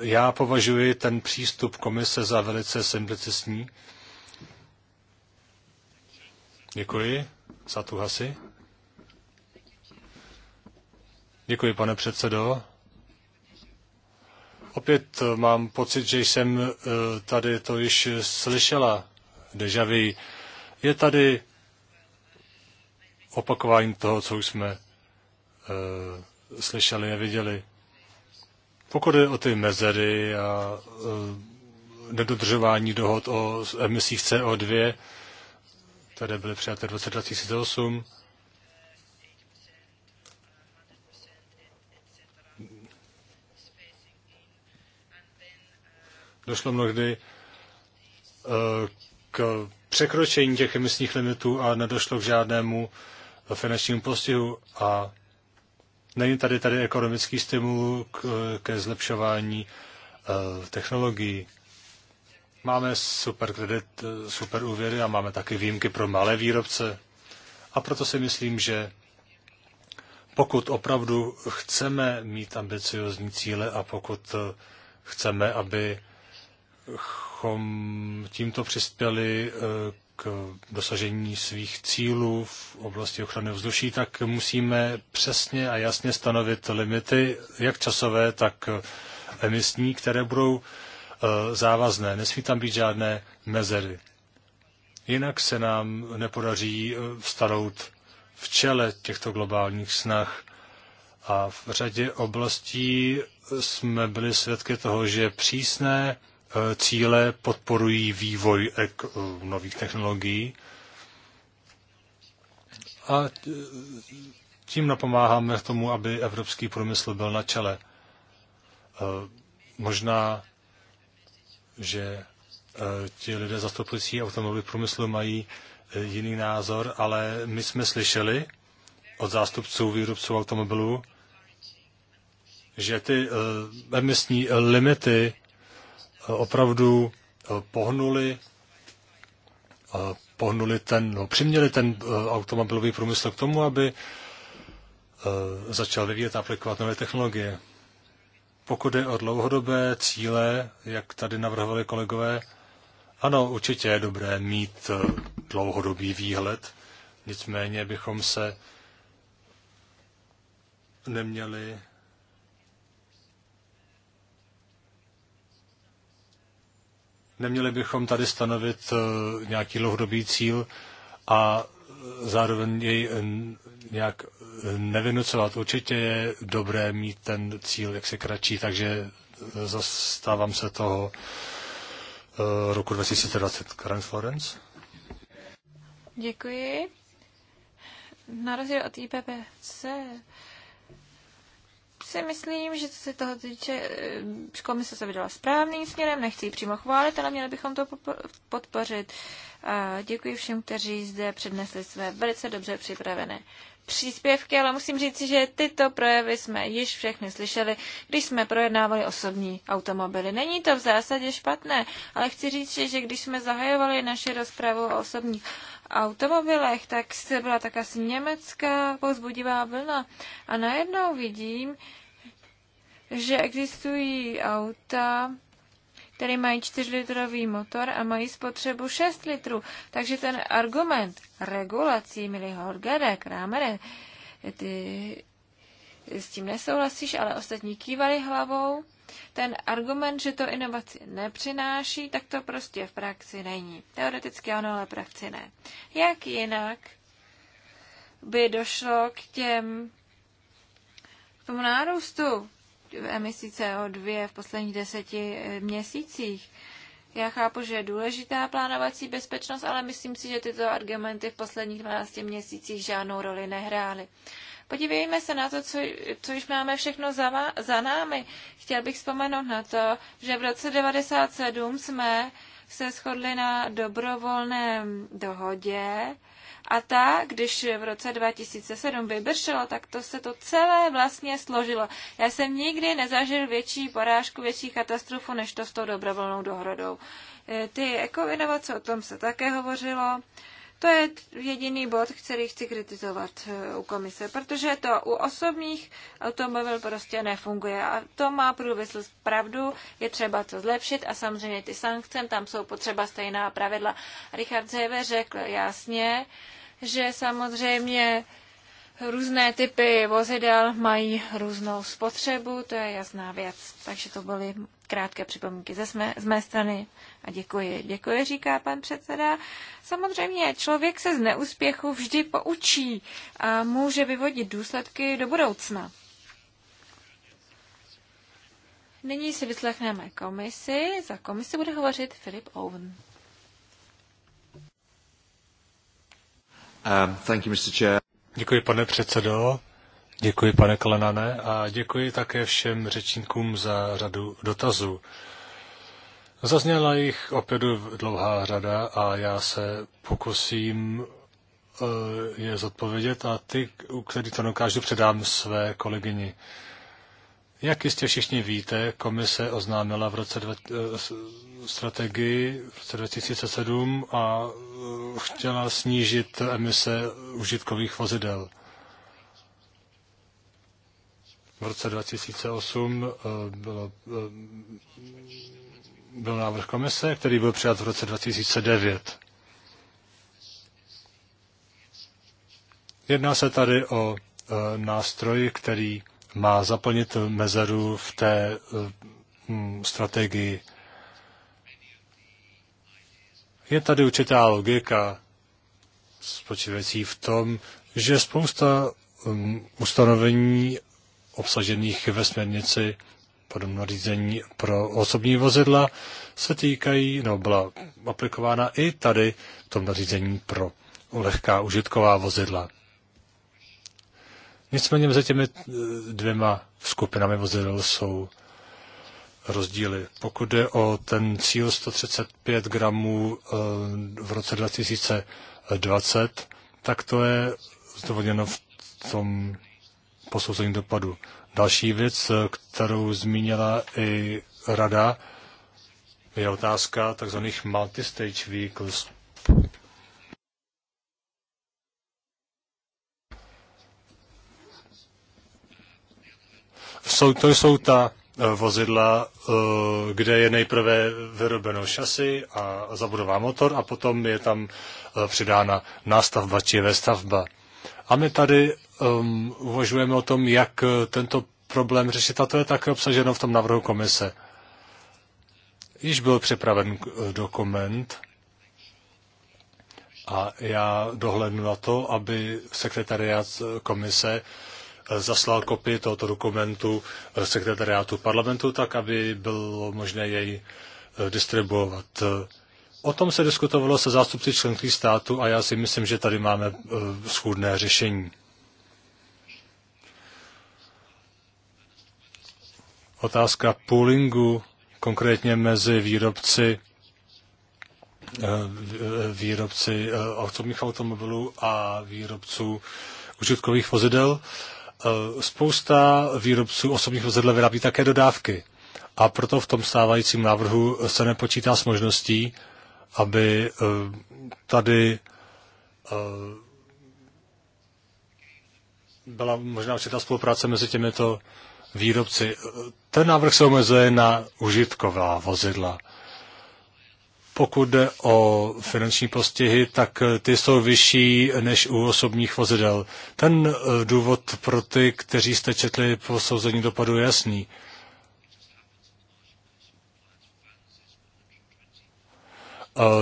[SPEAKER 1] Já považuji ten přístup komise za velice simplicistní. Děkuji. Hasi. Děkuji, pane předsedo. Opět eh, mám pocit, že jsem eh, tady to již slyšela. Deja vu. Je tady opakování toho, co už jsme uh, slyšeli a viděli. Pokud je o ty mezery a uh, nedodržování dohod o emisích CO2, které byly přijaté v roce 2008, došlo mnohdy eh, k překročení těch emisních limitů a nedošlo k žádnému finančnímu postihu a není tady tady ekonomický stimul k, ke zlepšování eh, technologií. Máme super kredit, eh, super úvěry a máme taky výjimky pro malé výrobce. A proto si myslím, že pokud opravdu chceme mít ambiciozní cíle a pokud chceme, aby abychom tímto přispěli eh, k dosažení svých cílů v oblasti ochrany vzduší, tak musíme přesně a jasně stanovit limity, jak časové, tak eh, emisní, které budou eh, závazné. Nesmí tam být žádné mezery. Jinak se nám nepodaří vstanout v čele těchto globálních snah. A v řadě oblastí jsme byli svědky toho, že přísné cíle podporují vývoj eh, nových technologií a eh, tím napomáháme k tomu, aby evropský průmysl byl na čele. Eh, možná, že ti lidé zastupující automobilový průmysl mají jiný názor, ale my jsme slyšeli od zástupců výrobců automobilů, že ty emisní limity opravdu eh, pohnuli, eh, pohnuli ten, no, přiměli ten eh, automobilový průmysl k tomu, aby začal vyvíjet a aplikovat nové technologie. Pokud je o dlouhodobé cíle, jak tady navrhovali kolegové, ano, určitě je dobré mít dlouhodobý výhled, nicméně bychom se neměli Neměli bychom tady stanovit eh, nějaký dlouhodobý cíl a zároveň jej eh, nějak eh, nevynucovat. Určitě je dobré mít ten cíl, jak se kratší, takže zastávám se toho roku 2020. Karen Florence?
[SPEAKER 2] Děkuji. Na rozdíl od IPPC si myslím, že co se toho týče, eh, komise se vydala správným směrem, nechci ji přímo chválit, ale měli bychom to podpořit. A děkuji všem, kteří zde přednesli své velice dobře připravené příspěvky, ale musím říct, že tyto projevy jsme již všechny slyšeli, když jsme projednávali osobní automobily. Není to v zásadě špatné, ale chci říct, že když jsme zahajovali naši rozpravu o osobních automobilech, tak se byla tak asi německá pozbudivá vlna. A najednou vidím, že existují auta, které mají 4-litrový motor a mají spotřebu 6 litrů. Takže ten argument regulací, milý Holgere, Kramere, ty s tím nesouhlasíš, ale ostatní kývali hlavou. Ten argument, že to inovaci nepřináší, tak to prostě v praxi není. Teoreticky ano, ale v praxi ne. Jak jinak by došlo k těm k tomu nárůstu emisí CO2 v posledních deseti eh, měsících? Já chápu, že je důležitá plánovací bezpečnost, ale myslím si, že tyto argumenty v posledních 12 měsících žádnou roli nehrály. Podívejme se na to, co, co už máme všechno za, za námi. Chtěl bych vzpomenout na to, že v roce 1997 jsme se shodli na dobrovolném dohodě a ta, když v roce 2007 vybršelo, tak to se to celé vlastně složilo. Já jsem nikdy nezažil větší porážku, větší katastrofu, než to s tou dobrovolnou dohodou. E, ty ekovinovace, o tom se také hovořilo. To je jediný bod, který chci kritizovat eh, u komise, protože to u osobních automobil prostě nefunguje. A to má průmysl pravdu, je třeba to zlepšit a samozřejmě ty sankce, tam jsou potřeba stejná pravidla. Richard Zeve řekl jasně, že samozřejmě různé typy vozidel mají různou spotřebu, to je jasná věc. Takže to byly krátké připomínky ze mé, z mé strany a děkuji. Děkuji, říká pan předseda. Samozřejmě člověk se z neúspěchu vždy poučí a může vyvodit důsledky do budoucna. Nyní si vyslechneme komisi. Za komisi bude hovořit Filip Owen.
[SPEAKER 1] Um, thank you, Mr. Chair. Děkuji, pane předsedo. Děkuji, pane Klenane, a děkuji také všem řečníkům za řadu dotazů. Zazněla jich opět dlouhá řada a já se pokusím eh, je zodpovědět a ty, u kterých to dokážu, předám své kolegyni. Jak jistě všichni víte, komise oznámila v roce dva, eh, strategii v roce 2007 a eh, chtěla snížit emise užitkových vozidel. V roce 2008 eh, bylo, eh, byl návrh komise, který byl přijat v roce 2009. Jedná se tady o eh, nástroj, který má zaplnit mezeru v té hm, strategii. Je tady určitá logika spočívající v tom, že spousta hm, ustanovení obsažených ve směrnici podobno řízení pro osobní vozidla se týkají, nebo byla aplikována i tady v tom nařízení pro lehká užitková vozidla. Nicméně mezi těmi eh, dvěma skupinami vozidel jsou rozdíly. Pokud je o ten cíl 135 gramů eh, v roce 2020, tak to je zdůvodněno v tom posouzení dopadu. Další věc, kterou zmínila i rada, je otázka tzv. multistage vehicles. Jsou, to jsou ta eh, vozidla, eh, kde je nejprve vyrobeno šasy a zabudová motor a potom je tam eh, přidána nástavba či stavba. A my tady um, uvažujeme o tom, jak eh, tento problém řešit a to je také obsaženo v tom návrhu komise. Již byl připraven eh, dokument a já dohlednu na to, aby sekretariát eh, komise zaslal kopii tohoto dokumentu sekretariátu parlamentu, tak aby bylo možné jej distribuovat. O tom se diskutovalo se zástupci členských států a já si myslím, že tady máme schůdné řešení. otázka poolingu, konkrétně mezi výrobci eh, výrobci eh, osobních automobilů a výrobců užitkových vozidel. Eh, spousta výrobců osobních vozidel vyrábí také dodávky. A proto v tom stávajícím návrhu se nepočítá s možností, aby tady byla možná určitá spolupráce mezi těmito výrobci. Ten návrh se omezuje na užitková vozidla. Pokud jde o finanční postihy, tak ty jsou vyšší než u osobních vozidel. Ten eh, důvod pro ty, kteří jste četli posouzení dopadu, je jasný.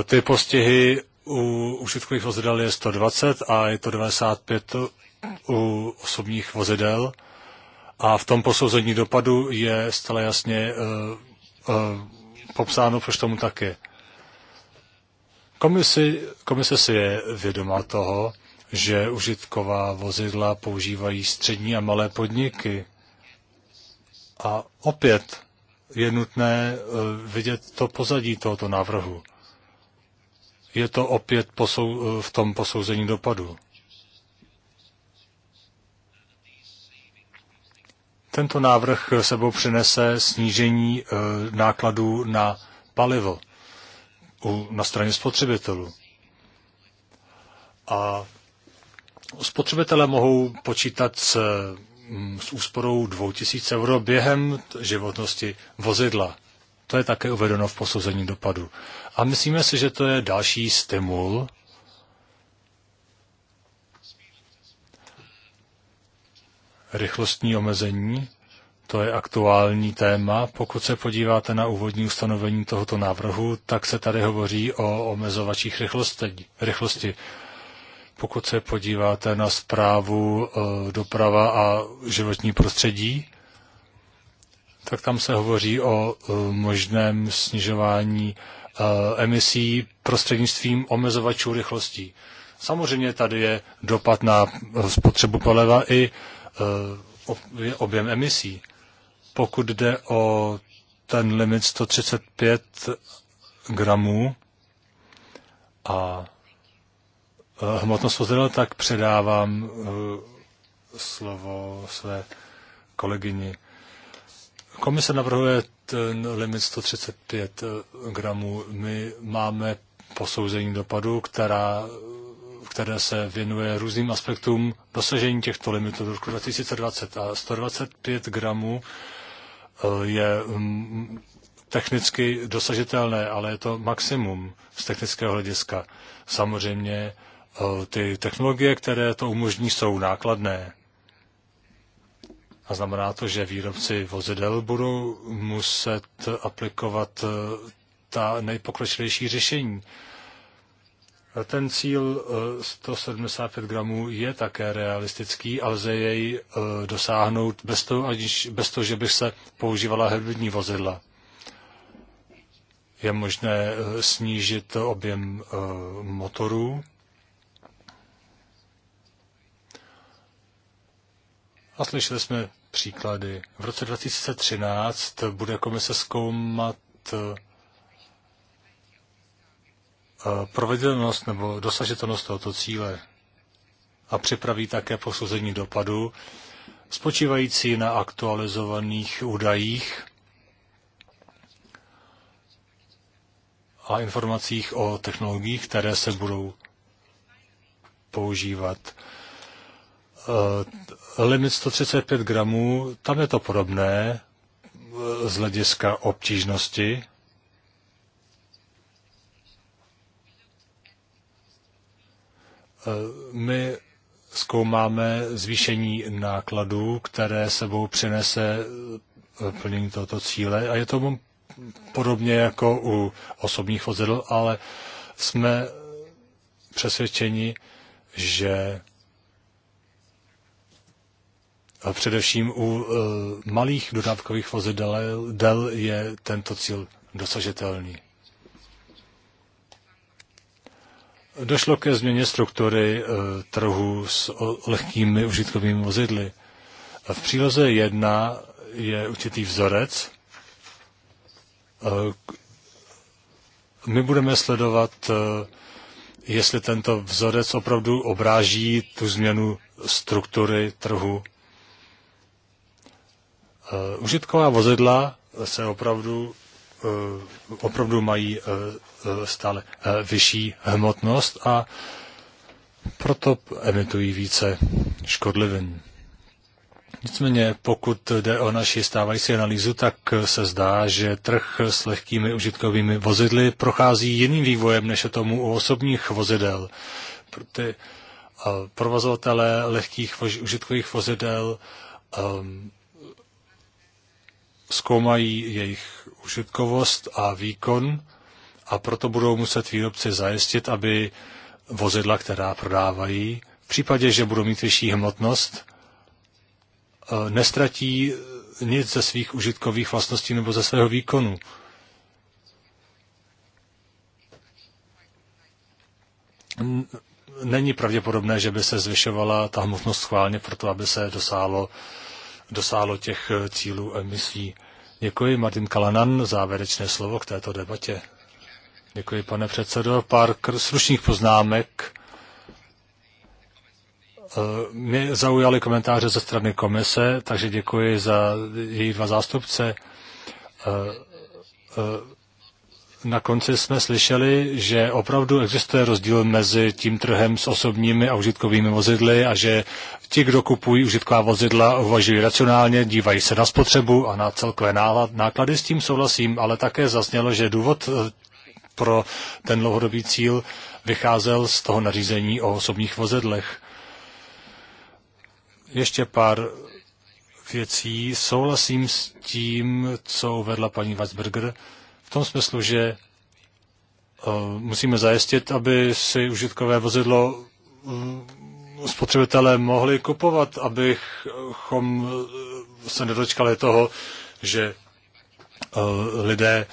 [SPEAKER 1] Eh, ty postihy u užitkových vozidel je 120 a je to 95 u osobních vozidel. A v tom posouzení dopadu je stále jasně uh, uh, popsáno, proč tomu tak je. Komisi, komise si je vědomá toho, že užitková vozidla používají střední a malé podniky. A opět je nutné eh, vidět to pozadí tohoto návrhu. Je to opět posou v tom posouzení dopadu. Tento návrh sebou přinese snížení e, nákladů na palivo na straně spotřebitelů. A spotřebitelé mohou počítat s, mm, s úsporou 2000 euro během životnosti vozidla. To je také uvedeno v posouzení dopadu. A myslíme si, že to je další stimul rychlostní omezení, to je aktuální téma. Pokud se podíváte na úvodní ustanovení tohoto návrhu, tak se tady hovoří o omezovačích rychlosti. Pokud se podíváte na zprávu e, doprava a životní prostředí, tak tam se hovoří o e, možném snižování e, emisí prostřednictvím omezovačů rychlostí. Samozřejmě tady je dopad na spotřebu paliva i Eh, objem emisí. Pokud jde o ten limit 135 gramů a eh, hmotnost pozdravil, tak předávám eh, slovo své kolegyni. Komise navrhuje ten limit 135 gramů. My máme posouzení dopadu, která které se věnuje různým aspektům dosažení těchto limitů do roku 2020. A 125 gramů eh, je mm, technicky dosažitelné, ale je to maximum z technického hlediska. Samozřejmě eh, ty technologie, které to umožní, jsou nákladné. A znamená to, že výrobci vozidel budou muset aplikovat eh, ta nejpokročilejší řešení. Ten cíl 175 eh, gramů je také realistický a lze jej eh, dosáhnout bez toho, aniž, bez toho že by se používala hybridní vozidla. Je možné eh, snížit objem motorů a slyšeli jsme příklady. V roce 2013 bude komise zkoumat proveditelnost nebo dosažitelnost tohoto cíle a připraví také posouzení dopadu, spočívající na aktualizovaných údajích a informacích o technologiích, které se budou používat. Eh, limit 135 gramů, tam je to podobné eh, z hlediska obtížnosti Eh, my zkoumáme zvýšení nákladů, které sebou přinese eh, plnění tohoto cíle a je to podobně jako u osobních vozidel, ale jsme přesvědčeni, že a především u uh, malých dodávkových vozidel del je tento cíl dosažitelný. Došlo ke změně struktury eh, trhu s lehkými užitkovými vozidly. Eh, v příloze 1 je určitý vzorec. Eh, my budeme sledovat, jestli tento vzorec opravdu obráží tu změnu struktury trhu. Užitková vozidla se opravdu Eh, opravdu mají eh, eh, stále vyšší hmotnost a proto emitují více škodlivin. Nicméně, pokud jde o naši stávající analýzu, tak se zdá, že trh s lehkými užitkovými vozidly prochází jiným vývojem, než je tomu u osobních vozidel. Ty provozovatele lehkých užitkových vozidel um, zkoumají jejich užitkovost a výkon a proto budou muset výrobci zajistit, aby vozidla, která prodávají, v případě, že budou mít vyšší hmotnost, eh, nestratí nic ze svých užitkových vlastností nebo ze svého výkonu. Není pravděpodobné, že by se zvyšovala ta hmotnost schválně proto, aby se dosáhlo dosáhlo těch eh, cílů emisí. Děkuji Martin Kalanan závěrečné slovo k této debatě. Děkuji, pane předsedo. Pár slušných poznámek. Eh, mě zaujaly komentáře ze strany komise, takže děkuji za její dva zástupce. Eh, na konci jsme slyšeli, že opravdu existuje rozdíl mezi tím trhem s osobními a užitkovými vozidly a že ti, kdo kupují užitková vozidla, uvažují racionálně, dívají se na spotřebu a na celkové náklady. S tím souhlasím, ale také zaznělo, že důvod eh, pro ten dlouhodobý cíl vycházel z toho nařízení o osobních vozidlech. Ještě pár věcí. Souhlasím s tím, co uvedla paní Weisberger v tom smyslu, že eh, musíme zajistit, aby si užitkové vozidlo eh, spotřebitelé mohli kupovat, abychom eh, se nedočkali toho, že lidé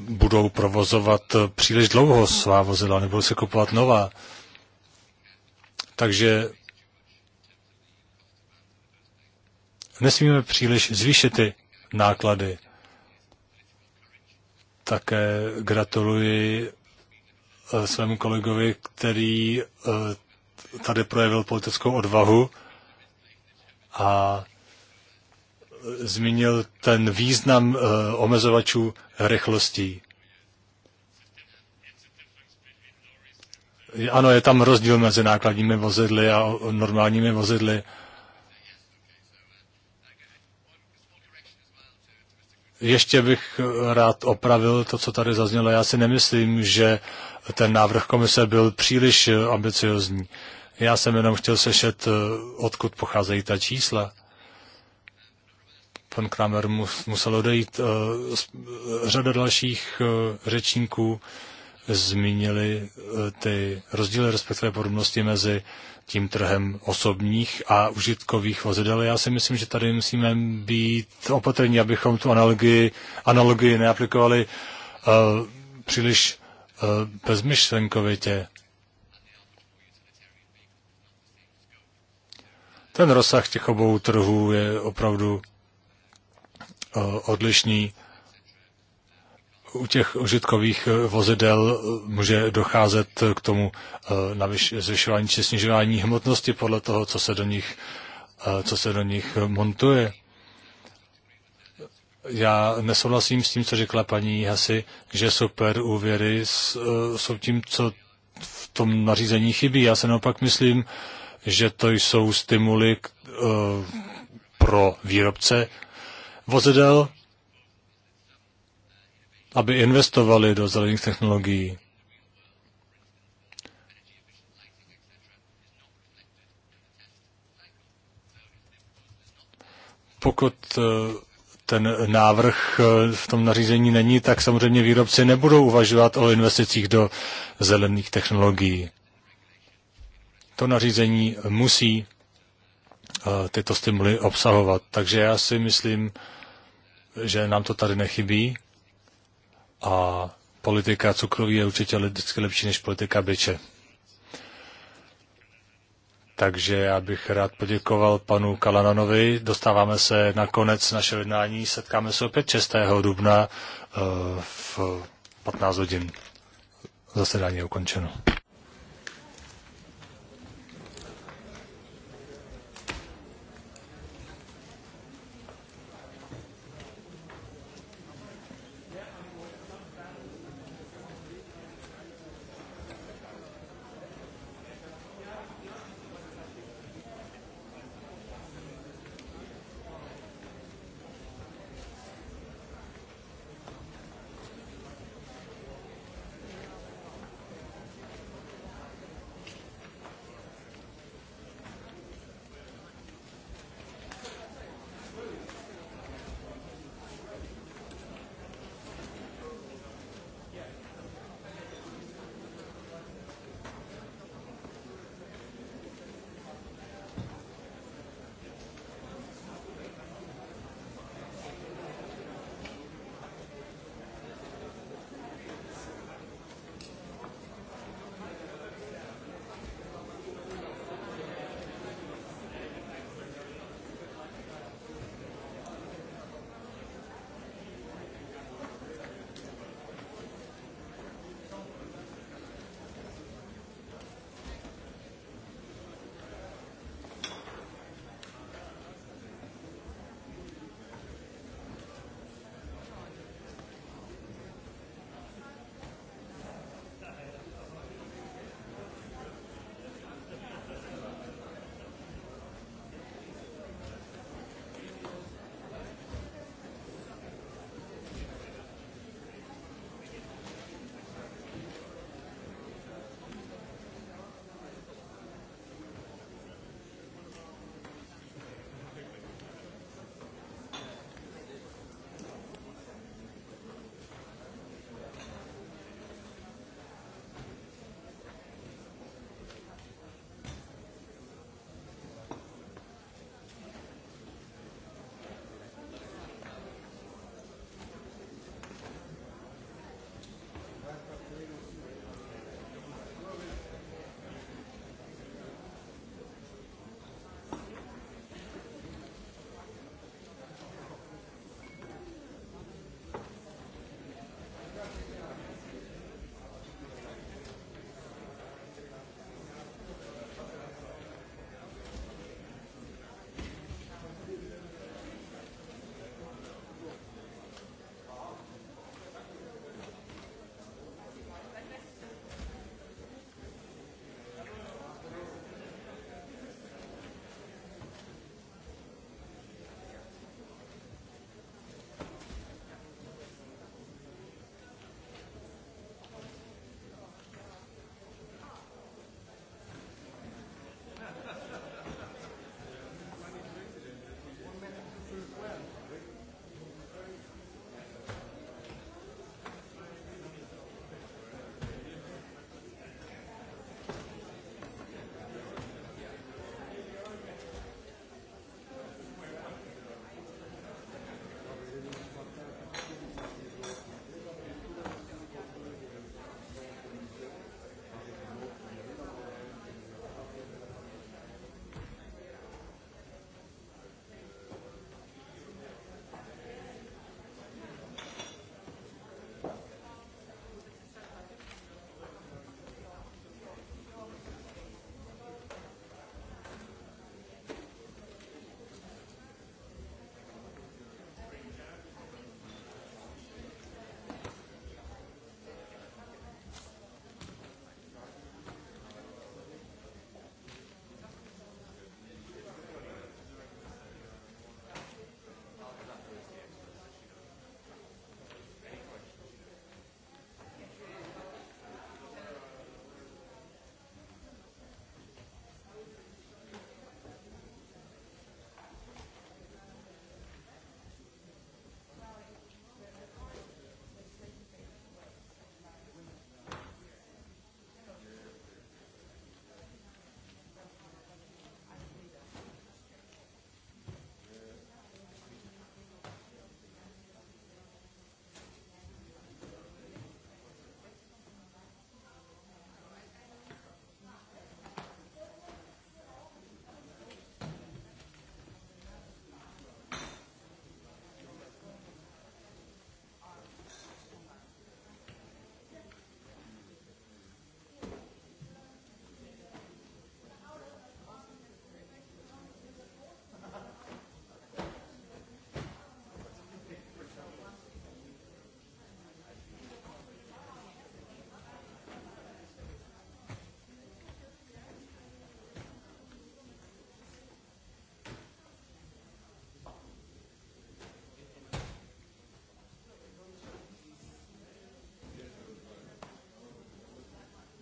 [SPEAKER 1] budou provozovat příliš dlouho svá vozidla, nebudou se kupovat nová. Takže nesmíme příliš zvýšit ty náklady. Také gratuluji eh, svému kolegovi, který eh, tady projevil politickou odvahu a eh, zmínil ten význam omezovačů rychlostí. Ano, je tam rozdíl mezi nákladními vozidly a normálními vozidly. ještě bych rád opravil to, co tady zaznělo. Já si nemyslím, že ten návrh komise byl příliš ambiciozní. Já jsem jenom chtěl sešet, eh, odkud pocházejí ta čísla. Pan Kramer musel odejít, eh, řada dalších eh, řečníků zmínili eh, ty rozdíly, respektive podobnosti mezi tím trhem osobních a užitkových vozidel. Já si myslím, že tady musíme být opatrní, abychom tu analogii, analogii neaplikovali uh, příliš uh, bezmyšlenkovitě. Ten rozsah těch obou trhů je opravdu uh, odlišný u těch užitkových eh, vozidel eh, může docházet eh, k tomu zvyšování či snižování hmotnosti podle toho, co se do nich, co se do nich montuje. Já nesouhlasím s tím, co řekla paní Hasi, že super úvěry jsou tím, co v tom nařízení chybí. Já se naopak myslím, že to jsou stimuly pro výrobce vozidel, aby investovali do zelených technologií. Pokud eh, ten návrh eh, v tom nařízení není, tak samozřejmě výrobci nebudou uvažovat o investicích do zelených technologií. To nařízení musí eh, tyto stimuly obsahovat. Takže já si myslím, že nám to tady nechybí. A politika cukroví je určitě vždycky lepší než politika byče. Takže já bych rád poděkoval panu Kalananovi. Dostáváme se na konec našeho jednání. Setkáme se opět 6. dubna eh, v 15 hodin. Zasedání je ukončeno.